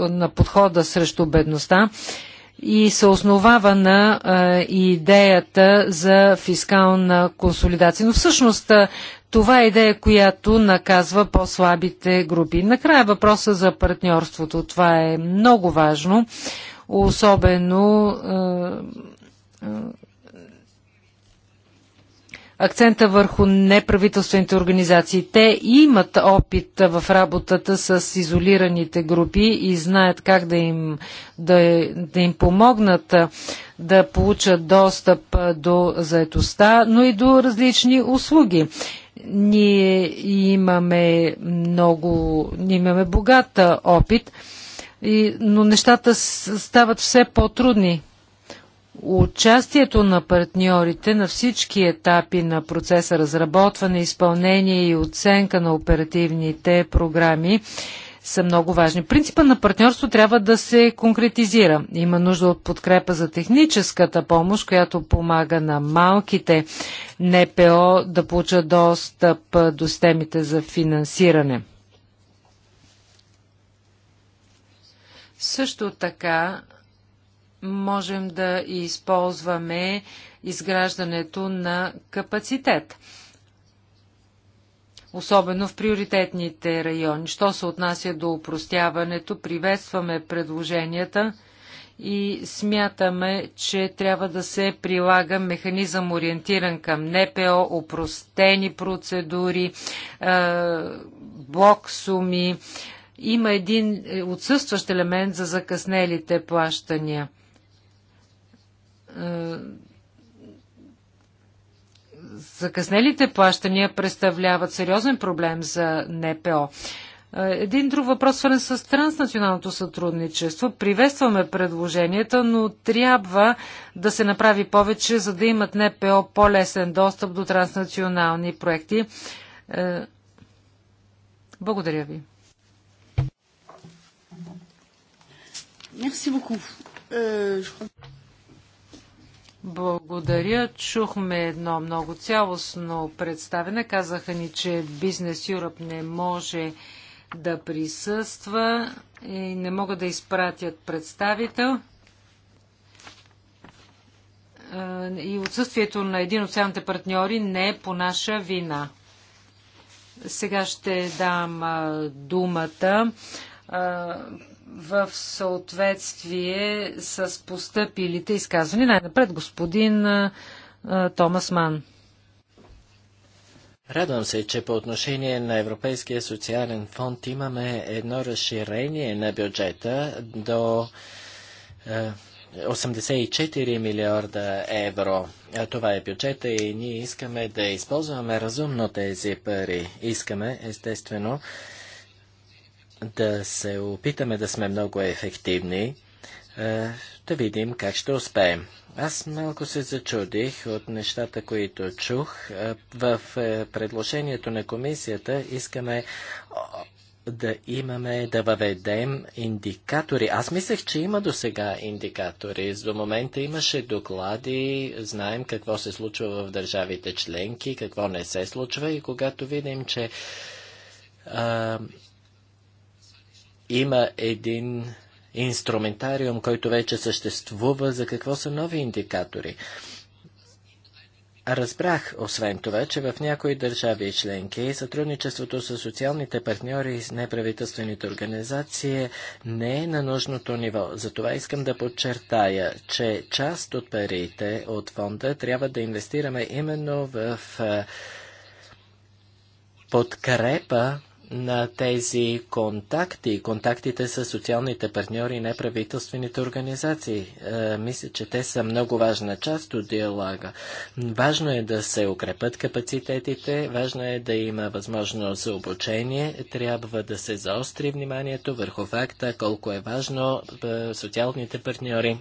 на, подхода срещу бедността и се основава на идеята за фискална консолидация. Но всъщност това е идея, която наказва по-слабите групи. Накрая въпроса за партньорството. Това е много важно, особено акцента върху неправителствените организации. Те имат опит в работата с изолираните групи и знаят как да им, да, да им помогнат да получат достъп до заетостта, но и до различни услуги. Ние имаме много, ние имаме богат опит, и, но нещата стават все по-трудни. Участието на партньорите на всички етапи на процеса разработване, изпълнение и оценка на оперативните програми са много важни. Принципа на партньорство трябва да се конкретизира. Има нужда от подкрепа за техническата помощ, която помага на малките НПО да получат достъп до системите за финансиране. Също така можем да използваме изграждането на капацитет. Особено в приоритетните райони. Що се отнася до упростяването, приветстваме предложенията и смятаме, че трябва да се прилага механизъм ориентиран към НПО, упростени процедури, блок суми. Има един е, отсъстващ елемент за закъснелите плащания – е, закъснелите плащания представляват сериозен проблем за НПО. Е, един друг въпрос, свързан с транснационалното сътрудничество. Приветстваме предложенията, но трябва да се направи повече, за да имат НПО по-лесен достъп до транснационални проекти. Е, благодаря ви. Merci beaucoup. Euh, je crois... Благодаря. Чухме едно много цялостно представене. Казаха ни, че Бизнес Юръп не може да присъства и не могат да изпратят представител. Е, и отсъствието на един от социалните партньори не е по наша вина. Сега ще дам думата в съответствие с постъпилите изказвания. Най-напред господин Томас Ман. Радвам се, че по отношение на Европейския социален фонд имаме едно разширение на бюджета до 84 милиарда евро. Това е бюджета и ние искаме да използваме разумно тези пари. Искаме, естествено, да се опитаме да сме много ефективни, е, да видим как ще успеем. Аз малко се зачудих от нещата, които чух. Е, в е, предложението на комисията искаме да имаме, да въведем индикатори. Аз мислех, че има до сега индикатори. До момента имаше доклади, знаем какво се случва в държавите членки, какво не се случва и когато видим, че а, има един инструментариум, който вече съществува, за какво са нови индикатори. Разбрах, освен това, че в някои държави и членки сътрудничеството с социалните партньори и с неправителствените организации не е на нужното ниво. Затова искам да подчертая, че част от парите от фонда трябва да инвестираме именно в е, подкрепа на тези контакти, контактите с социалните партньори и неправителствените организации. Е, мисля, че те са много важна част от диалога. Важно е да се укрепят капацитетите, важно е да има възможност за обучение, трябва да се заостри вниманието върху факта колко е важно е, социалните партньори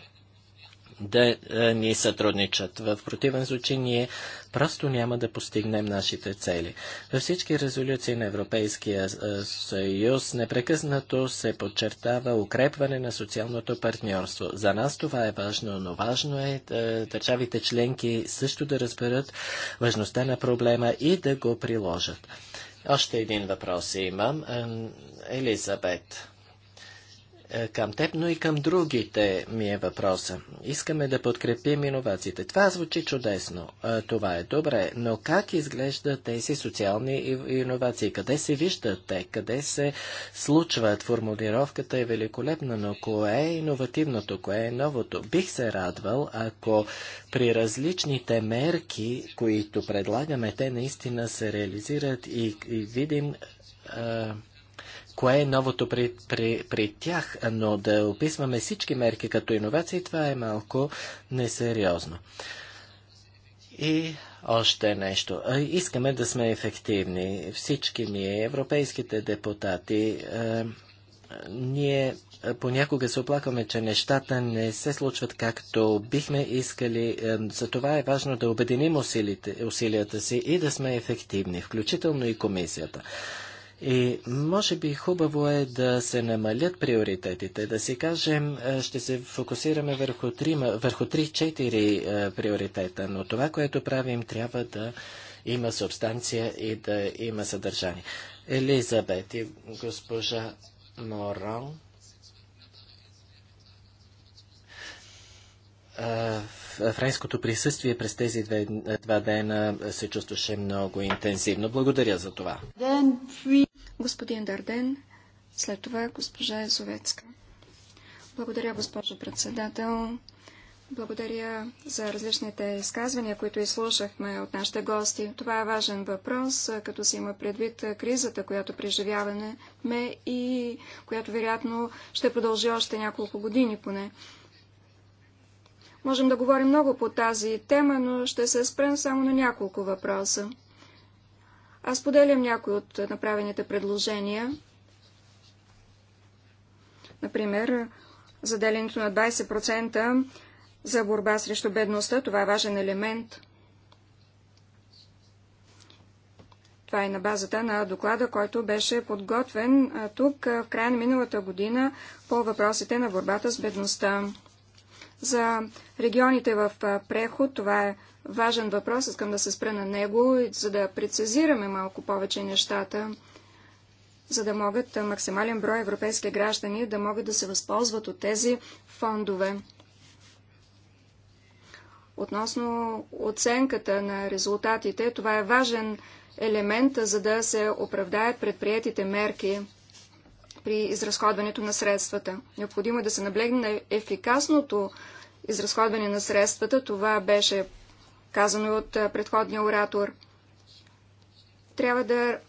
да е, ни сътрудничат. В противен случай ние просто няма да постигнем нашите цели. Във всички резолюции на Европейския е, съюз непрекъснато се подчертава укрепване на социалното партньорство. За нас това е важно, но важно е, е държавите членки също да разберат важността на проблема и да го приложат. Още един въпрос имам. Елизабет. Е, към теб, но и към другите ми е въпроса. Искаме да подкрепим иновациите. Това звучи чудесно. Е, това е добре, но как изглеждат тези социални иновации? Къде се виждат те? Къде се случват? Формулировката е великолепна, но кое е иновативното? Кое е новото? Бих се радвал, ако при различните мерки, които предлагаме, те наистина се реализират и, и видим а, е, кое е новото при, при, при тях, но да описваме всички мерки като иновации, това е малко несериозно. И още нещо. Искаме да сме ефективни. Всички ние, европейските депутати, ние понякога се оплакваме, че нещата не се случват както бихме искали. Затова е важно да обединим усилията си и да сме ефективни, включително и комисията. И може би хубаво е да се намалят приоритетите, да си кажем, е, ще се фокусираме върху, 3-4 е, приоритета, но това, което правим, трябва да има субстанция и да има съдържание. Елизабет и госпожа Морон. Е, френското присъствие през тези два дена се чувстваше много интензивно. Благодаря за това господин Дарден, след това госпожа Езовецка. Благодаря, госпожо председател. Благодаря за различните изказвания, които изслушахме от нашите гости. Това е важен въпрос, като се има предвид кризата, която преживяваме и която вероятно ще продължи още няколко години поне. Можем да говорим много по тази тема, но ще се спрем само на няколко въпроса. Аз поделям някои от направените предложения. Например, заделянето на 20% за борба срещу бедността. Това е важен елемент. Това е на базата на доклада, който беше подготвен тук в края на миналата година по въпросите на борбата с бедността. За регионите в преход, това е важен въпрос, искам да се спра на него, за да прецизираме малко повече нещата, за да могат максимален брой европейски граждани да могат да се възползват от тези фондове. Относно оценката на резултатите, това е важен елемент, за да се оправдаят предприятите мерки при изразходването на средствата. Необходимо е да се наблегне на ефикасното изразходване на средствата. Това беше казано от предходния оратор. Трябва да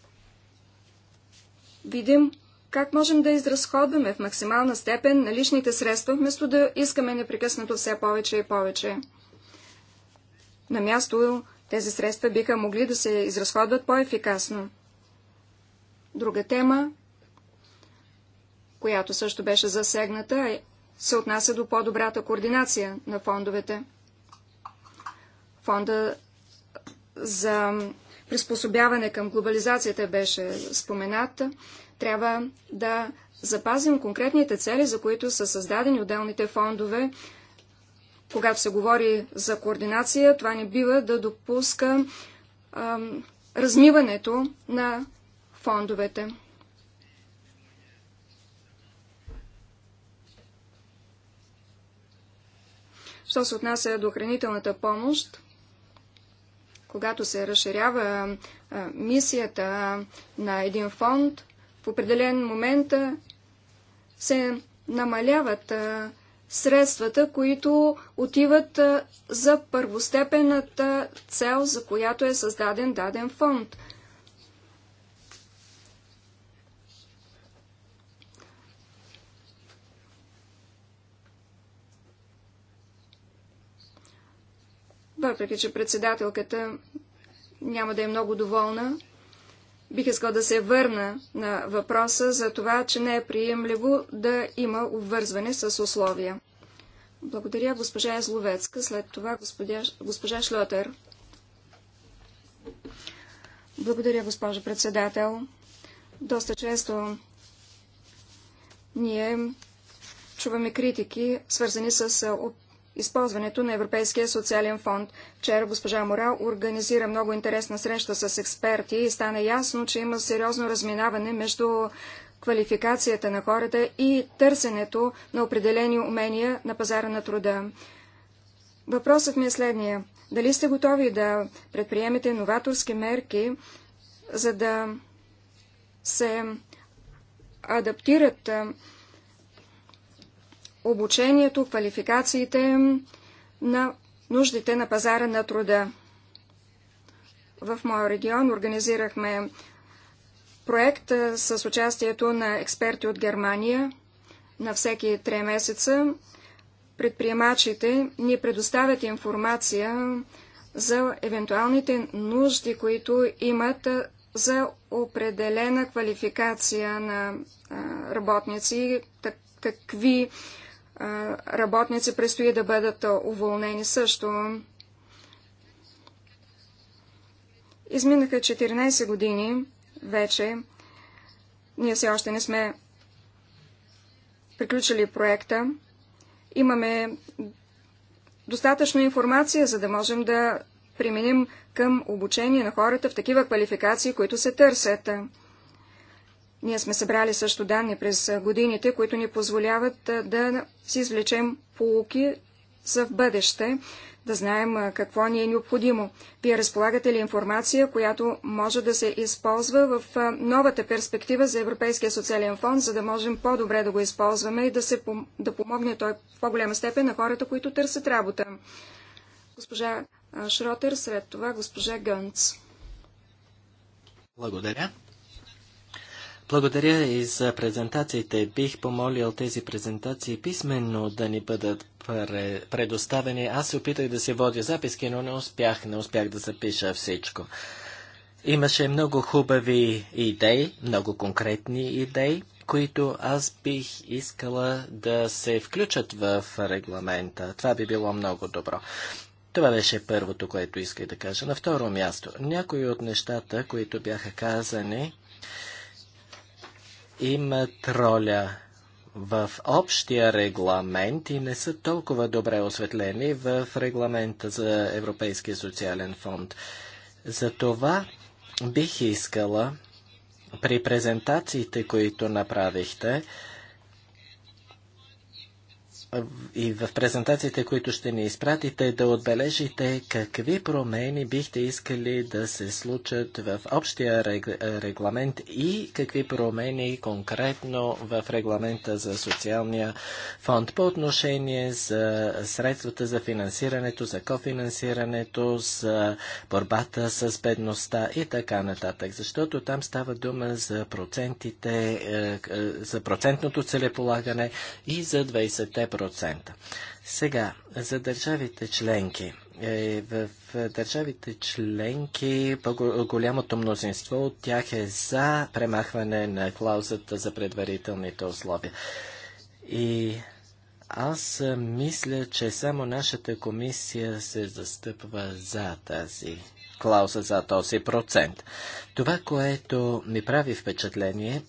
видим как можем да изразходваме в максимална степен наличните средства, вместо да искаме непрекъснато все повече и повече. На място тези средства биха могли да се изразходват по-ефикасно. Друга тема която също беше засегната, се отнася до по-добрата координация на фондовете. Фонда за приспособяване към глобализацията беше спомената. Трябва да запазим конкретните цели, за които са създадени отделните фондове. Когато се говори за координация, това не бива да допуска ам, размиването на фондовете. Що се отнася до хранителната помощ, когато се разширява мисията на един фонд, в определен момент се намаляват средствата, които отиват за първостепенната цел, за която е създаден даден фонд – въпреки че председателката няма да е много доволна. Бих искал да се върна на въпроса за това, че не е приемливо да има обвързване с условия. Благодаря госпожа Езловецка, след това господя, госпожа Шлотер. Благодаря, госпожо председател. Доста често ние чуваме критики, свързани с използването на Европейския социален фонд. Вчера госпожа Морал организира много интересна среща с експерти и стана ясно, че има сериозно разминаване между квалификацията на хората и търсенето на определени умения на пазара на труда. Въпросът ми е следния. Дали сте готови да предприемете новаторски мерки, за да се адаптират обучението, квалификациите на нуждите на пазара на труда. В моя регион организирахме проект с участието на експерти от Германия на всеки 3 месеца. Предприемачите ни предоставят информация за евентуалните нужди, които имат за определена квалификация на работници, какви работници предстои да бъдат уволнени също. Изминаха 14 години вече. Ние все още не сме приключили проекта. Имаме достатъчно информация, за да можем да применим към обучение на хората в такива квалификации, които се търсят. Ние сме събрали също данни през годините, които ни позволяват да си извлечем полуки за в бъдеще, да знаем какво ни е необходимо. Вие разполагате ли информация, която може да се използва в новата перспектива за Европейския социален фонд, за да можем по-добре да го използваме и да, се, да помогне той в по-голяма степен на хората, които търсят работа? Госпожа Шротер, след това госпожа Гънц. Благодаря. Благодаря и за презентациите. Бих помолил тези презентации писменно да ни бъдат предоставени. Аз се опитах да се водя записки, но не успях, не успях да запиша всичко. Имаше много хубави идеи, много конкретни идеи, които аз бих искала да се включат в регламента. Това би било много добро. Това беше първото, което исках да кажа. На второ място, някои от нещата, които бяха казани, имат роля в общия регламент и не са толкова добре осветлени в регламента за Европейския социален фонд. Затова бих искала при презентациите, които направихте, и в презентациите, които ще ни изпратите, да отбележите какви промени бихте искали да се случат в общия регламент и какви промени конкретно в регламента за социалния фонд по отношение за средствата за финансирането, за кофинансирането, за борбата с бедността и така нататък. Защото там става дума за процентите, е, е, за процентното целеполагане и за 20% 3%. Сега, за държавите членки. Е, в държавите членки голямото мнозинство от тях е за премахване на клаузата за предварителните условия. И аз мисля, че само нашата комисия се застъпва за тази клауза, за този процент. Това, което ми прави впечатление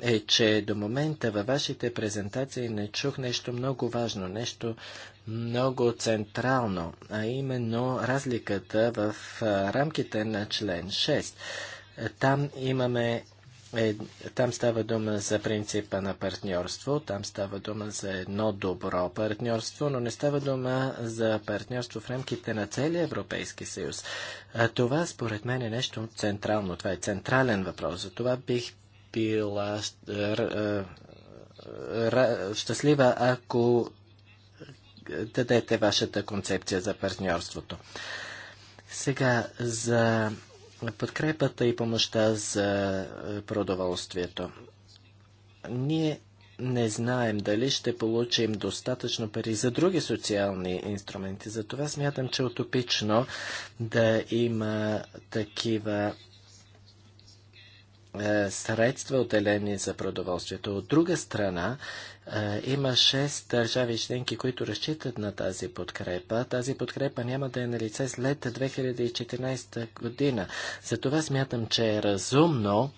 е, че до момента във вашите презентации не чух нещо много важно, нещо много централно, а именно разликата в рамките на член 6. Там имаме е, там става дума за принципа на партньорство, там става дума за едно добро партньорство, но не става дума за партньорство в рамките на целия Европейски съюз. А това според мен е нещо централно, това е централен въпрос. За това бих била щастлива, ако дадете вашата концепция за партньорството. Сега за подкрепата и помощта за продоволствието. Ние не знаем дали ще получим достатъчно пари за други социални инструменти. Затова смятам, че е утопично да има такива е, средства, отделени за продоволствието. От друга страна, е, има 6 държави членки, които разчитат на тази подкрепа. Тази подкрепа няма да е на лице след 2014 година. Затова смятам, че е разумно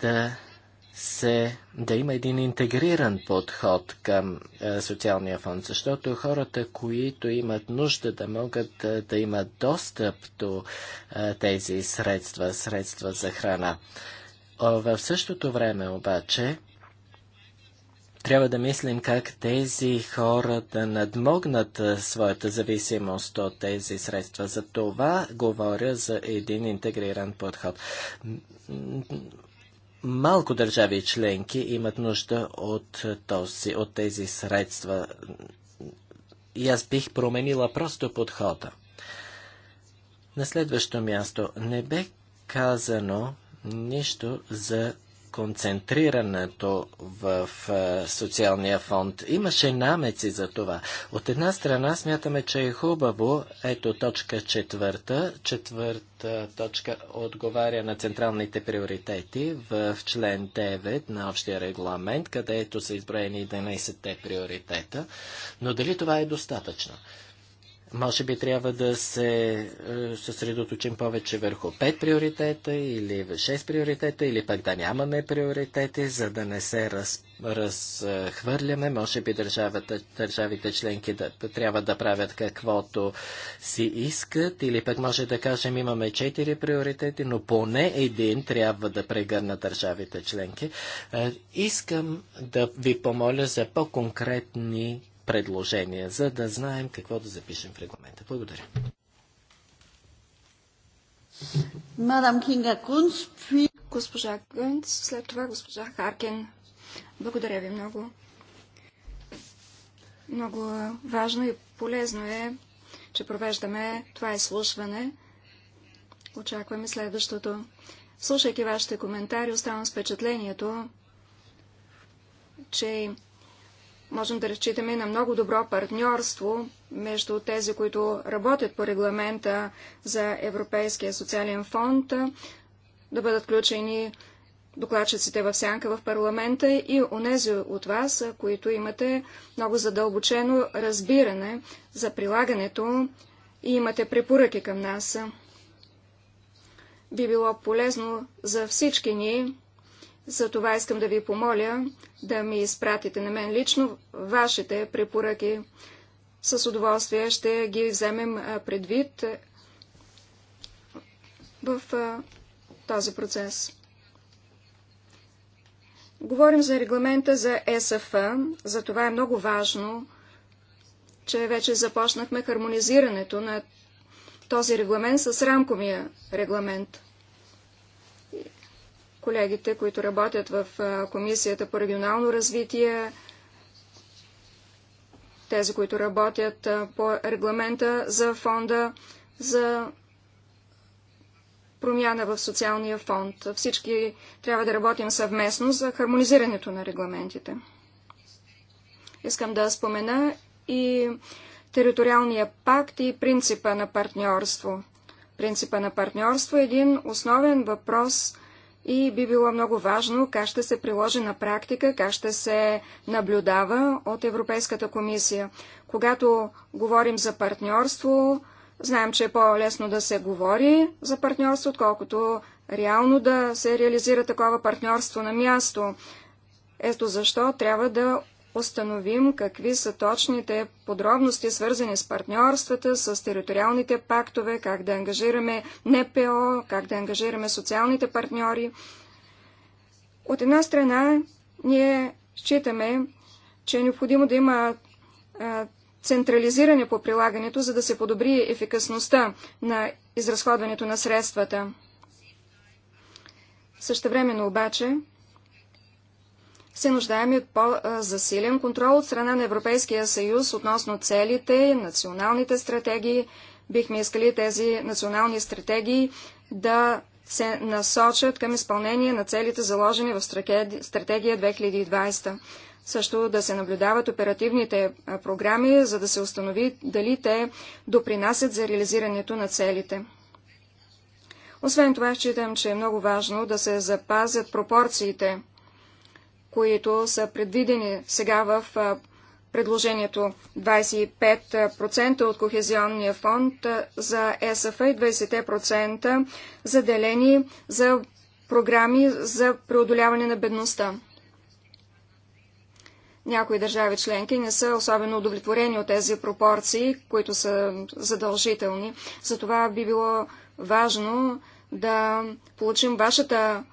да се, да има един интегриран подход към е, социалния фонд, защото хората, които имат нужда да могат да, е, да имат достъп до е, тези средства, средства за храна. в същото време обаче, трябва да мислим как тези хора да надмогнат е, своята зависимост от тези средства. За това говоря за един интегриран подход малко държави членки имат нужда от, този, от тези средства. И аз бих променила просто подхода. На следващо място не бе казано нищо за концентрирането в социалния фонд. Имаше намеци за това. От една страна смятаме, че е хубаво, ето точка четвърта, четвърта точка отговаря на централните приоритети в член 9 на общия регламент, където са изброени 11-те приоритета, но дали това е достатъчно? Може би трябва да се е, съсредоточим повече върху 5 приоритета или 6 приоритета, или пък да нямаме приоритети, за да не се раз, разхвърляме. Може би държавата, държавите членки да, трябва да правят каквото си искат, или пък може да кажем имаме 4 приоритети, но поне един трябва да прегърна държавите членки. Е, искам да ви помоля за по-конкретни предложения, за да знаем какво да запишем в регламента. Благодаря. Мадам Кинга Кунц, Госпожа Кунц, след това госпожа Харкен. Благодаря ви много. Много важно и полезно е, че провеждаме това изслушване. Очакваме следващото. Слушайки вашите коментари, оставам с впечатлението, че можем да разчитаме на много добро партньорство между тези, които работят по регламента за Европейския социален фонд, да бъдат включени докладчиците в сянка в парламента и онези от вас, които имате много задълбочено разбиране за прилагането и имате препоръки към нас. Би било полезно за всички ни за това искам да ви помоля да ми изпратите на мен лично вашите препоръки. С удоволствие ще ги вземем предвид в този процес. Говорим за регламента за ЕСФ, за това е много важно, че вече започнахме хармонизирането на този регламент с рамковия регламент колегите, които работят в Комисията по регионално развитие, тези, които работят по регламента за фонда за промяна в социалния фонд. Всички трябва да работим съвместно за хармонизирането на регламентите. Искам да спомена и териториалния пакт и принципа на партньорство. Принципа на партньорство е един основен въпрос – и би било много важно как ще се приложи на практика, как ще се наблюдава от Европейската комисия. Когато говорим за партньорство, знаем, че е по-лесно да се говори за партньорство, отколкото реално да се реализира такова партньорство на място. Ето защо трябва да установим какви са точните подробности, свързани с партньорствата, с териториалните пактове, как да ангажираме НПО, как да ангажираме социалните партньори. От една страна, ние считаме, че е необходимо да има централизиране по прилагането, за да се подобри ефикасността на изразходването на средствата. Същевременно обаче, се нуждаем от по-засилен контрол от страна на Европейския съюз относно целите, националните стратегии. Бихме искали тези национални стратегии да се насочат към изпълнение на целите заложени в стратегия 2020. Също да се наблюдават оперативните програми, за да се установи дали те допринасят за реализирането на целите. Освен това, считам, че е много важно да се запазят пропорциите които са предвидени сега в предложението 25% от кохезионния фонд за ЕСФ и 20% заделени за програми за преодоляване на бедността. Някои държави членки не са особено удовлетворени от тези пропорции, които са задължителни. Затова би било важно да получим вашата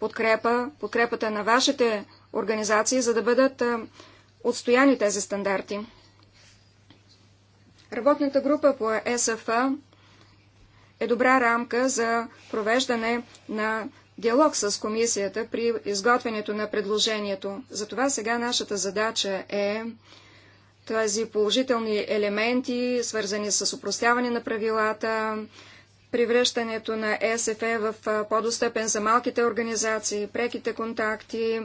подкрепа, подкрепата на вашите организации, за да бъдат отстояни тези стандарти. Работната група по ЕСФ е добра рамка за провеждане на диалог с комисията при изготвянето на предложението. Затова сега нашата задача е тези положителни елементи, свързани с упростяване на правилата, превръщането на ЕСФ в по-достъпен за малките организации, преките контакти,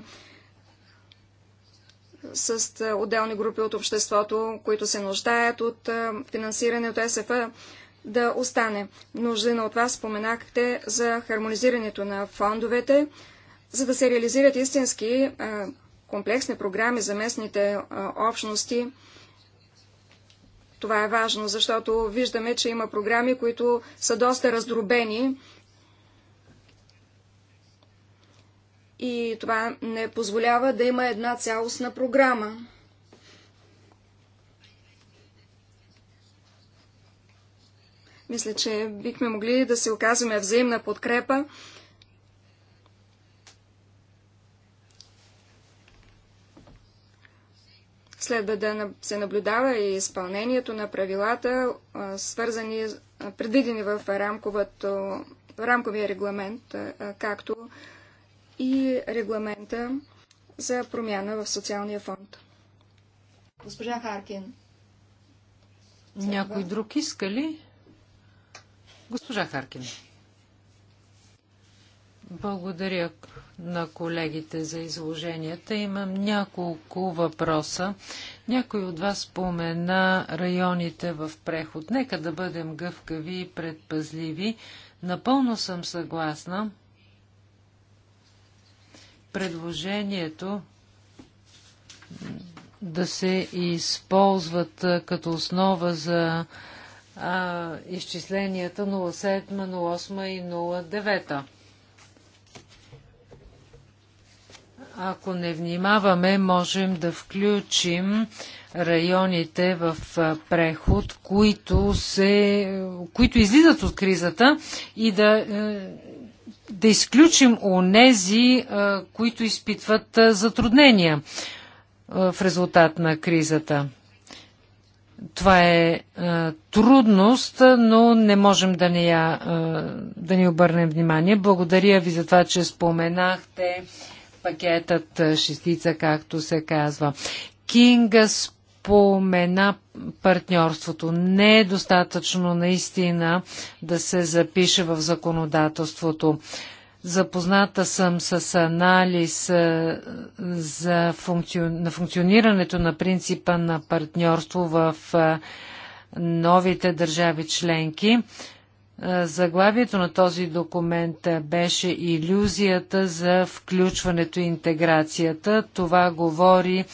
с е, отделни групи от обществото, които се нуждаят от е, финансиране от СФ да остане. Нуждена от вас споменахте за хармонизирането на фондовете, за да се реализират истински е, комплексни програми за местните общности. Това е важно, защото виждаме, че има програми, които са доста раздробени И това не позволява да има една цялостна програма. Мисля, че бихме могли да се оказваме взаимна подкрепа. Следва да се наблюдава и изпълнението на правилата, свързани, предвидени в рамковия регламент, както и регламента за промяна в социалния фонд. Госпожа Харкин. Някой друг иска ли? Госпожа Харкин. Благодаря на колегите за изложенията. Имам няколко въпроса. Някой от вас спомена районите в преход. Нека да бъдем гъвкави и предпазливи. Напълно съм съгласна предложението да се използват като основа за а, изчисленията 07, 08 и 09. Ако не внимаваме, можем да включим районите в преход, които, се, които излизат от кризата и да е, да изключим онези, които изпитват затруднения в резултат на кризата. Това е трудност, но не можем да ни я, да ни обърнем внимание. Благодаря ви за това, че споменахте пакетът шестица, както се казва. Кинга спомена партньорството. Не е достатъчно наистина да се запише в законодателството. Запозната съм с анализ е, за функци... на функционирането на принципа на партньорство в е, новите държави членки. Е, заглавието на този документ беше иллюзията за включването и интеграцията. Това говори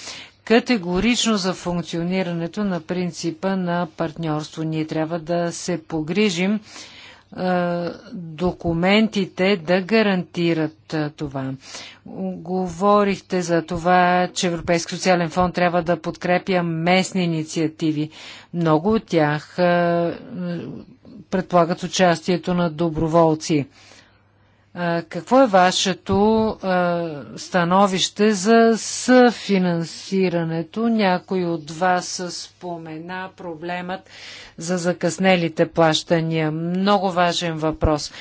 категорично за функционирането на принципа на партньорство. Ние трябва да се погрижим документите да гарантират това. Говорихте за това, че Европейски социален фонд трябва да подкрепя местни инициативи. Много от тях предполагат участието на доброволци. Какво е вашето становище за съфинансирането? Някой от вас спомена проблемът за закъснелите плащания. Много важен въпрос.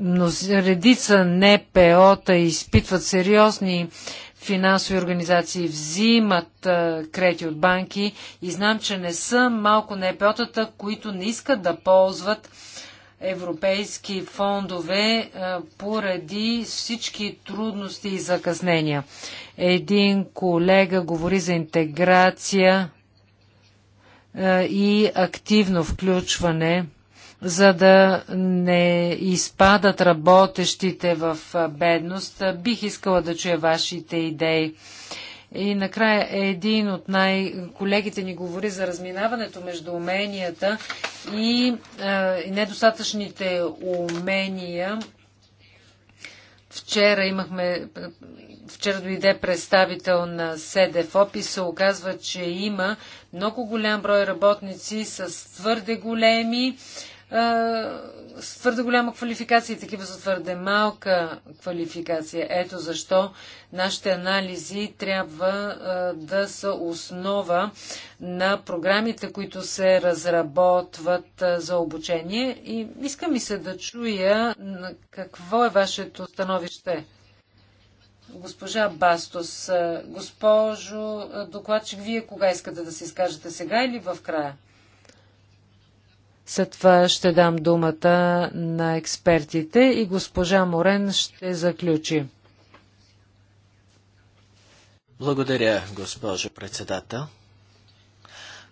Но редица НПО-та изпитват сериозни финансови организации взимат а, кредити от банки и знам, че не са малко НПО-тата, които не искат да ползват европейски фондове поради всички трудности и закъснения. Един колега говори за интеграция и активно включване, за да не изпадат работещите в бедност. Бих искала да чуя вашите идеи и накрая един от най-колегите ни говори за разминаването между уменията и, а, е, недостатъчните умения. Вчера имахме, вчера дойде представител на СДФОП и се оказва, че има много голям брой работници с твърде големи е, с твърде голяма квалификация и такива за твърде малка квалификация. Ето защо нашите анализи трябва а, да са основа на програмите, които се разработват а, за обучение. И иска ми се да чуя какво е вашето становище. Госпожа Бастос, госпожо докладчик, вие кога искате да се изкажете сега или в края? След това ще дам думата на експертите и госпожа Морен ще заключи. Благодаря, госпожо председател.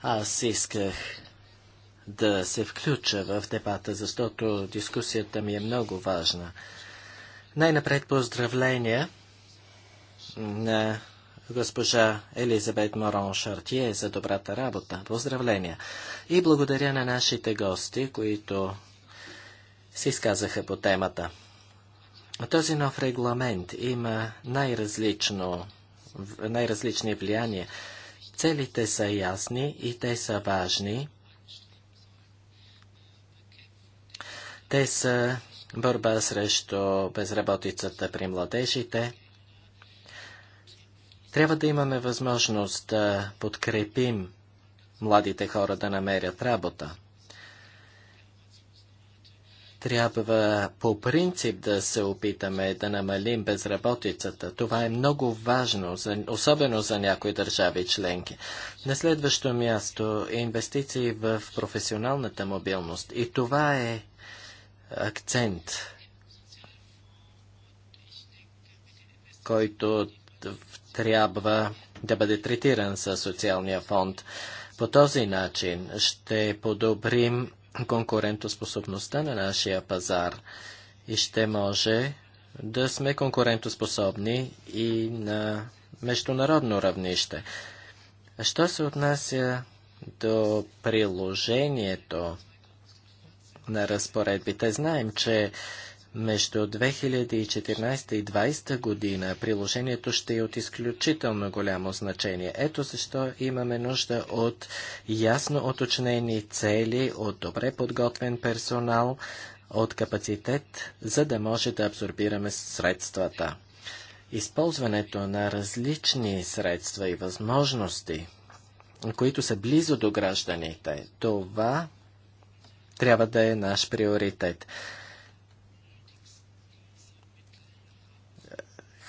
Аз исках да се включа в дебата, защото дискусията ми е много важна. Най-напред поздравления на госпожа Елизабет Морон Шартие е за добрата работа. Поздравления! И благодаря на нашите гости, които се изказаха по темата. Този нов регламент има най различни най-различни влияния. Целите са ясни и те са важни. Те са борба срещу безработицата при младежите – трябва да имаме възможност да подкрепим младите хора да намерят работа. Трябва по принцип да се опитаме да намалим безработицата. Това е много важно, особено за някои държави членки. На следващо място е инвестиции в професионалната мобилност. И това е акцент, който трябва да бъде третиран със социалния фонд. По този начин ще подобрим конкурентоспособността на нашия пазар и ще може да сме конкурентоспособни и на международно равнище. Що се отнася до приложението на разпоредбите, знаем, че между 2014 и 2020 година приложението ще е от изключително голямо значение. Ето защо имаме нужда от ясно оточнени цели, от добре подготвен персонал, от капацитет, за да може да абсорбираме средствата. Използването на различни средства и възможности, които са близо до гражданите, това трябва да е наш приоритет.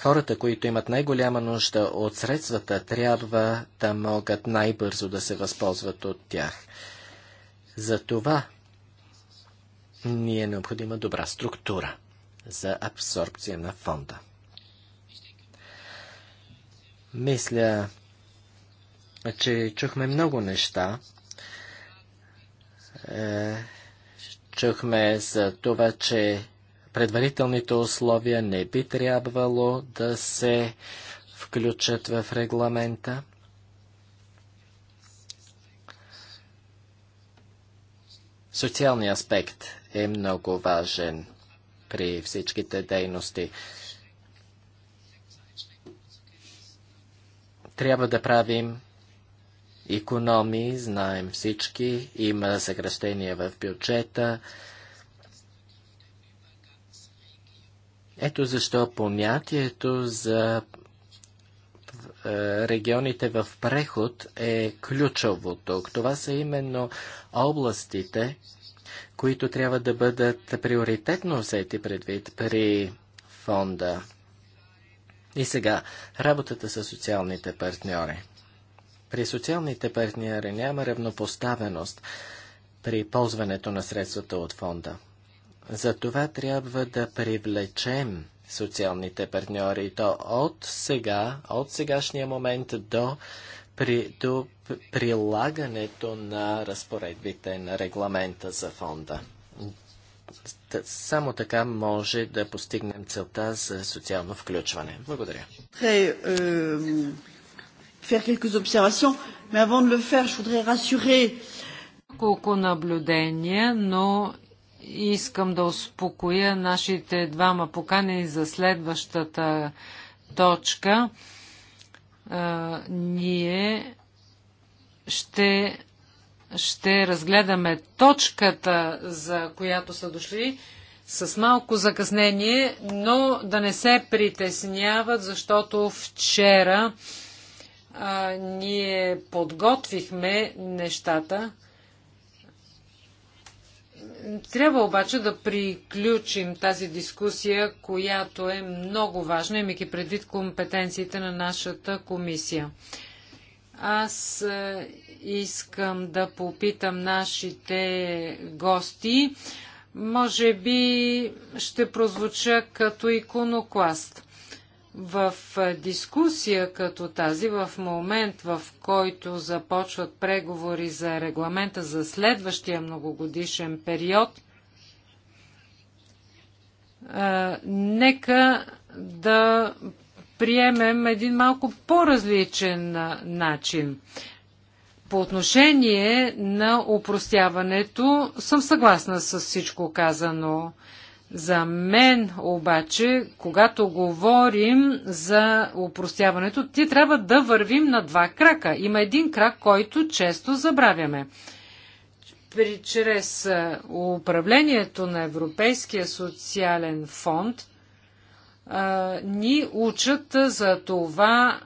хората, които имат най-голяма нужда от средствата, трябва да могат най-бързо да се възползват от тях. За това ни е необходима добра структура за абсорбция на фонда. Мисля, че чухме много неща. Е, чухме за това, че предварителните условия не би трябвало да се включат в регламента. Социалният аспект е много важен при всичките дейности. Трябва да правим економии, знаем всички, има съкръщения в бюджета, Ето защо понятието за е, регионите в преход е ключово тук. Това са именно областите, които трябва да бъдат приоритетно взети предвид при фонда. И сега, работата с социалните партньори. При социалните партньори няма равнопоставеност при ползването на средствата от фонда. За това трябва да привлечем социалните партньори то от сега, от сегашния момент до, при, до прилагането на разпоредбите на регламента за фонда. Само така може да постигнем целта за социално включване. Благодаря. Euh, Колко наблюдения, но Искам да успокоя нашите двама поканени за следващата точка. А, е, ние ще, ще разгледаме точката, за която са дошли с малко закъснение, но да не се притесняват, защото вчера а, е, ние подготвихме нещата. Трябва обаче да приключим тази дискусия, която е много важна, имайки предвид компетенциите на нашата комисия. Аз е, искам да попитам нашите гости. Може би ще прозвуча като иконокласт в дискусия като тази, в момент в който започват преговори за регламента за следващия многогодишен период, нека да приемем един малко по-различен начин. По отношение на упростяването съм съгласна с всичко казано за мен обаче, когато говорим за упростяването, ти трябва да вървим на два крака. Има един крак, който често забравяме. При, чрез управлението на Европейския социален фонд а, ни учат за това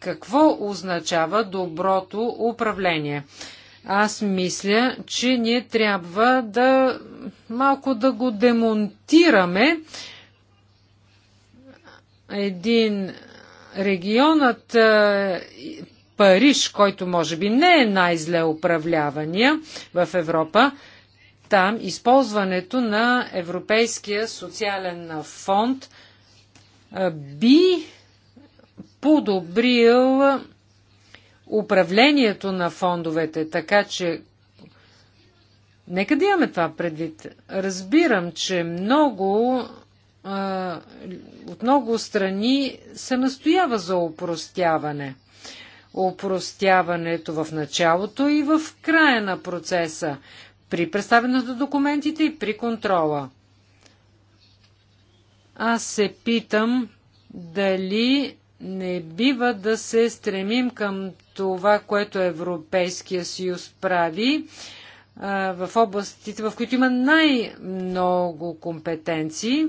какво означава доброто управление. Аз мисля, че ние трябва да малко да го демонтираме. Един регионът е, Париж, който може би не е най-зле управлявания в Европа, там използването на Европейския социален фонд е, би подобрил управлението на фондовете, така че нека да имаме това предвид. Разбирам, че много от много страни се настоява за упростяване. Упростяването в началото и в края на процеса, при представянето на документите и при контрола. Аз се питам дали не бива да се стремим към това, което Европейския съюз прави в областите, в които има най-много компетенции,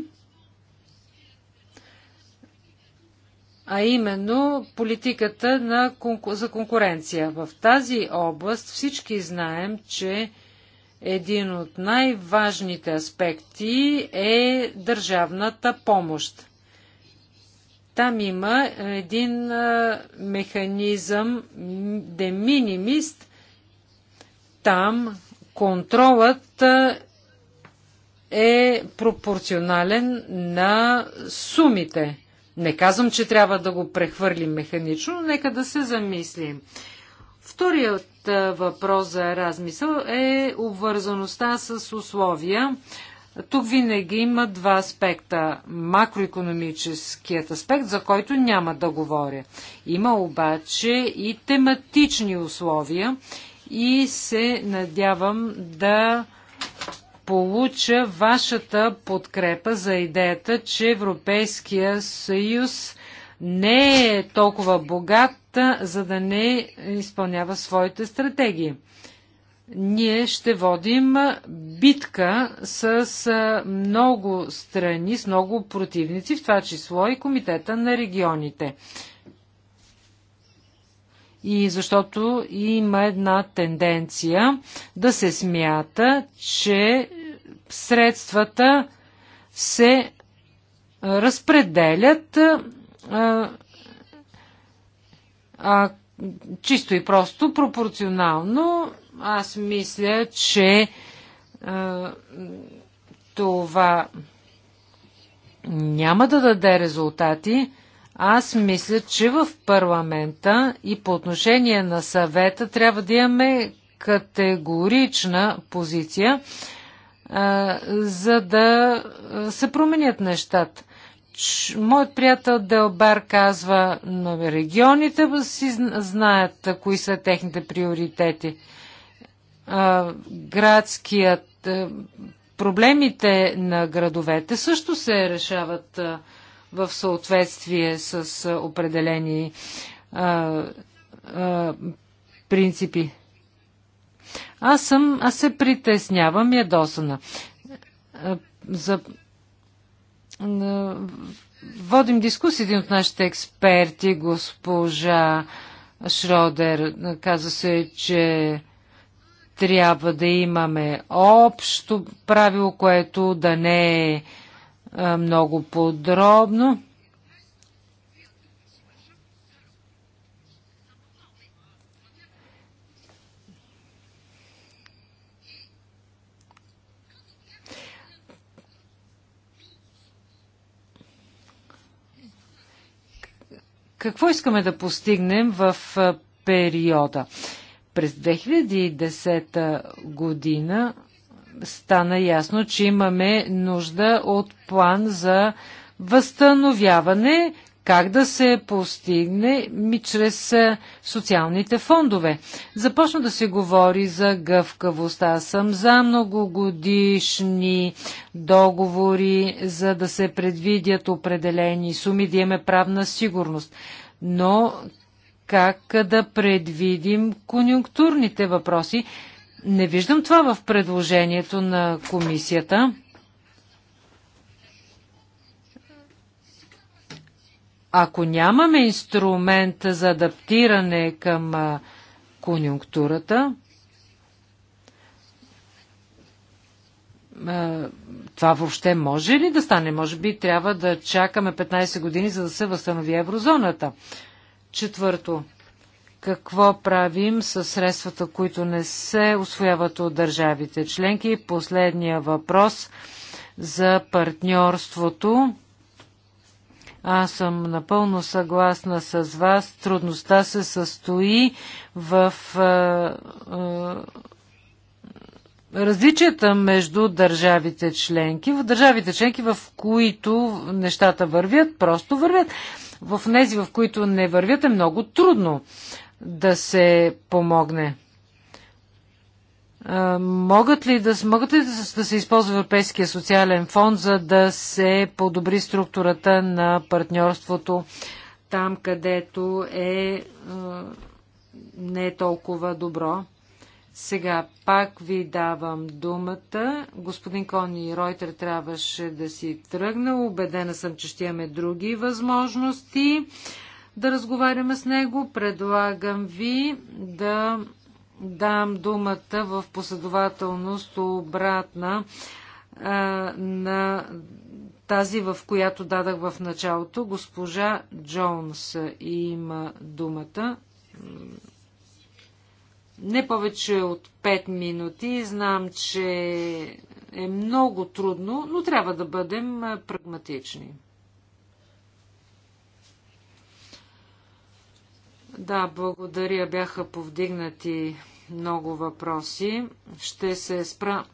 а именно политиката на, за конкуренция. В тази област всички знаем, че един от най-важните аспекти е държавната помощ. Там има един механизъм де минимист. Там контролът е пропорционален на сумите. Не казвам, че трябва да го прехвърлим механично, но нека да се замислим. Вторият въпрос за размисъл е обвързаността с условия. Тук винаги има два аспекта. Макроекономическият аспект, за който няма да говоря. Има обаче и тематични условия и се надявам да получа вашата подкрепа за идеята, че Европейския съюз не е толкова богат, за да не изпълнява своите стратегии ние ще водим битка с много страни, с много противници, в това число и Комитета на регионите. И защото има една тенденция да се смята, че средствата се разпределят а, а, чисто и просто пропорционално аз мисля, че а, това няма да даде резултати. Аз мисля, че в парламента и по отношение на съвета трябва да имаме категорична позиция, а, за да се променят нещата. моят приятел Делбар казва, но регионите си знаят кои са техните приоритети а, градският а, е, проблемите на градовете също се решават а, е, в съответствие с а, е, определени а, а, принципи. Аз съм, аз се притеснявам ядосана. За... Водим дискусия един от нашите експерти, госпожа Шродер. Каза се, че трябва да имаме общо правило, което да не е много подробно. Какво искаме да постигнем в периода? През 2010 година стана ясно, че имаме нужда от план за възстановяване, как да се постигне ми чрез социалните фондове. Започна да се говори за гъвкавост. Аз съм за многогодишни договори, за да се предвидят определени суми, да имаме правна сигурност. Но как да предвидим конюнктурните въпроси. Не виждам това в предложението на комисията. Ако нямаме инструмент за адаптиране към конюнктурата, това въобще може ли да стане? Може би трябва да чакаме 15 години, за да се възстанови еврозоната. Четвърто, какво правим с средствата, които не се освояват от държавите членки? Последния въпрос за партньорството. Аз съм напълно съгласна с вас. Трудността се състои в различията между държавите членки, в държавите членки, в които нещата вървят, просто вървят в тези, в които не вървят, е много трудно да се помогне. Могат ли, да, могат ли да, да се използва Европейския социален фонд, за да се подобри структурата на партньорството там, където е, не е толкова добро? Сега пак ви давам думата. Господин Кони Ройтер трябваше да си тръгне. Убедена съм, че ще имаме други възможности да разговаряме с него. Предлагам ви да дам думата в последователност обратна а, на тази, в която дадах в началото. Госпожа Джонс има думата не повече от 5 минути. Знам, че е много трудно, но трябва да бъдем прагматични. Да, благодаря. Бяха повдигнати много въпроси. Ще се спра.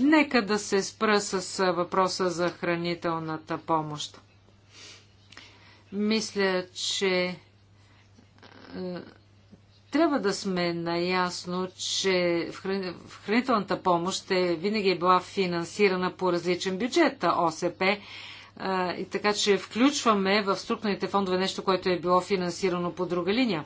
Нека да се спра с въпроса за хранителната помощ. Мисля, че трябва да сме наясно, че в хранителната помощ е, винаги е била финансирана по различен бюджет ОСП. И така, че включваме в структурните фондове нещо, което е било финансирано по друга линия.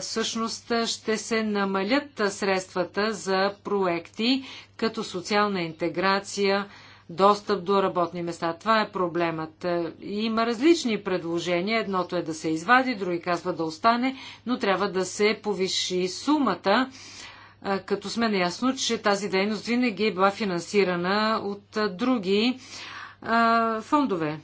Всъщност ще се намалят средствата за проекти като социална интеграция, достъп до работни места. Това е проблемът. Е, има различни предложения. Едното е да се извади, други казва да остане, но трябва да се повиши сумата, е, като сме наясно, че тази дейност винаги е била финансирана от е, други фондове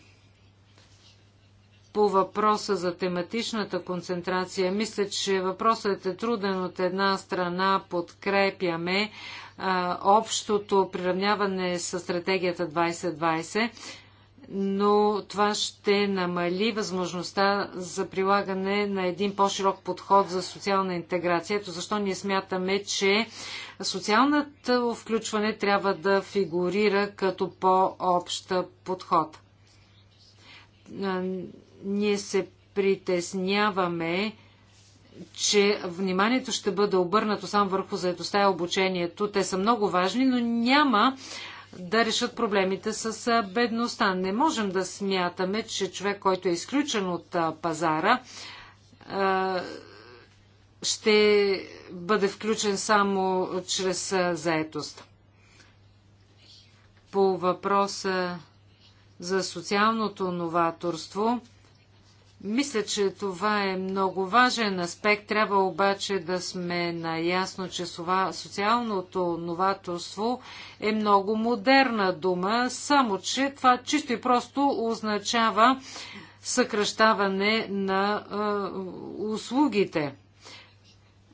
по въпроса за тематичната концентрация, мисля, че въпросът е труден от една страна. Подкрепяме а, общото приравняване с стратегията 2020 но това ще намали възможността за прилагане на един по-широк подход за социална интеграция. Ето защо ние смятаме, че социалната включване трябва да фигурира като по-общ подход. Ние се притесняваме, че вниманието ще бъде обърнато само върху заедостта и обучението. Те са много важни, но няма да решат проблемите с бедността. Не можем да смятаме, че човек, който е изключен от пазара, ще бъде включен само чрез заетост. По въпроса за социалното новаторство, мисля, че това е много важен аспект. Трябва обаче да сме наясно, че социалното новаторство е много модерна дума, само че това чисто и просто означава съкръщаване на е, услугите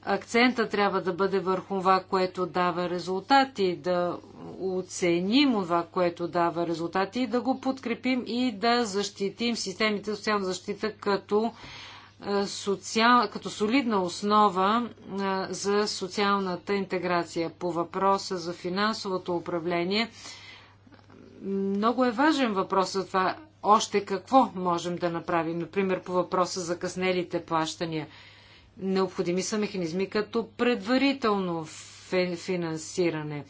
акцента трябва да бъде върху това, което дава резултати, да оценим това, което дава резултати и да го подкрепим и да защитим системите за социална защита като, е, социал, като солидна основа е, за социалната интеграция. По въпроса за финансовото управление, много е важен въпрос за това още какво можем да направим. Например, по въпроса за къснелите плащания – Необходими са механизми като предварително финансиране,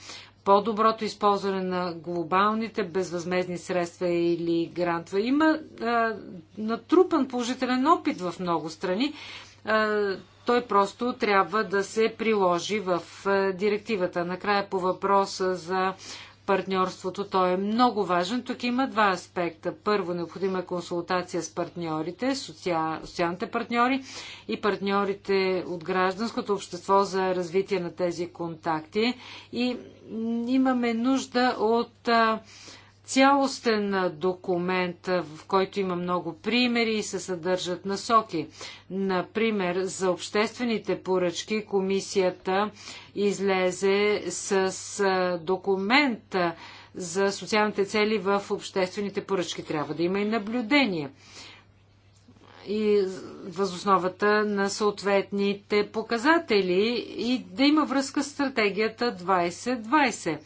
по-доброто използване на глобалните безвъзмезни средства или грантва. Има а, натрупан положителен опит в много страни. А, той просто трябва да се приложи в а, директивата. Накрая по въпроса за партньорството. Той е много важен. Тук има два аспекта. Първо, необходима е консултация с партньорите, социалните партньори и партньорите от гражданското общество за развитие на тези контакти. И имаме нужда от цялостен документ, в който има много примери и се съдържат насоки. Например, за обществените поръчки комисията излезе с документ за социалните цели в обществените поръчки. Трябва да има и наблюдение и възосновата на съответните показатели и да има връзка с стратегията 2020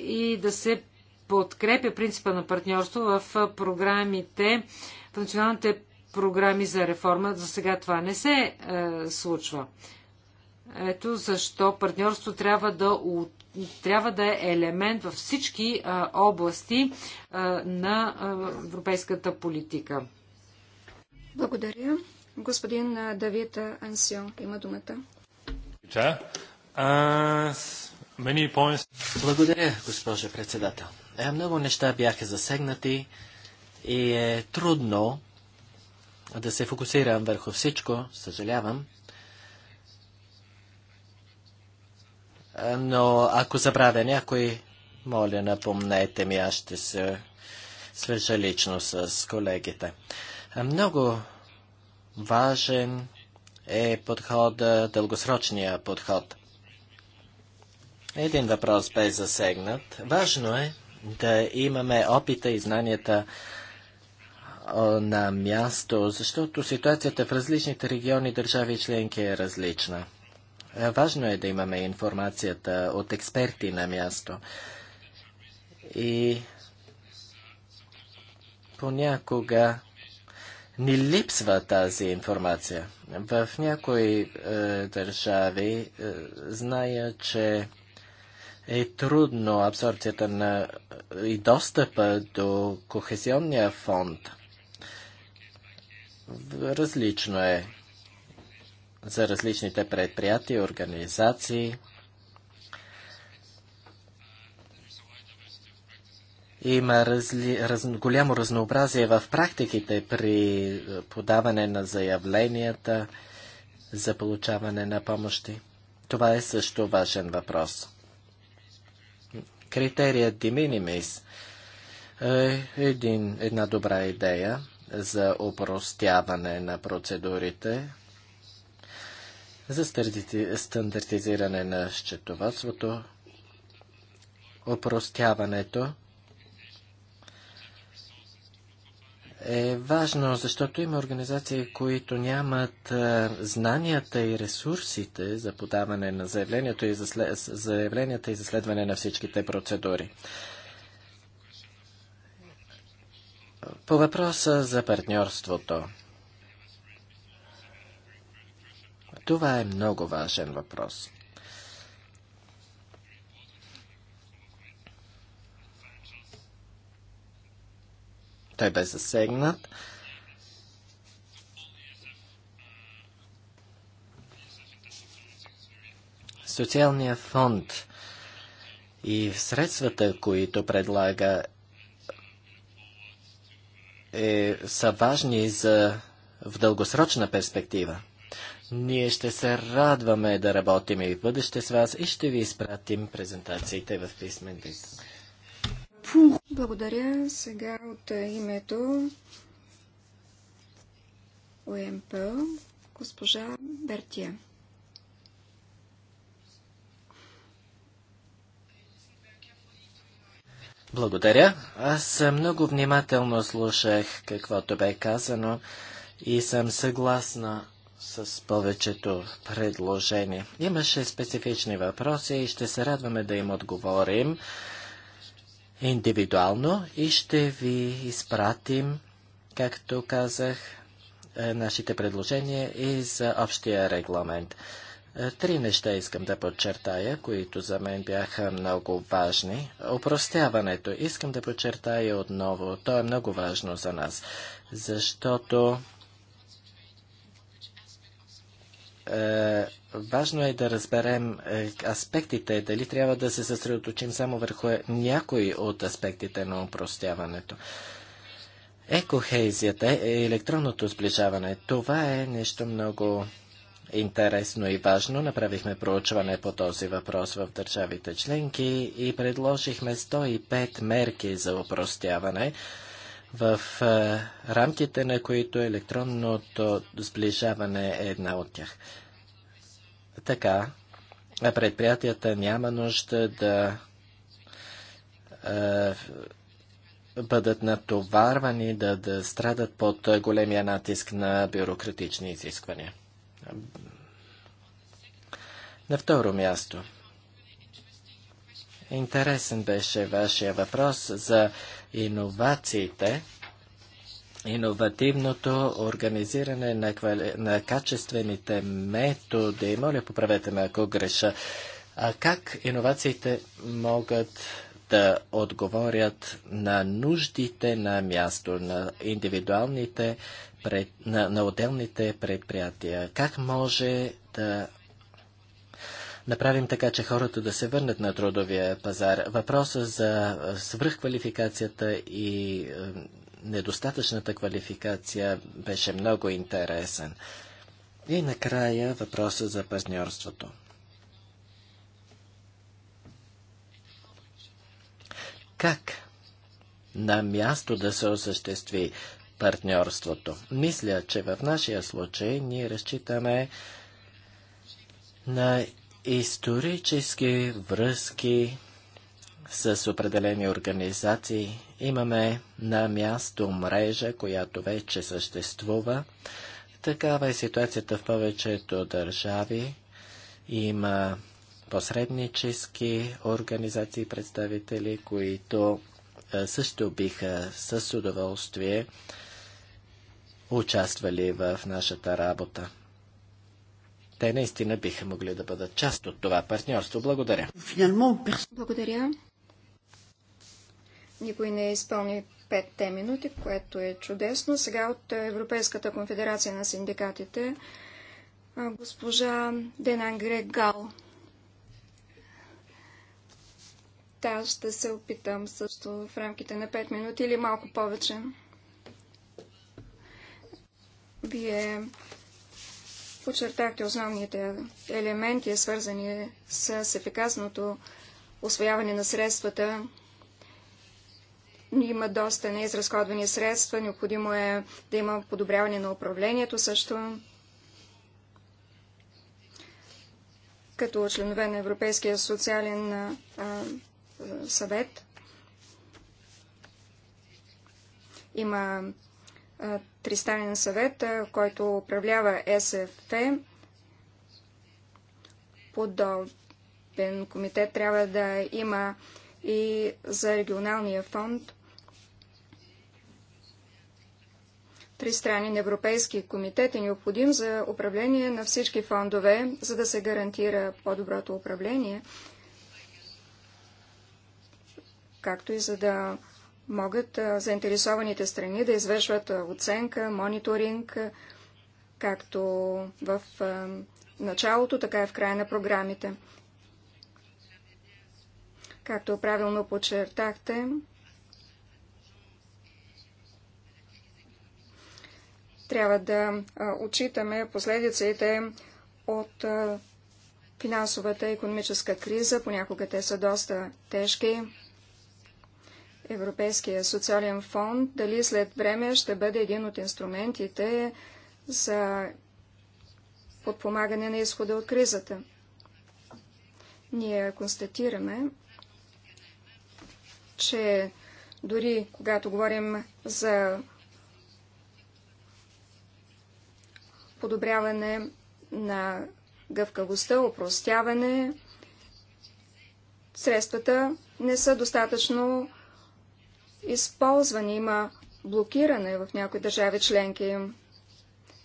и да се подкрепя принципа на партньорство в програмите, в националните програми за реформа. За сега това не се е, случва. Ето защо партньорство трябва да, трябва да е елемент във всички а, е, области а, е, на а, е, европейската политика. Благодаря. Господин Давид Ансио има думата. Благодаря, госпожа председател. Е, много неща бяха засегнати и е трудно да се фокусирам върху всичко, съжалявам. Е, но ако забравя някой, моля, напомнете ми, аз ще се свържа лично с колегите. Е, много важен е подход, дългосрочния подход. Един въпрос бе засегнат. Важно е да имаме опита и знанията на място, защото ситуацията в различните региони, държави и членки е различна. Е, важно е да имаме информацията от експерти на място. И понякога ни липсва тази информация. В някои е, държави е, зная, че е трудно абсорбцията на и достъпа до кохезионния фонд. Различно е за различните предприятия и организации. Има разли, раз, голямо разнообразие в практиките при подаване на заявленията за получаване на помощи. Това е също важен въпрос. Критерият de minimis е една добра идея за упростяване на процедурите, за стандартизиране на счетоводството, упростяването е важно, защото има организации, които нямат знанията и ресурсите за подаване на заявлението и за след... заявленията и за следване на всичките процедури. По въпроса за партньорството. Това е много важен въпрос. Той бе засегнат. Социалният фонд и средствата, които предлага, е, са важни за в дългосрочна перспектива. Ние ще се радваме да работим и в бъдеще с вас и ще ви изпратим презентациите в писмен вид. Благодаря. Сега от името ОМП госпожа Бертия. Благодаря. Аз много внимателно слушах каквото бе казано и съм съгласна с повечето предложения. Имаше специфични въпроси и ще се радваме да им отговорим индивидуално и ще ви изпратим, както казах, е, нашите предложения и за общия регламент. Е, три неща искам да подчертая, които за мен бяха много важни. Опростяването. Искам да подчертая отново. То е много важно за нас, защото е, Важно е да разберем е, аспектите, дали трябва да се съсредоточим само върху е, някои от аспектите на упростяването. Екохезията е електронното сближаване. Това е нещо много интересно и важно. Направихме проучване по този въпрос в държавите членки и предложихме 105 мерки за упростяване, в е, рамките на които електронното сближаване е една от тях. Така, предприятията няма нужда да е, бъдат натоварвани, да, да страдат под големия натиск на бюрократични изисквания. На второ място. Интересен беше вашия въпрос за иновациите иновативното организиране на, квали... на качествените методи. Моля, поправете ме, ако греша. А как иновациите могат да отговорят на нуждите на място, на индивидуалните, пред... на, на отделните предприятия? Как може да направим така, че хората да се върнат на трудовия пазар? Въпросът за свръхквалификацията и недостатъчната квалификация беше много интересен. И накрая въпроса за партньорството. Как на място да се осъществи партньорството? Мисля, че в нашия случай ние разчитаме на исторически връзки с определени организации. Имаме на място мрежа, която вече съществува. Такава е ситуацията в повечето държави. Има посреднически организации и представители, които също биха с удоволствие участвали в нашата работа. Те наистина биха могли да бъдат част от това партньорство. Благодаря. Благодаря. Никой не изпълни петте минути, което е чудесно. Сега от Европейската конфедерация на синдикатите госпожа Денан Грегал. Та ще се опитам също в рамките на 5 минути или малко повече. Вие подчертахте основните елементи, свързани с ефикасното освояване на средствата има доста неизразходвани средства, необходимо е да има подобряване на управлението също. Като членове на Европейския социален а, съвет има Тристанен съвет, а, който управлява СФ. Подобен комитет трябва да има и за регионалния фонд. тристранен европейски комитет е необходим за управление на всички фондове, за да се гарантира по-доброто управление, както и за да могат заинтересованите страни да извършват оценка, мониторинг, както в началото, така и в края на програмите. Както правилно подчертахте, Трябва да отчитаме последиците от финансовата и економическа криза. Понякога те са доста тежки. Европейския социален фонд, дали след време ще бъде един от инструментите за подпомагане на изхода от кризата. Ние констатираме, че дори когато говорим за подобряване на гъвкавостта, упростяване. Средствата не са достатъчно използвани. Има блокиране в някои държави членки.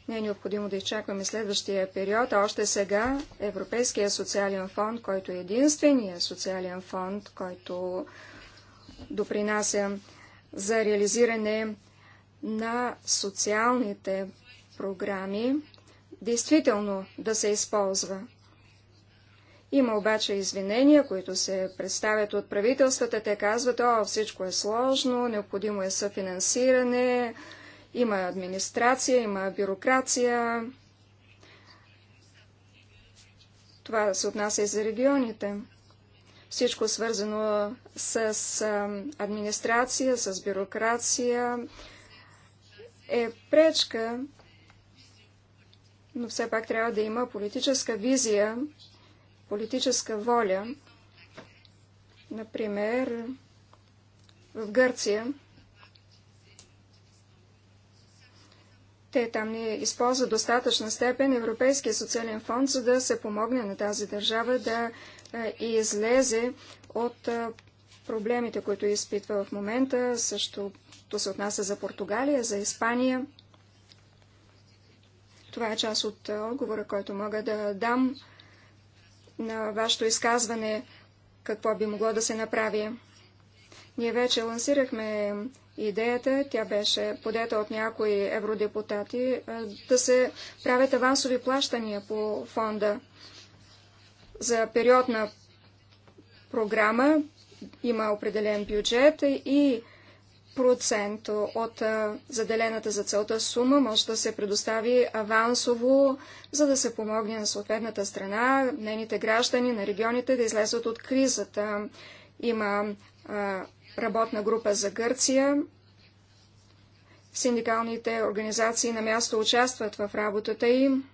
Не е необходимо да изчакваме следващия период, а още сега Европейския социален фонд, който е единствения социален фонд, който допринася за реализиране на социалните програми действително да се използва. Има обаче извинения, които се представят от правителствата. Те казват, о, всичко е сложно, необходимо е съфинансиране, има администрация, има бюрокрация. Това се отнася и за регионите. Всичко свързано с администрация, с бюрокрация е пречка но все пак трябва да има политическа визия, политическа воля. Например, в Гърция те там не използват достатъчна степен Европейския социален фонд, за да се помогне на тази държава да е, излезе от е, проблемите, които изпитва в момента. Същото се отнася за Португалия, за Испания – това е част от отговора, който мога да дам на вашето изказване, какво би могло да се направи. Ние вече лансирахме идеята, тя беше подета от някои евродепутати, да се правят авансови плащания по фонда за период на програма. Има определен бюджет и 10% от заделената за целта сума може да се предостави авансово, за да се помогне на съответната страна, нейните граждани, на регионите да излезат от кризата. Има работна група за Гърция. Синдикалните организации на място участват в работата им.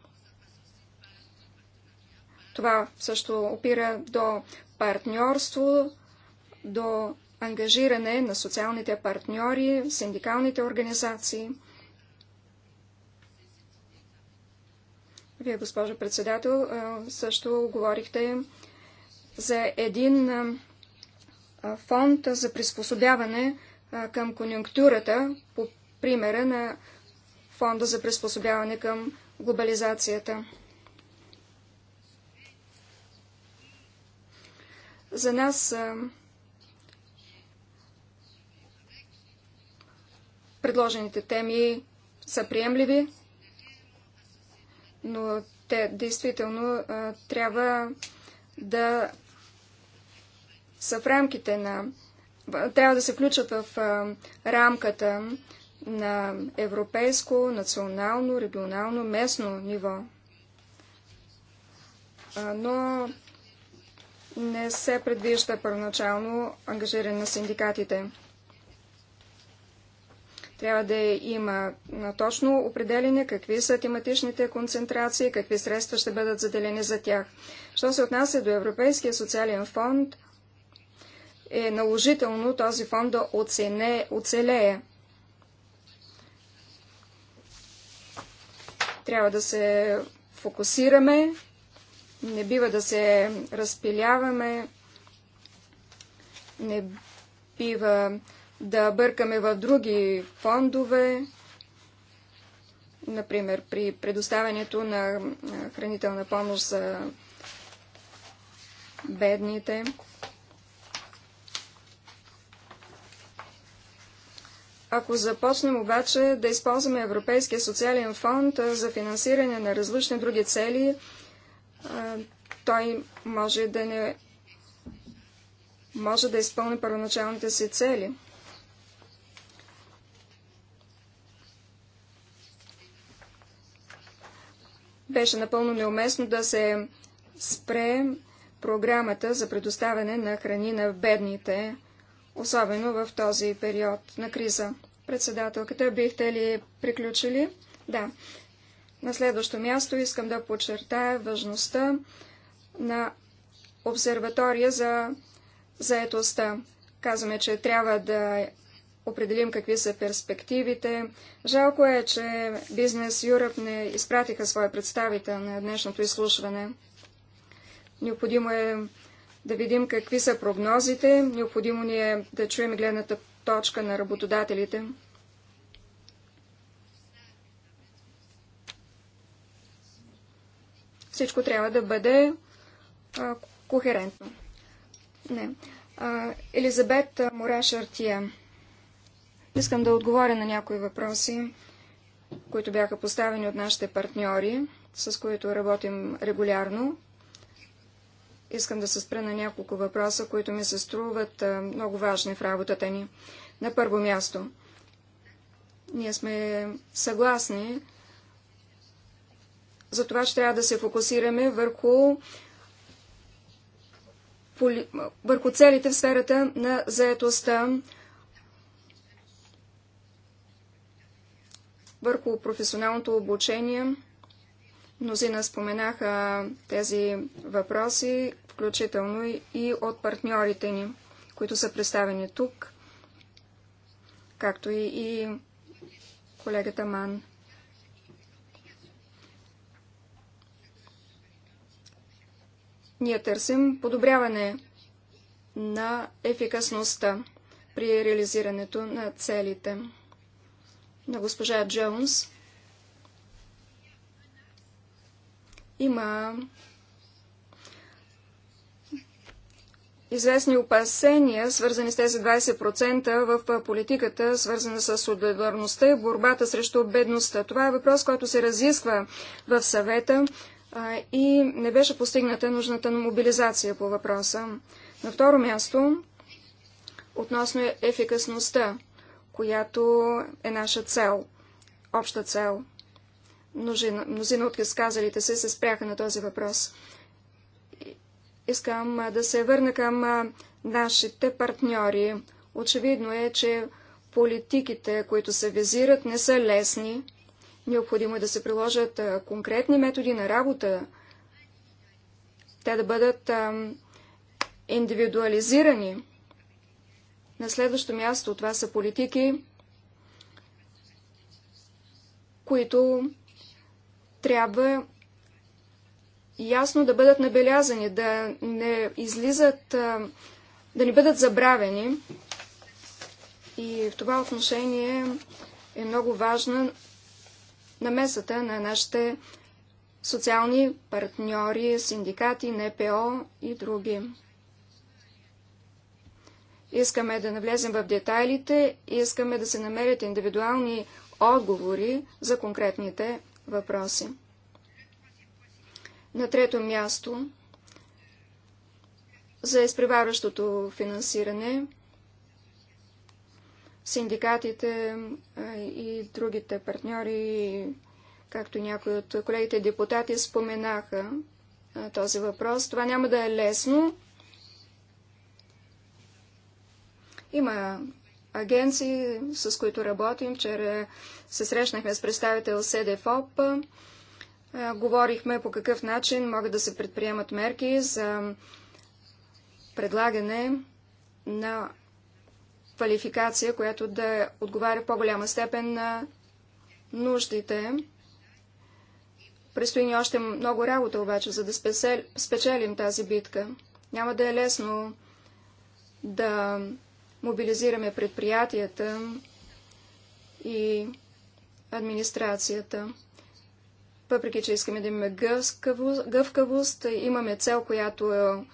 Това също опира до партньорство, до ангажиране на социалните партньори, синдикалните организации. Вие, госпожо председател, също говорихте за един фонд за приспособяване към конюнктурата, по примера на фонда за приспособяване към глобализацията. За нас Предложените теми са приемливи, но те действително трябва да са в рамките на... трябва да се включат в рамката на европейско, национално, регионално, местно ниво. Но не се предвижда първоначално ангажиране на синдикатите. Трябва да има точно определение какви са тематичните концентрации, какви средства ще бъдат заделени за тях. Що се отнася до Европейския социален фонд, е наложително този фонд да оцене, оцелее. Трябва да се фокусираме, не бива да се разпиляваме, не бива да бъркаме в други фондове, например при предоставянето на хранителна помощ за бедните. Ако започнем обаче да използваме Европейския социален фонд за финансиране на различни други цели, той може да не може да изпълни първоначалните си цели. Беше напълно неуместно да се спре програмата за предоставяне на храни на бедните, особено в този период на криза. Председателката, бихте ли приключили? Да. На следващо място искам да подчертая важността на обсерватория за заетостта. Казваме, че трябва да определим какви са перспективите. Жалко е, че Бизнес Юръп не изпратиха своя представител на днешното изслушване. Необходимо е да видим какви са прогнозите, необходимо ни е да чуем гледната точка на работодателите. Всичко трябва да бъде а, кохерентно. Не. А, Елизабет Мураш Артия. Искам да отговоря на някои въпроси, които бяха поставени от нашите партньори, с които работим регулярно. Искам да се спра на няколко въпроса, които ми се струват много важни в работата ни. На първо място, ние сме съгласни за това, че трябва да се фокусираме върху върху целите в сферата на заетостта, върху професионалното обучение. Мнозина споменаха тези въпроси, включително и от партньорите ни, които са представени тук, както и, и колегата Ман. Ние търсим подобряване на ефикасността при реализирането на целите на госпожа Джонс има известни опасения, свързани с тези 20% в политиката, свързана с солидарността и борбата срещу бедността. Това е въпрос, който се разисква в съвета и не беше постигната нужната мобилизация по въпроса. На второ място, относно ефикасността която е наша цел, обща цел. Множина, мнозина от изказалите се се спряха на този въпрос. Искам да се върна към нашите партньори. Очевидно е, че политиките, които се визират, не са лесни. Необходимо е да се приложат конкретни методи на работа, те да бъдат индивидуализирани. На следващо място това са политики, които трябва ясно да бъдат набелязани, да не излизат, да не бъдат забравени. И в това отношение е много важна намесата на нашите социални партньори, синдикати, НПО и други. Искаме да навлезем в детайлите и искаме да се намерят индивидуални отговори за конкретните въпроси. На трето място за изпреварващото финансиране синдикатите и другите партньори, както някои от колегите депутати споменаха този въпрос. Това няма да е лесно, Има агенции, с които работим. Вчера се срещнахме с представител СДФОП. Говорихме по какъв начин могат да се предприемат мерки за предлагане на квалификация, която да отговаря в по-голяма степен на нуждите. Престои ни още много работа обаче, за да спечелим тази битка. Няма да е лесно да мобилизираме предприятията и администрацията. Въпреки, че искаме да имаме гъвкавост, имаме цел, която е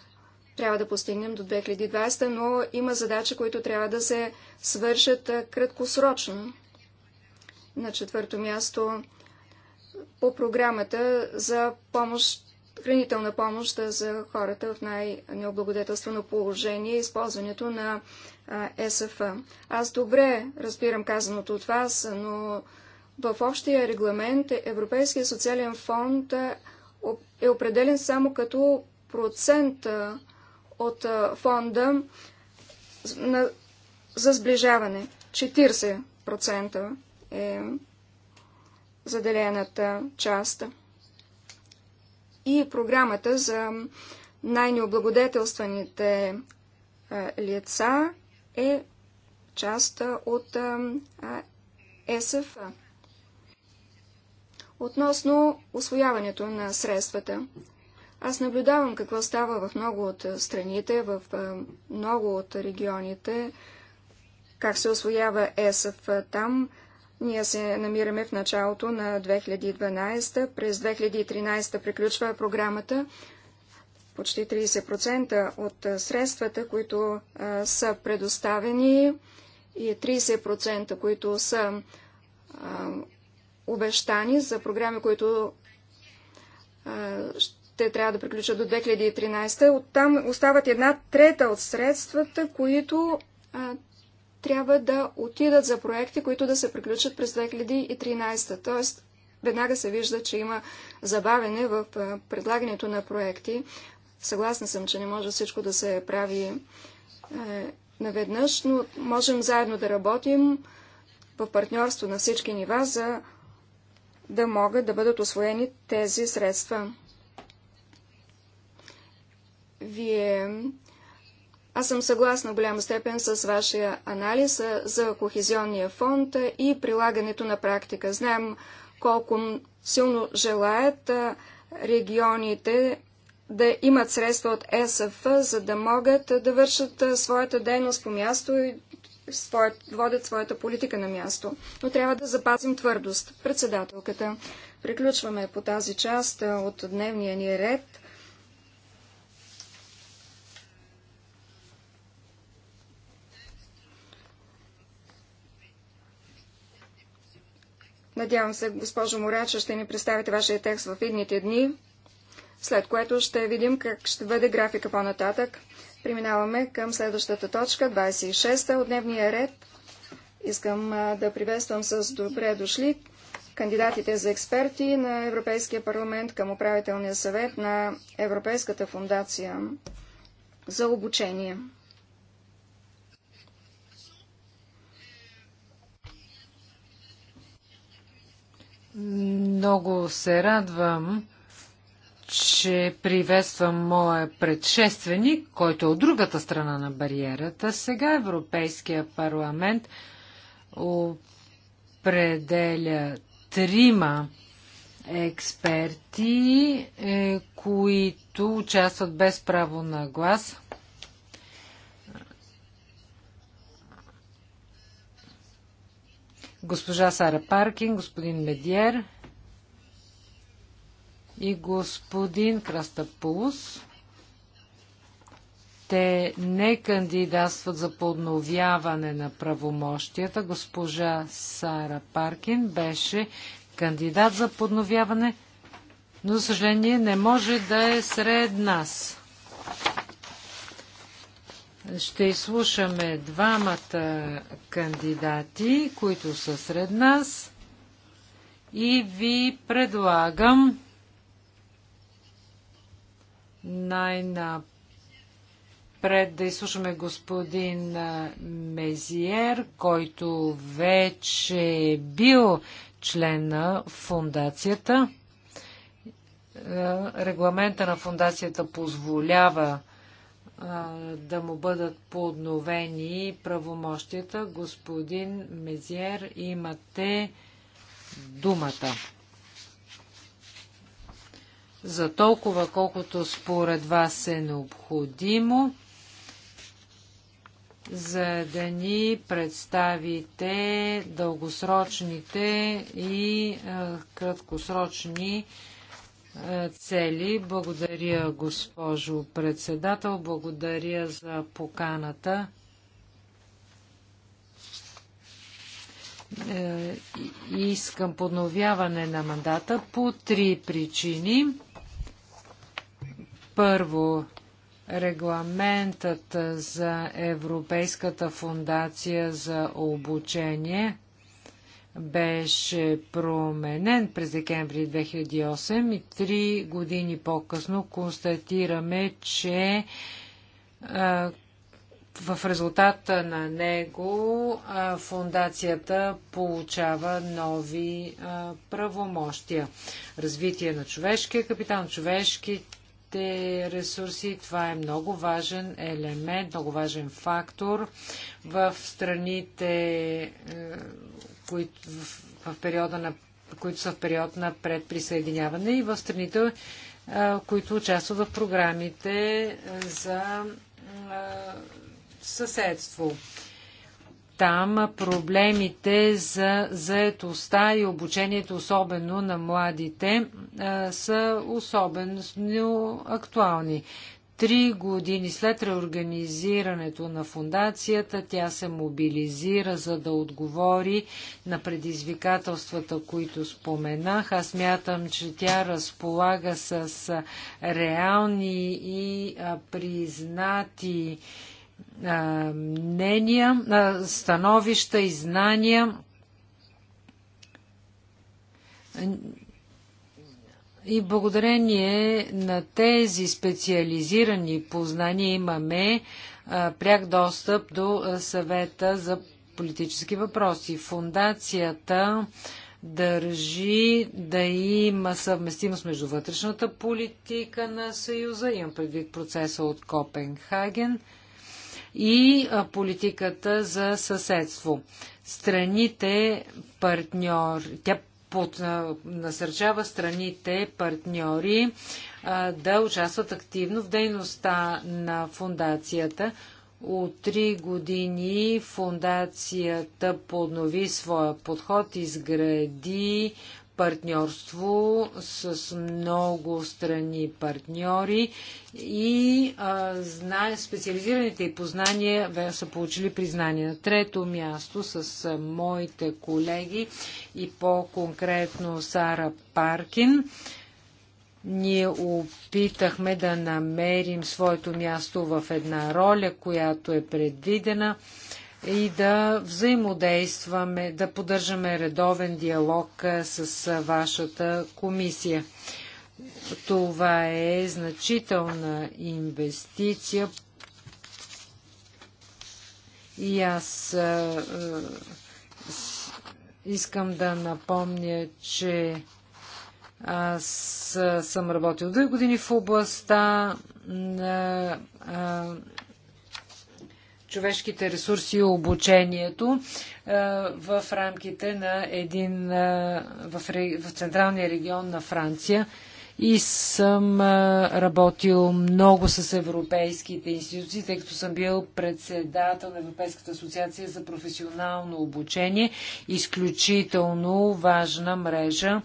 трябва да постигнем до 2020, но има задачи, които трябва да се свършат е, краткосрочно. На четвърто място по програмата за помощ хранителна помощ за хората в най-необлагодетелствено положение и използването на СФ. Аз добре разбирам казаното от вас, но в общия регламент Европейския социален фонд е определен само като процент от фонда за сближаване. 40% е заделената част и програмата за най-необлагодетелстваните лица е част от ЕСФ. Относно освояването на средствата, аз наблюдавам какво става в много от страните, в много от регионите, как се освоява ЕСФ там, ние се намираме в началото на 2012. През 2013 приключва програмата. Почти 30% от средствата, които а, са предоставени и 30%, които са а, обещани за програми, които а, те трябва да приключат до 2013. Оттам остават една трета от средствата, които а, трябва да отидат за проекти, които да се приключат през 2013. Тоест, веднага се вижда, че има забавене в предлагането на проекти. Съгласна съм, че не може всичко да се прави е, наведнъж, но можем заедно да работим в партньорство на всички нива, за да могат да бъдат освоени тези средства. Вие аз съм съгласна в голяма степен с вашия анализ за кохезионния фонд и прилагането на практика. Знаем колко силно желаят регионите да имат средства от ЕСФ, за да могат да вършат своята дейност по място и своят, водят своята политика на място. Но трябва да запазим твърдост. Председателката, приключваме по тази част от дневния ни ред. Надявам се, госпожо Морача, ще ни представите вашия текст в идните дни, след което ще видим как ще бъде графика по-нататък. Преминаваме към следващата точка, 26-та от дневния ред. Искам да приветствам с добре дошли кандидатите за експерти на Европейския парламент към управителния съвет на Европейската фундация за обучение. Много се радвам, че приветствам моя предшественик, който е от другата страна на бариерата. Сега Европейския парламент определя трима експерти, е, които участват без право на глас – госпожа Сара Паркин, господин Медиер и господин Крастапулус. Те не кандидатстват за подновяване на правомощията. Госпожа Сара Паркин беше кандидат за подновяване, но, за съжаление, не може да е сред нас. Ще изслушаме двамата кандидати, които са сред нас. И ви предлагам най-напред да изслушаме господин Мезиер, който вече е бил член на фундацията. Е, регламента на фундацията позволява да му бъдат подновени правомощията. Господин Мезиер, имате думата. За толкова, колкото според вас е необходимо, за да ни представите дългосрочните и краткосрочни цели. Благодаря, госпожо председател. Благодаря за поканата. Е, искам подновяване на мандата по три причини. Първо, регламентът за Европейската фундация за обучение – беше променен през декември 2008 и три години по-късно констатираме, че а, в резултата на него а, фундацията получава нови а, правомощия. Развитие на човешкия капитал, на човешките ресурси, това е много важен елемент, много важен фактор в страните, които, в, в периода на, които са в период на предприсъединяване и в страните, които участват в програмите за съседство. Там проблемите за заетостта и обучението, особено на младите, са особено актуални. Три години след реорганизирането на фундацията, тя се мобилизира, за да отговори на предизвикателствата, които споменах. Аз мятам, че тя разполага с реални и признати мнения, становища и знания и благодарение на тези специализирани познания имаме пряк достъп до съвета за политически въпроси. Фундацията държи да има съвместимост между вътрешната политика на Съюза, имам предвид процеса от Копенхаген, и политиката за съседство. Страните партньор, тя под, насърчава страните партньори да участват активно в дейността на фундацията. От три години фундацията поднови своя подход, изгради партньорство с много страни партньори и а, специализираните и познания са получили признание. На трето място с а, моите колеги и по-конкретно Сара Паркин. Ние опитахме да намерим своето място в една роля, която е предвидена и да взаимодействаме, да поддържаме редовен диалог с вашата комисия. Това е значителна инвестиция и аз искам да напомня, че аз съм работил две години в областта на човешките ресурси и обучението е, в рамките на един е, в, централния регион на Франция и съм е, работил много с европейските институции, тъй като съм бил председател на Европейската асоциация за професионално обучение. Изключително важна мрежа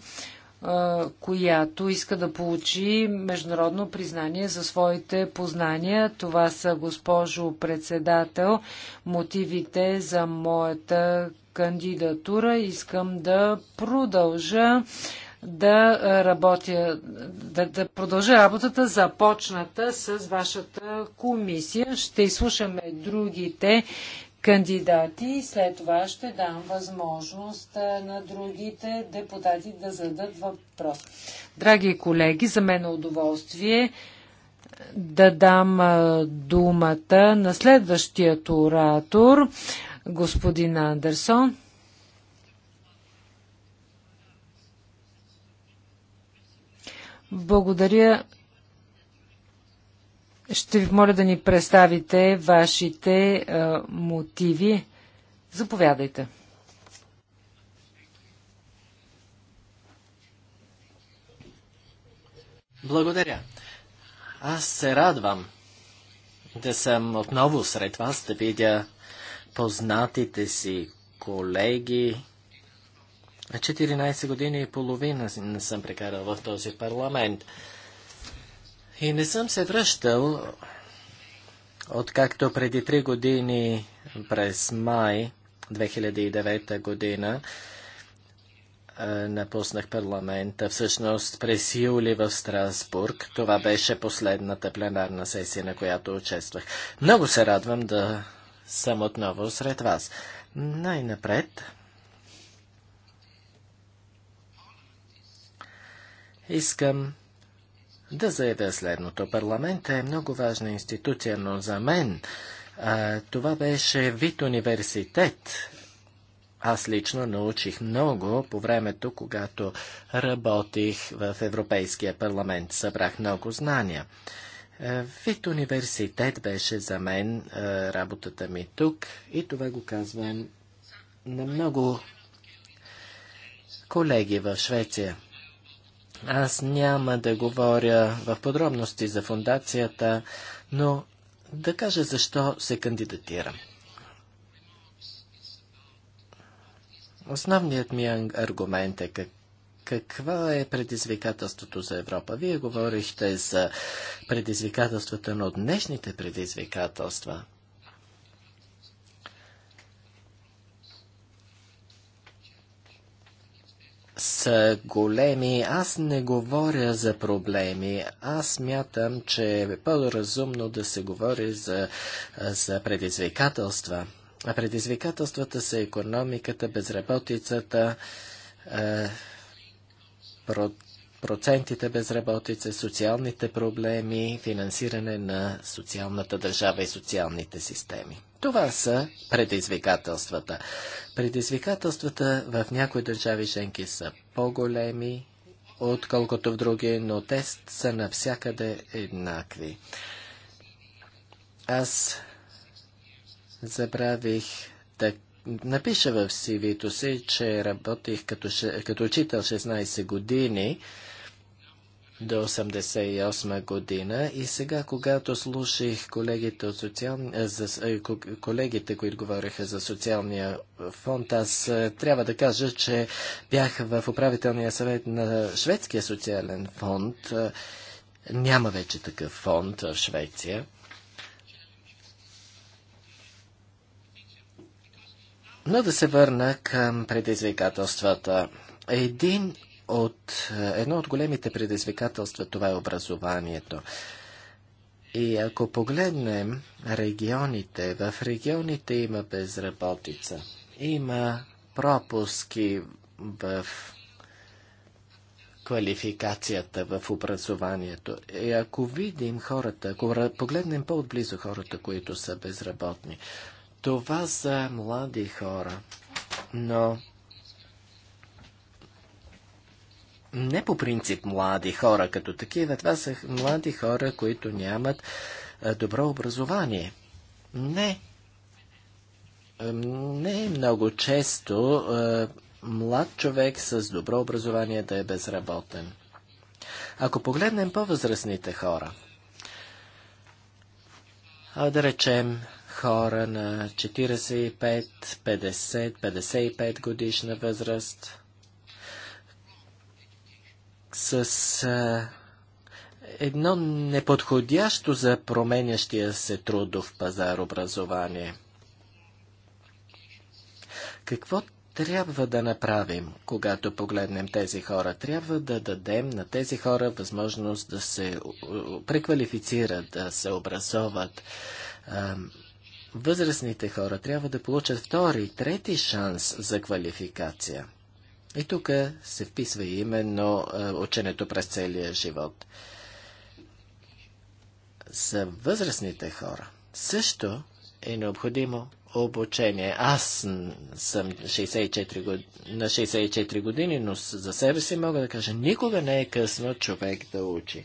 която иска да получи международно признание за своите познания. Това са, госпожо председател, мотивите за моята кандидатура. Искам да продължа да работя, да, да продължа работата, започната с вашата комисия. Ще изслушаме другите кандидати. След това ще дам възможност на другите депутати да зададат въпрос. Драги колеги, за мен е удоволствие да дам думата на следващият оратор, господин Андерсон. Благодаря ще ви моля да ни представите вашите а, мотиви. Заповядайте. Благодаря. Аз се радвам да съм отново сред вас, да видя познатите си колеги. 14 години и половина не съм прекарал в този парламент. И не съм се връщал, откакто преди три години през май 2009 година напуснах парламента. Всъщност през юли в Страсбург. Това беше последната пленарна сесия, на която участвах. Много се радвам да съм отново сред вас. Най-напред искам да заявя следното. Парламента е много важна институция, но за мен а, това беше вид университет. Аз лично научих много по времето, когато работих в Европейския парламент. Събрах много знания. Е, вид университет беше за мен е, работата ми тук и това го казвам на много колеги в Швеция. Аз няма да говоря в подробности за фундацията, но да кажа защо се кандидатирам. Основният ми аргумент е как, каква е предизвикателството за Европа. Вие говорихте за предизвикателствата, но днешните предизвикателства са големи. Аз не говоря за проблеми. Аз мятам, че е по-разумно да се говори за, за предизвикателства. А предизвикателствата са економиката, безработицата, е, процентите безработица, социалните проблеми, финансиране на социалната държава и социалните системи. Това са предизвикателствата. Предизвикателствата в някои държави женки са по-големи, отколкото в други, но те са навсякъде еднакви. Аз забравих да напиша в CV-то си, че работих като, като учител 16 години до 1988 година и сега, когато слушах колегите, от социал... Е, за... Е, колегите, които говориха за социалния фонд, аз е, трябва да кажа, че бях в управителния съвет на Шведския социален фонд. Няма вече такъв фонд в Швеция. Но да се върна към предизвикателствата. Един от, е, едно от големите предизвикателства това е образованието. И ако погледнем регионите, в регионите има безработица, има пропуски в квалификацията, в образованието. И ако видим хората, ако погледнем по-отблизо хората, които са безработни, това са млади хора, но не по принцип млади хора като такива, това са млади хора, които нямат добро образование. Не. Не е много често млад човек с добро образование да е безработен. Ако погледнем по-възрастните хора, а да речем хора на 45, 50, 55 годишна възраст, с а, едно неподходящо за променящия се трудов пазар образование. Какво трябва да направим, когато погледнем тези хора? Трябва да дадем на тези хора възможност да се преквалифицират, да се образоват. възрастните хора трябва да получат втори, трети шанс за квалификация. И тук се вписва именно ученето през целия живот. За възрастните хора също е необходимо обучение. Аз съм 64 год... на 64 години, но за себе си мога да кажа, никога не е късно човек да учи.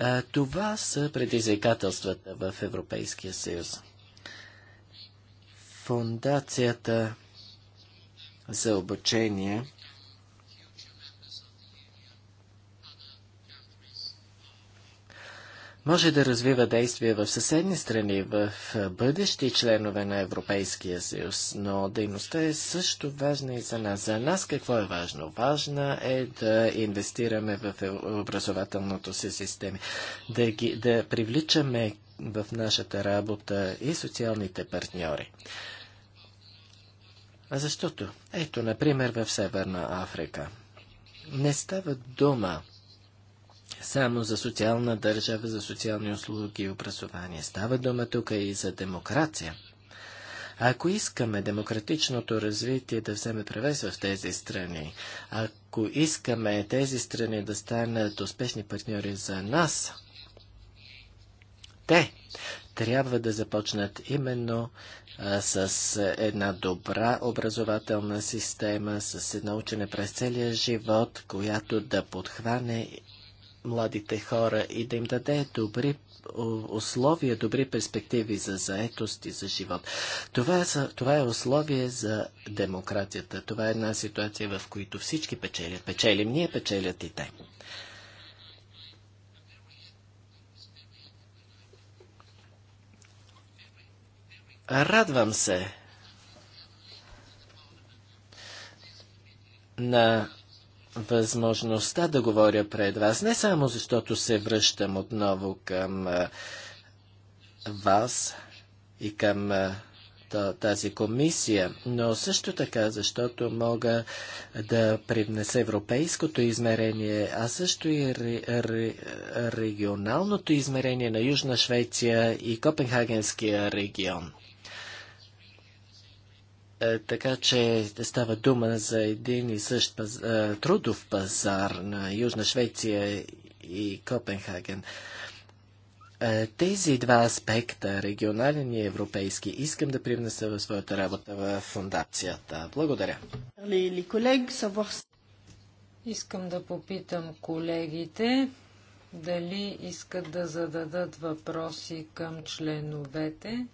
А, това са предизвикателствата в Европейския съюз. Фундацията за обучение. Може да развива действия в съседни страни, в бъдещи членове на Европейския съюз, но дейността е също важна и за нас. За нас какво е важно? Важна е да инвестираме в е, образователното си системи, да, ги, да привличаме в нашата работа и социалните партньори. Защото, ето, например, в Северна Африка не става дума само за социална държава, за социални услуги и образование. Става дума тук и за демокрация. А ако искаме демократичното развитие да вземе превес в тези страни, ако искаме тези страни да станат успешни партньори за нас, те трябва да започнат именно а, с една добра образователна система, с едно учене през целия живот, която да подхване младите хора и да им даде добри условия, добри перспективи за заетост и за живот. Това, са, това е условие за демокрацията. Това е една ситуация, в която всички печелят. Печелим ние, печелят и те. Радвам се на възможността да говоря пред вас, не само защото се връщам отново към вас и към тази комисия, но също така, защото мога да привнеса европейското измерение, а също и ре, ре, регионалното измерение на Южна Швеция и Копенхагенския регион. Е, така че става дума за един и същ паз... Е, трудов пазар на Южна Швеция и Копенхаген. Е, тези два аспекта, регионален и европейски, искам да привнеса в своята работа в фундацията. Благодаря. Искам да попитам колегите дали искат да зададат въпроси към членовете.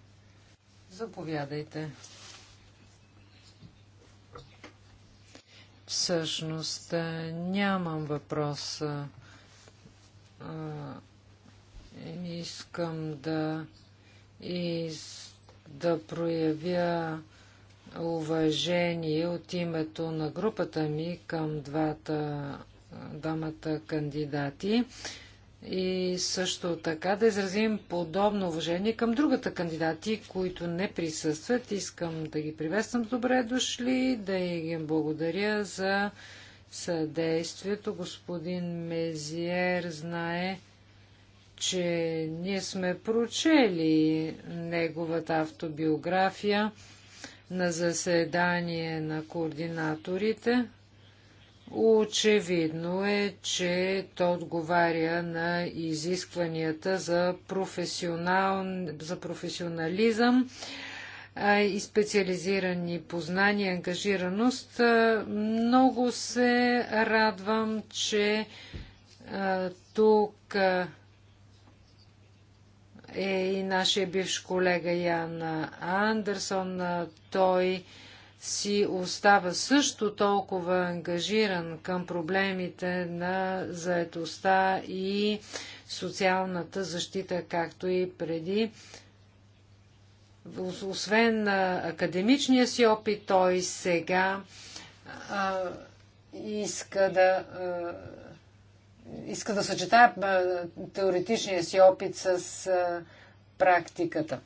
Заповядайте. Всъщност нямам въпрос. Искам да, и да проявя уважение от името на групата ми към двата, двамата кандидати. И също така да изразим подобно уважение към другата кандидати, които не присъстват. Искам да ги приветствам добре дошли, да им благодаря за съдействието. Господин Мезиер знае, че ние сме прочели неговата автобиография на заседание на координаторите. Очевидно е, че то отговаря на изискванията за, професионал... за професионализъм и специализирани познания и ангажираност. Много се радвам, че а, тук а, е и нашия бивш колега Ян Андерсон. Той си остава също толкова ангажиран към проблемите на заетостта и социалната защита, както и преди. Освен академичния си опит, той сега а, иска да. А, иска да съчетая теоретичния си опит с практиката.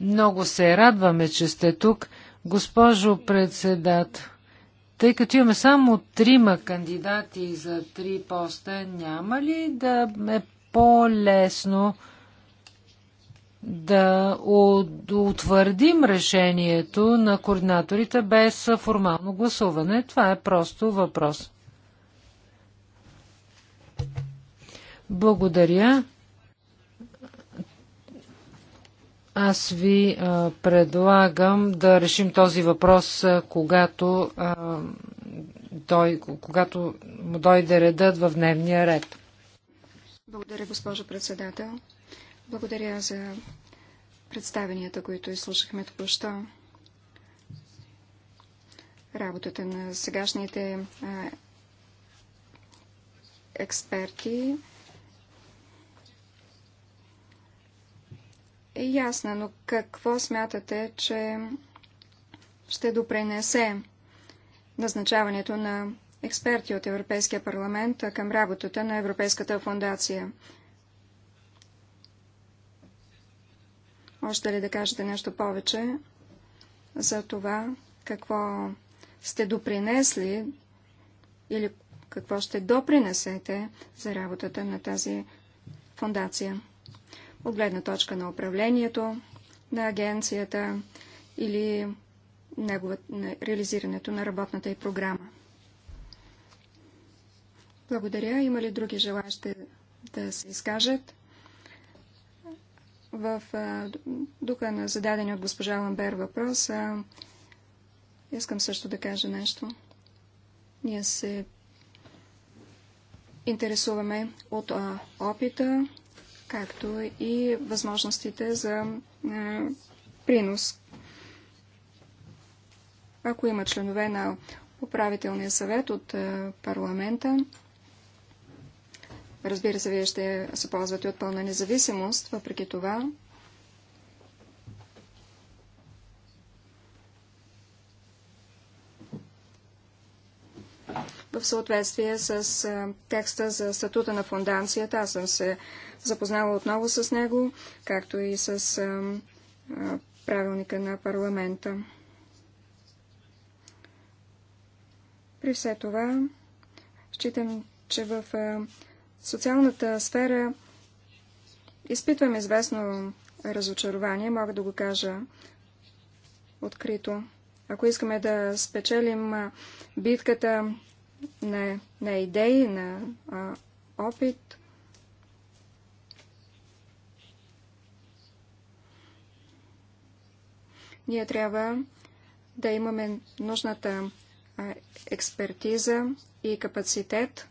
Много се радваме, че сте тук. Госпожо председател, тъй като имаме само трима кандидати за три поста, няма ли да е по-лесно да утвърдим решението на координаторите без формално гласуване? Това е просто въпрос. Благодаря. Аз ви а, предлагам да решим този въпрос, а, когато, а, когато му дойде редът в дневния ред. Благодаря, госпожо председател. Благодаря за представенията, които изслушахме току-що. Работата на сегашните а, експерти е ясна, но какво смятате, че ще допренесе назначаването на експерти от Европейския парламент към работата на Европейската фундация? Още ли да кажете нещо повече за това, какво сте допринесли или какво ще допринесете за работата на тази фундация? от гледна точка на управлението на агенцията или неговата, на реализирането на работната и програма. Благодаря. Има ли други желащи да се изкажат? В духа на зададени от госпожа Ламбер въпрос, искам също да кажа нещо. Ние се интересуваме от опита както и възможностите за е, принос. Ако има членове на управителния съвет от е, парламента, разбира се, вие ще се ползвате от пълна независимост, въпреки това в съответствие с е, текста за статута на фундацията. Аз съм се запознала отново с него, както и с правилника на парламента. При все това, считам, че в социалната сфера изпитвам известно разочарование, мога да го кажа открито. Ако искаме да спечелим битката на, на идеи, на а, опит, Ние трябва да имаме нужната експертиза и капацитет.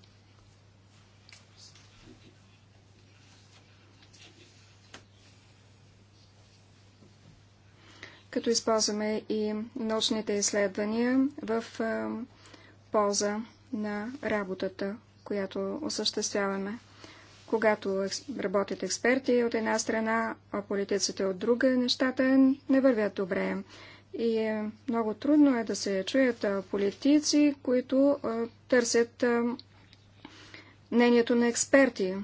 като използваме и научните изследвания в полза на работата, която осъществяваме когато работят експерти от една страна, а политиците от друга, нещата не вървят добре. И е, много трудно е да се чуят политици, които търсят мнението на експерти.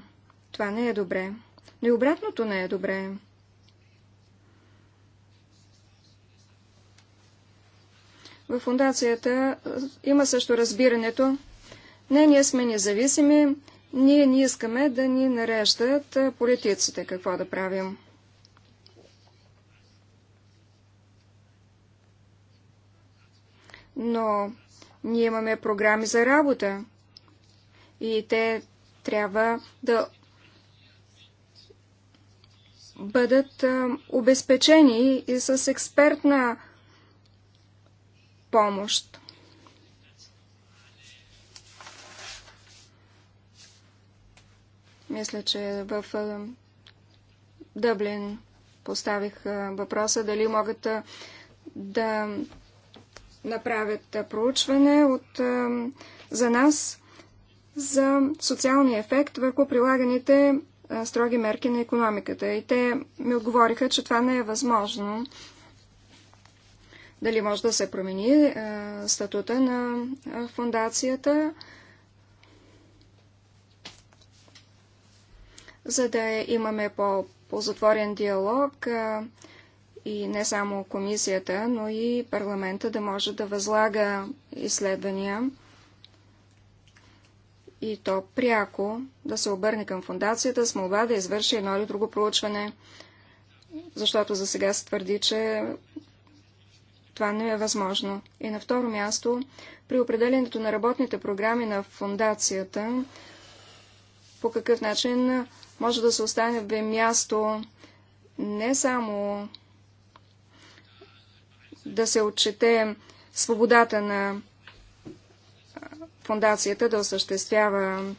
Това не е добре. Но и обратното не е добре. В фундацията има също разбирането. Не, ние сме независими, ние не искаме да ни нареждат политиците какво да правим. Но ние имаме програми за работа и те трябва да бъдат обезпечени и с експертна помощ. Мисля, че в Дъблин поставих въпроса дали могат да направят проучване от, за нас за социалния ефект върху прилаганите строги мерки на економиката. И те ми отговориха, че това не е възможно. Дали може да се промени статута на фундацията? за да имаме по затворен диалог и не само комисията, но и парламента да може да възлага изследвания и то пряко да се обърне към фундацията с молба да извърши едно или друго проучване, защото за сега се твърди, че това не е възможно. И на второ място, при определенето на работните програми на фундацията, по какъв начин може да се остане бе място не само да се отчете свободата на фундацията да осъществява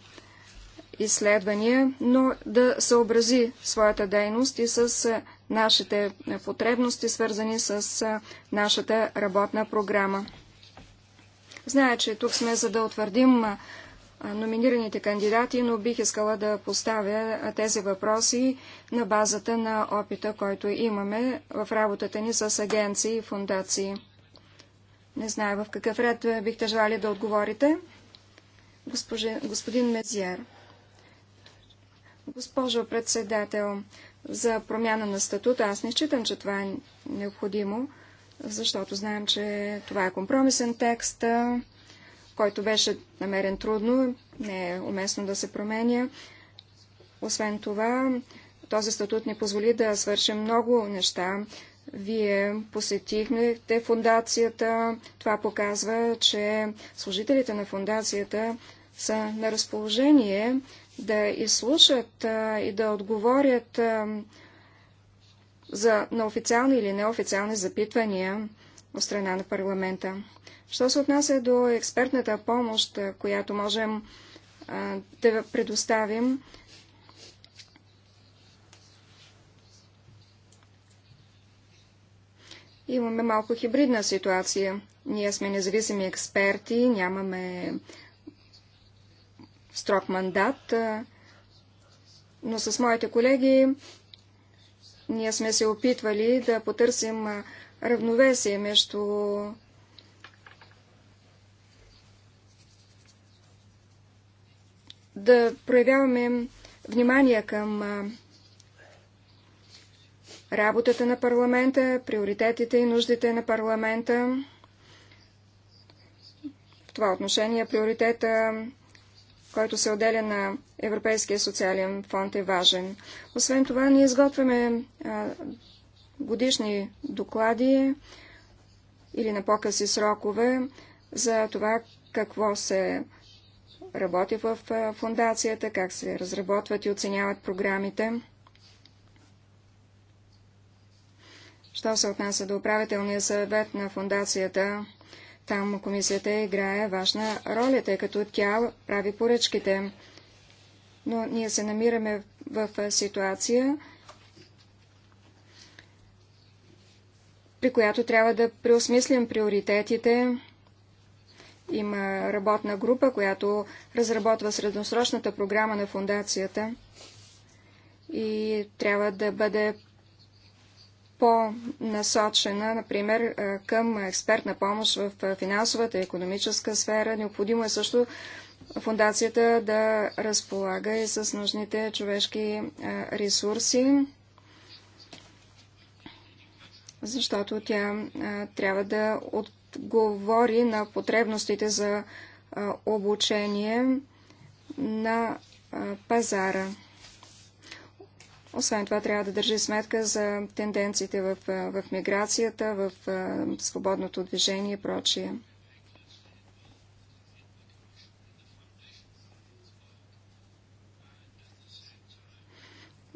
изследвания, но да съобрази своята дейност и с нашите потребности, свързани с нашата работна програма. Зная, че тук сме за да утвърдим номинираните кандидати, но бих искала да поставя тези въпроси на базата на опита, който имаме в работата ни с агенции и фундации. Не знае в какъв ред бихте желали да отговорите. Госпожи, господин Мезиер. Госпожо председател, за промяна на статута аз не считам, че това е необходимо, защото знаем, че това е компромисен текст който беше намерен трудно, не е уместно да се променя. Освен това, този статут ни позволи да свършим много неща. Вие посетихте фундацията. Това показва, че служителите на фундацията са на разположение да изслушат и да отговорят за, на официални или неофициални запитвания от страна на парламента. Що се отнася до експертната помощ, която можем а, да предоставим, имаме малко хибридна ситуация. Ние сме независими експерти, нямаме строг мандат, но с моите колеги ние сме се опитвали да потърсим равновесие между да проявяваме внимание към работата на парламента, приоритетите и нуждите на парламента. В това отношение приоритета, който се отделя на Европейския социален фонд е важен. Освен това, ние изготвяме годишни доклади или на по-къси срокове за това какво се работи в фундацията, как се разработват и оценяват програмите. Що се отнася до управителния съвет на фундацията, там комисията играе важна роля, тъй като тя прави поръчките. Но ние се намираме в ситуация, при която трябва да преосмислим приоритетите, има работна група, която разработва средносрочната програма на фундацията и трябва да бъде по-насочена, например, към експертна помощ в финансовата и економическа сфера. Необходимо е също фундацията да разполага и с нужните човешки ресурси, защото тя трябва да отпочва отговори на потребностите за обучение на пазара. Освен това, трябва да държи сметка за тенденциите в, в миграцията, в свободното движение и прочие.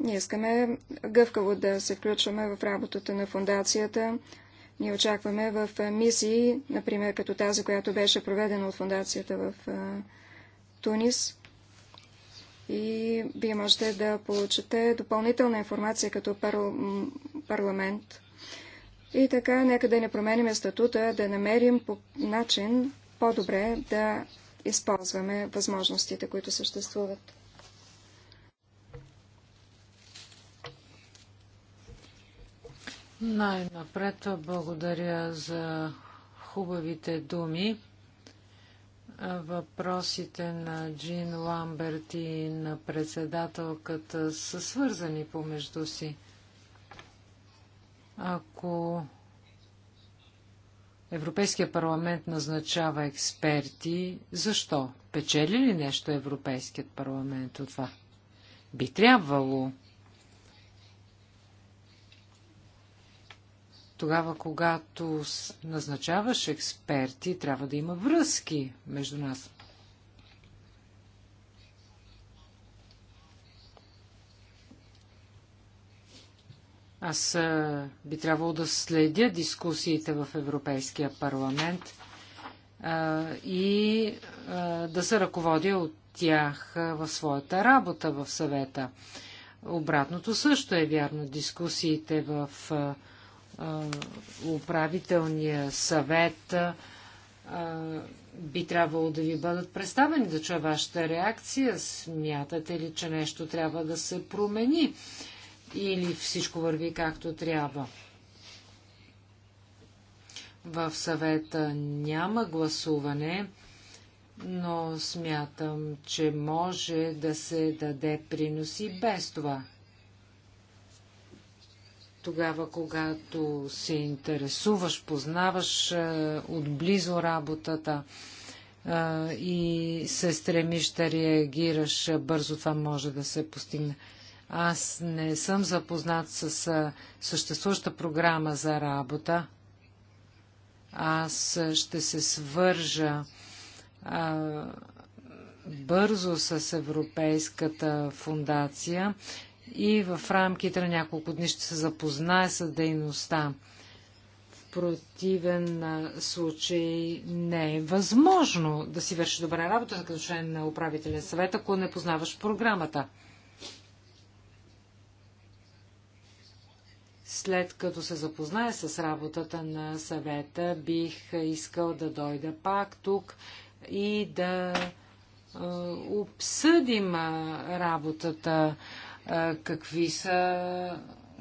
Ние искаме гъвкаво да се включваме в работата на фундацията, ние очакваме в мисии, например като тази, която беше проведена от фундацията в Тунис. И вие можете да получите допълнителна информация като парламент. И така, нека да не променим статута, да намерим по начин по-добре да използваме възможностите, които съществуват. Най-напред благодаря за хубавите думи. Въпросите на Джин Ламберт и на председателката са свързани помежду си. Ако Европейския парламент назначава експерти, защо? Печели ли нещо Европейският парламент от това? Би трябвало. тогава, когато назначаваш експерти, трябва да има връзки между нас. Аз би трябвало да следя дискусиите в Европейския парламент а, и а, да се ръководя от тях в своята работа в съвета. Обратното също е вярно. Дискусиите в а, управителния съвет би трябвало да ви бъдат представени, да чуя вашата реакция. Смятате ли, че нещо трябва да се промени? Или всичко върви както трябва? В съвета няма гласуване, но смятам, че може да се даде приноси без това тогава, когато се интересуваш, познаваш е, отблизо работата е, и се стремиш да реагираш е, бързо, това може да се постигне. Аз не съм запознат с съществуваща програма за работа. Аз ще се свържа а, бързо с Европейската фундация и в рамките на няколко дни ще се запознае с дейността. В противен случай не е възможно да си върши добра работа като член на управителен съвет, ако не познаваш програмата. След като се запознае с работата на съвета, бих искал да дойда пак тук и да обсъдим работата какви са,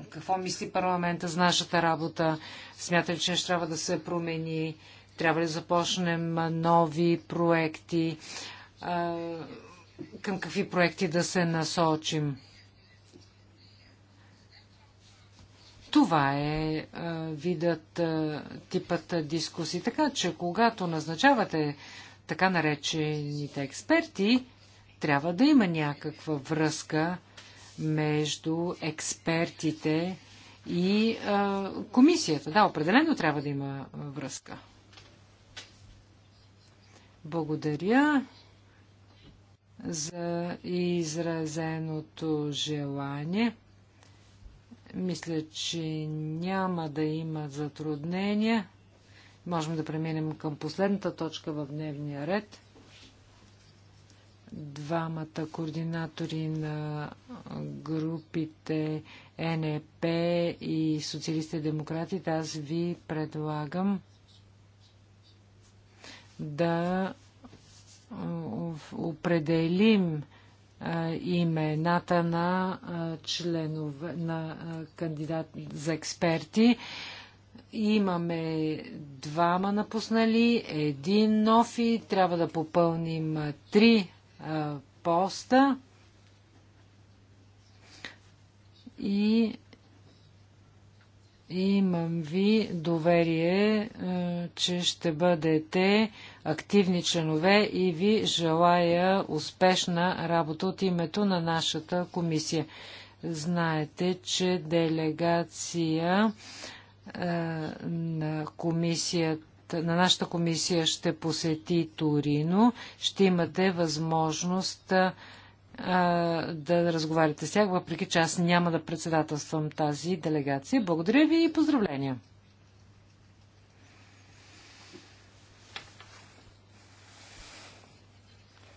какво мисли парламента за нашата работа, смята ли, че нещо трябва да се промени, трябва ли да започнем нови проекти, към какви проекти да се насочим. Това е, е видът, типът дискусии. Така че, когато назначавате така наречените експерти, трябва да има някаква връзка между експертите и а, комисията. Да, определено трябва да има връзка. Благодаря за изразеното желание. Мисля, че няма да има затруднения. Можем да преминем към последната точка в дневния ред двамата координатори на групите НЕП и социалистите демократите, аз ви предлагам да определим имената на членове, на кандидат за експерти. Имаме двама напуснали, един нов и трябва да попълним три поста и имам ви доверие, че ще бъдете активни членове и ви желая успешна работа от името на нашата комисия. Знаете, че делегация на комисията на нашата комисия ще посети Торино. Ще имате възможност да разговаряте с тях, въпреки че аз няма да председателствам тази делегация. Благодаря ви и поздравления!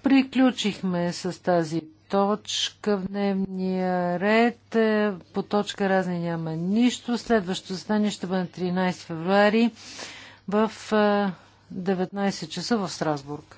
Приключихме с тази точка в дневния ред. Е, по точка разни няма нищо. Следващото задание ще бъде 13 февруари в 19 часа в Страсбург.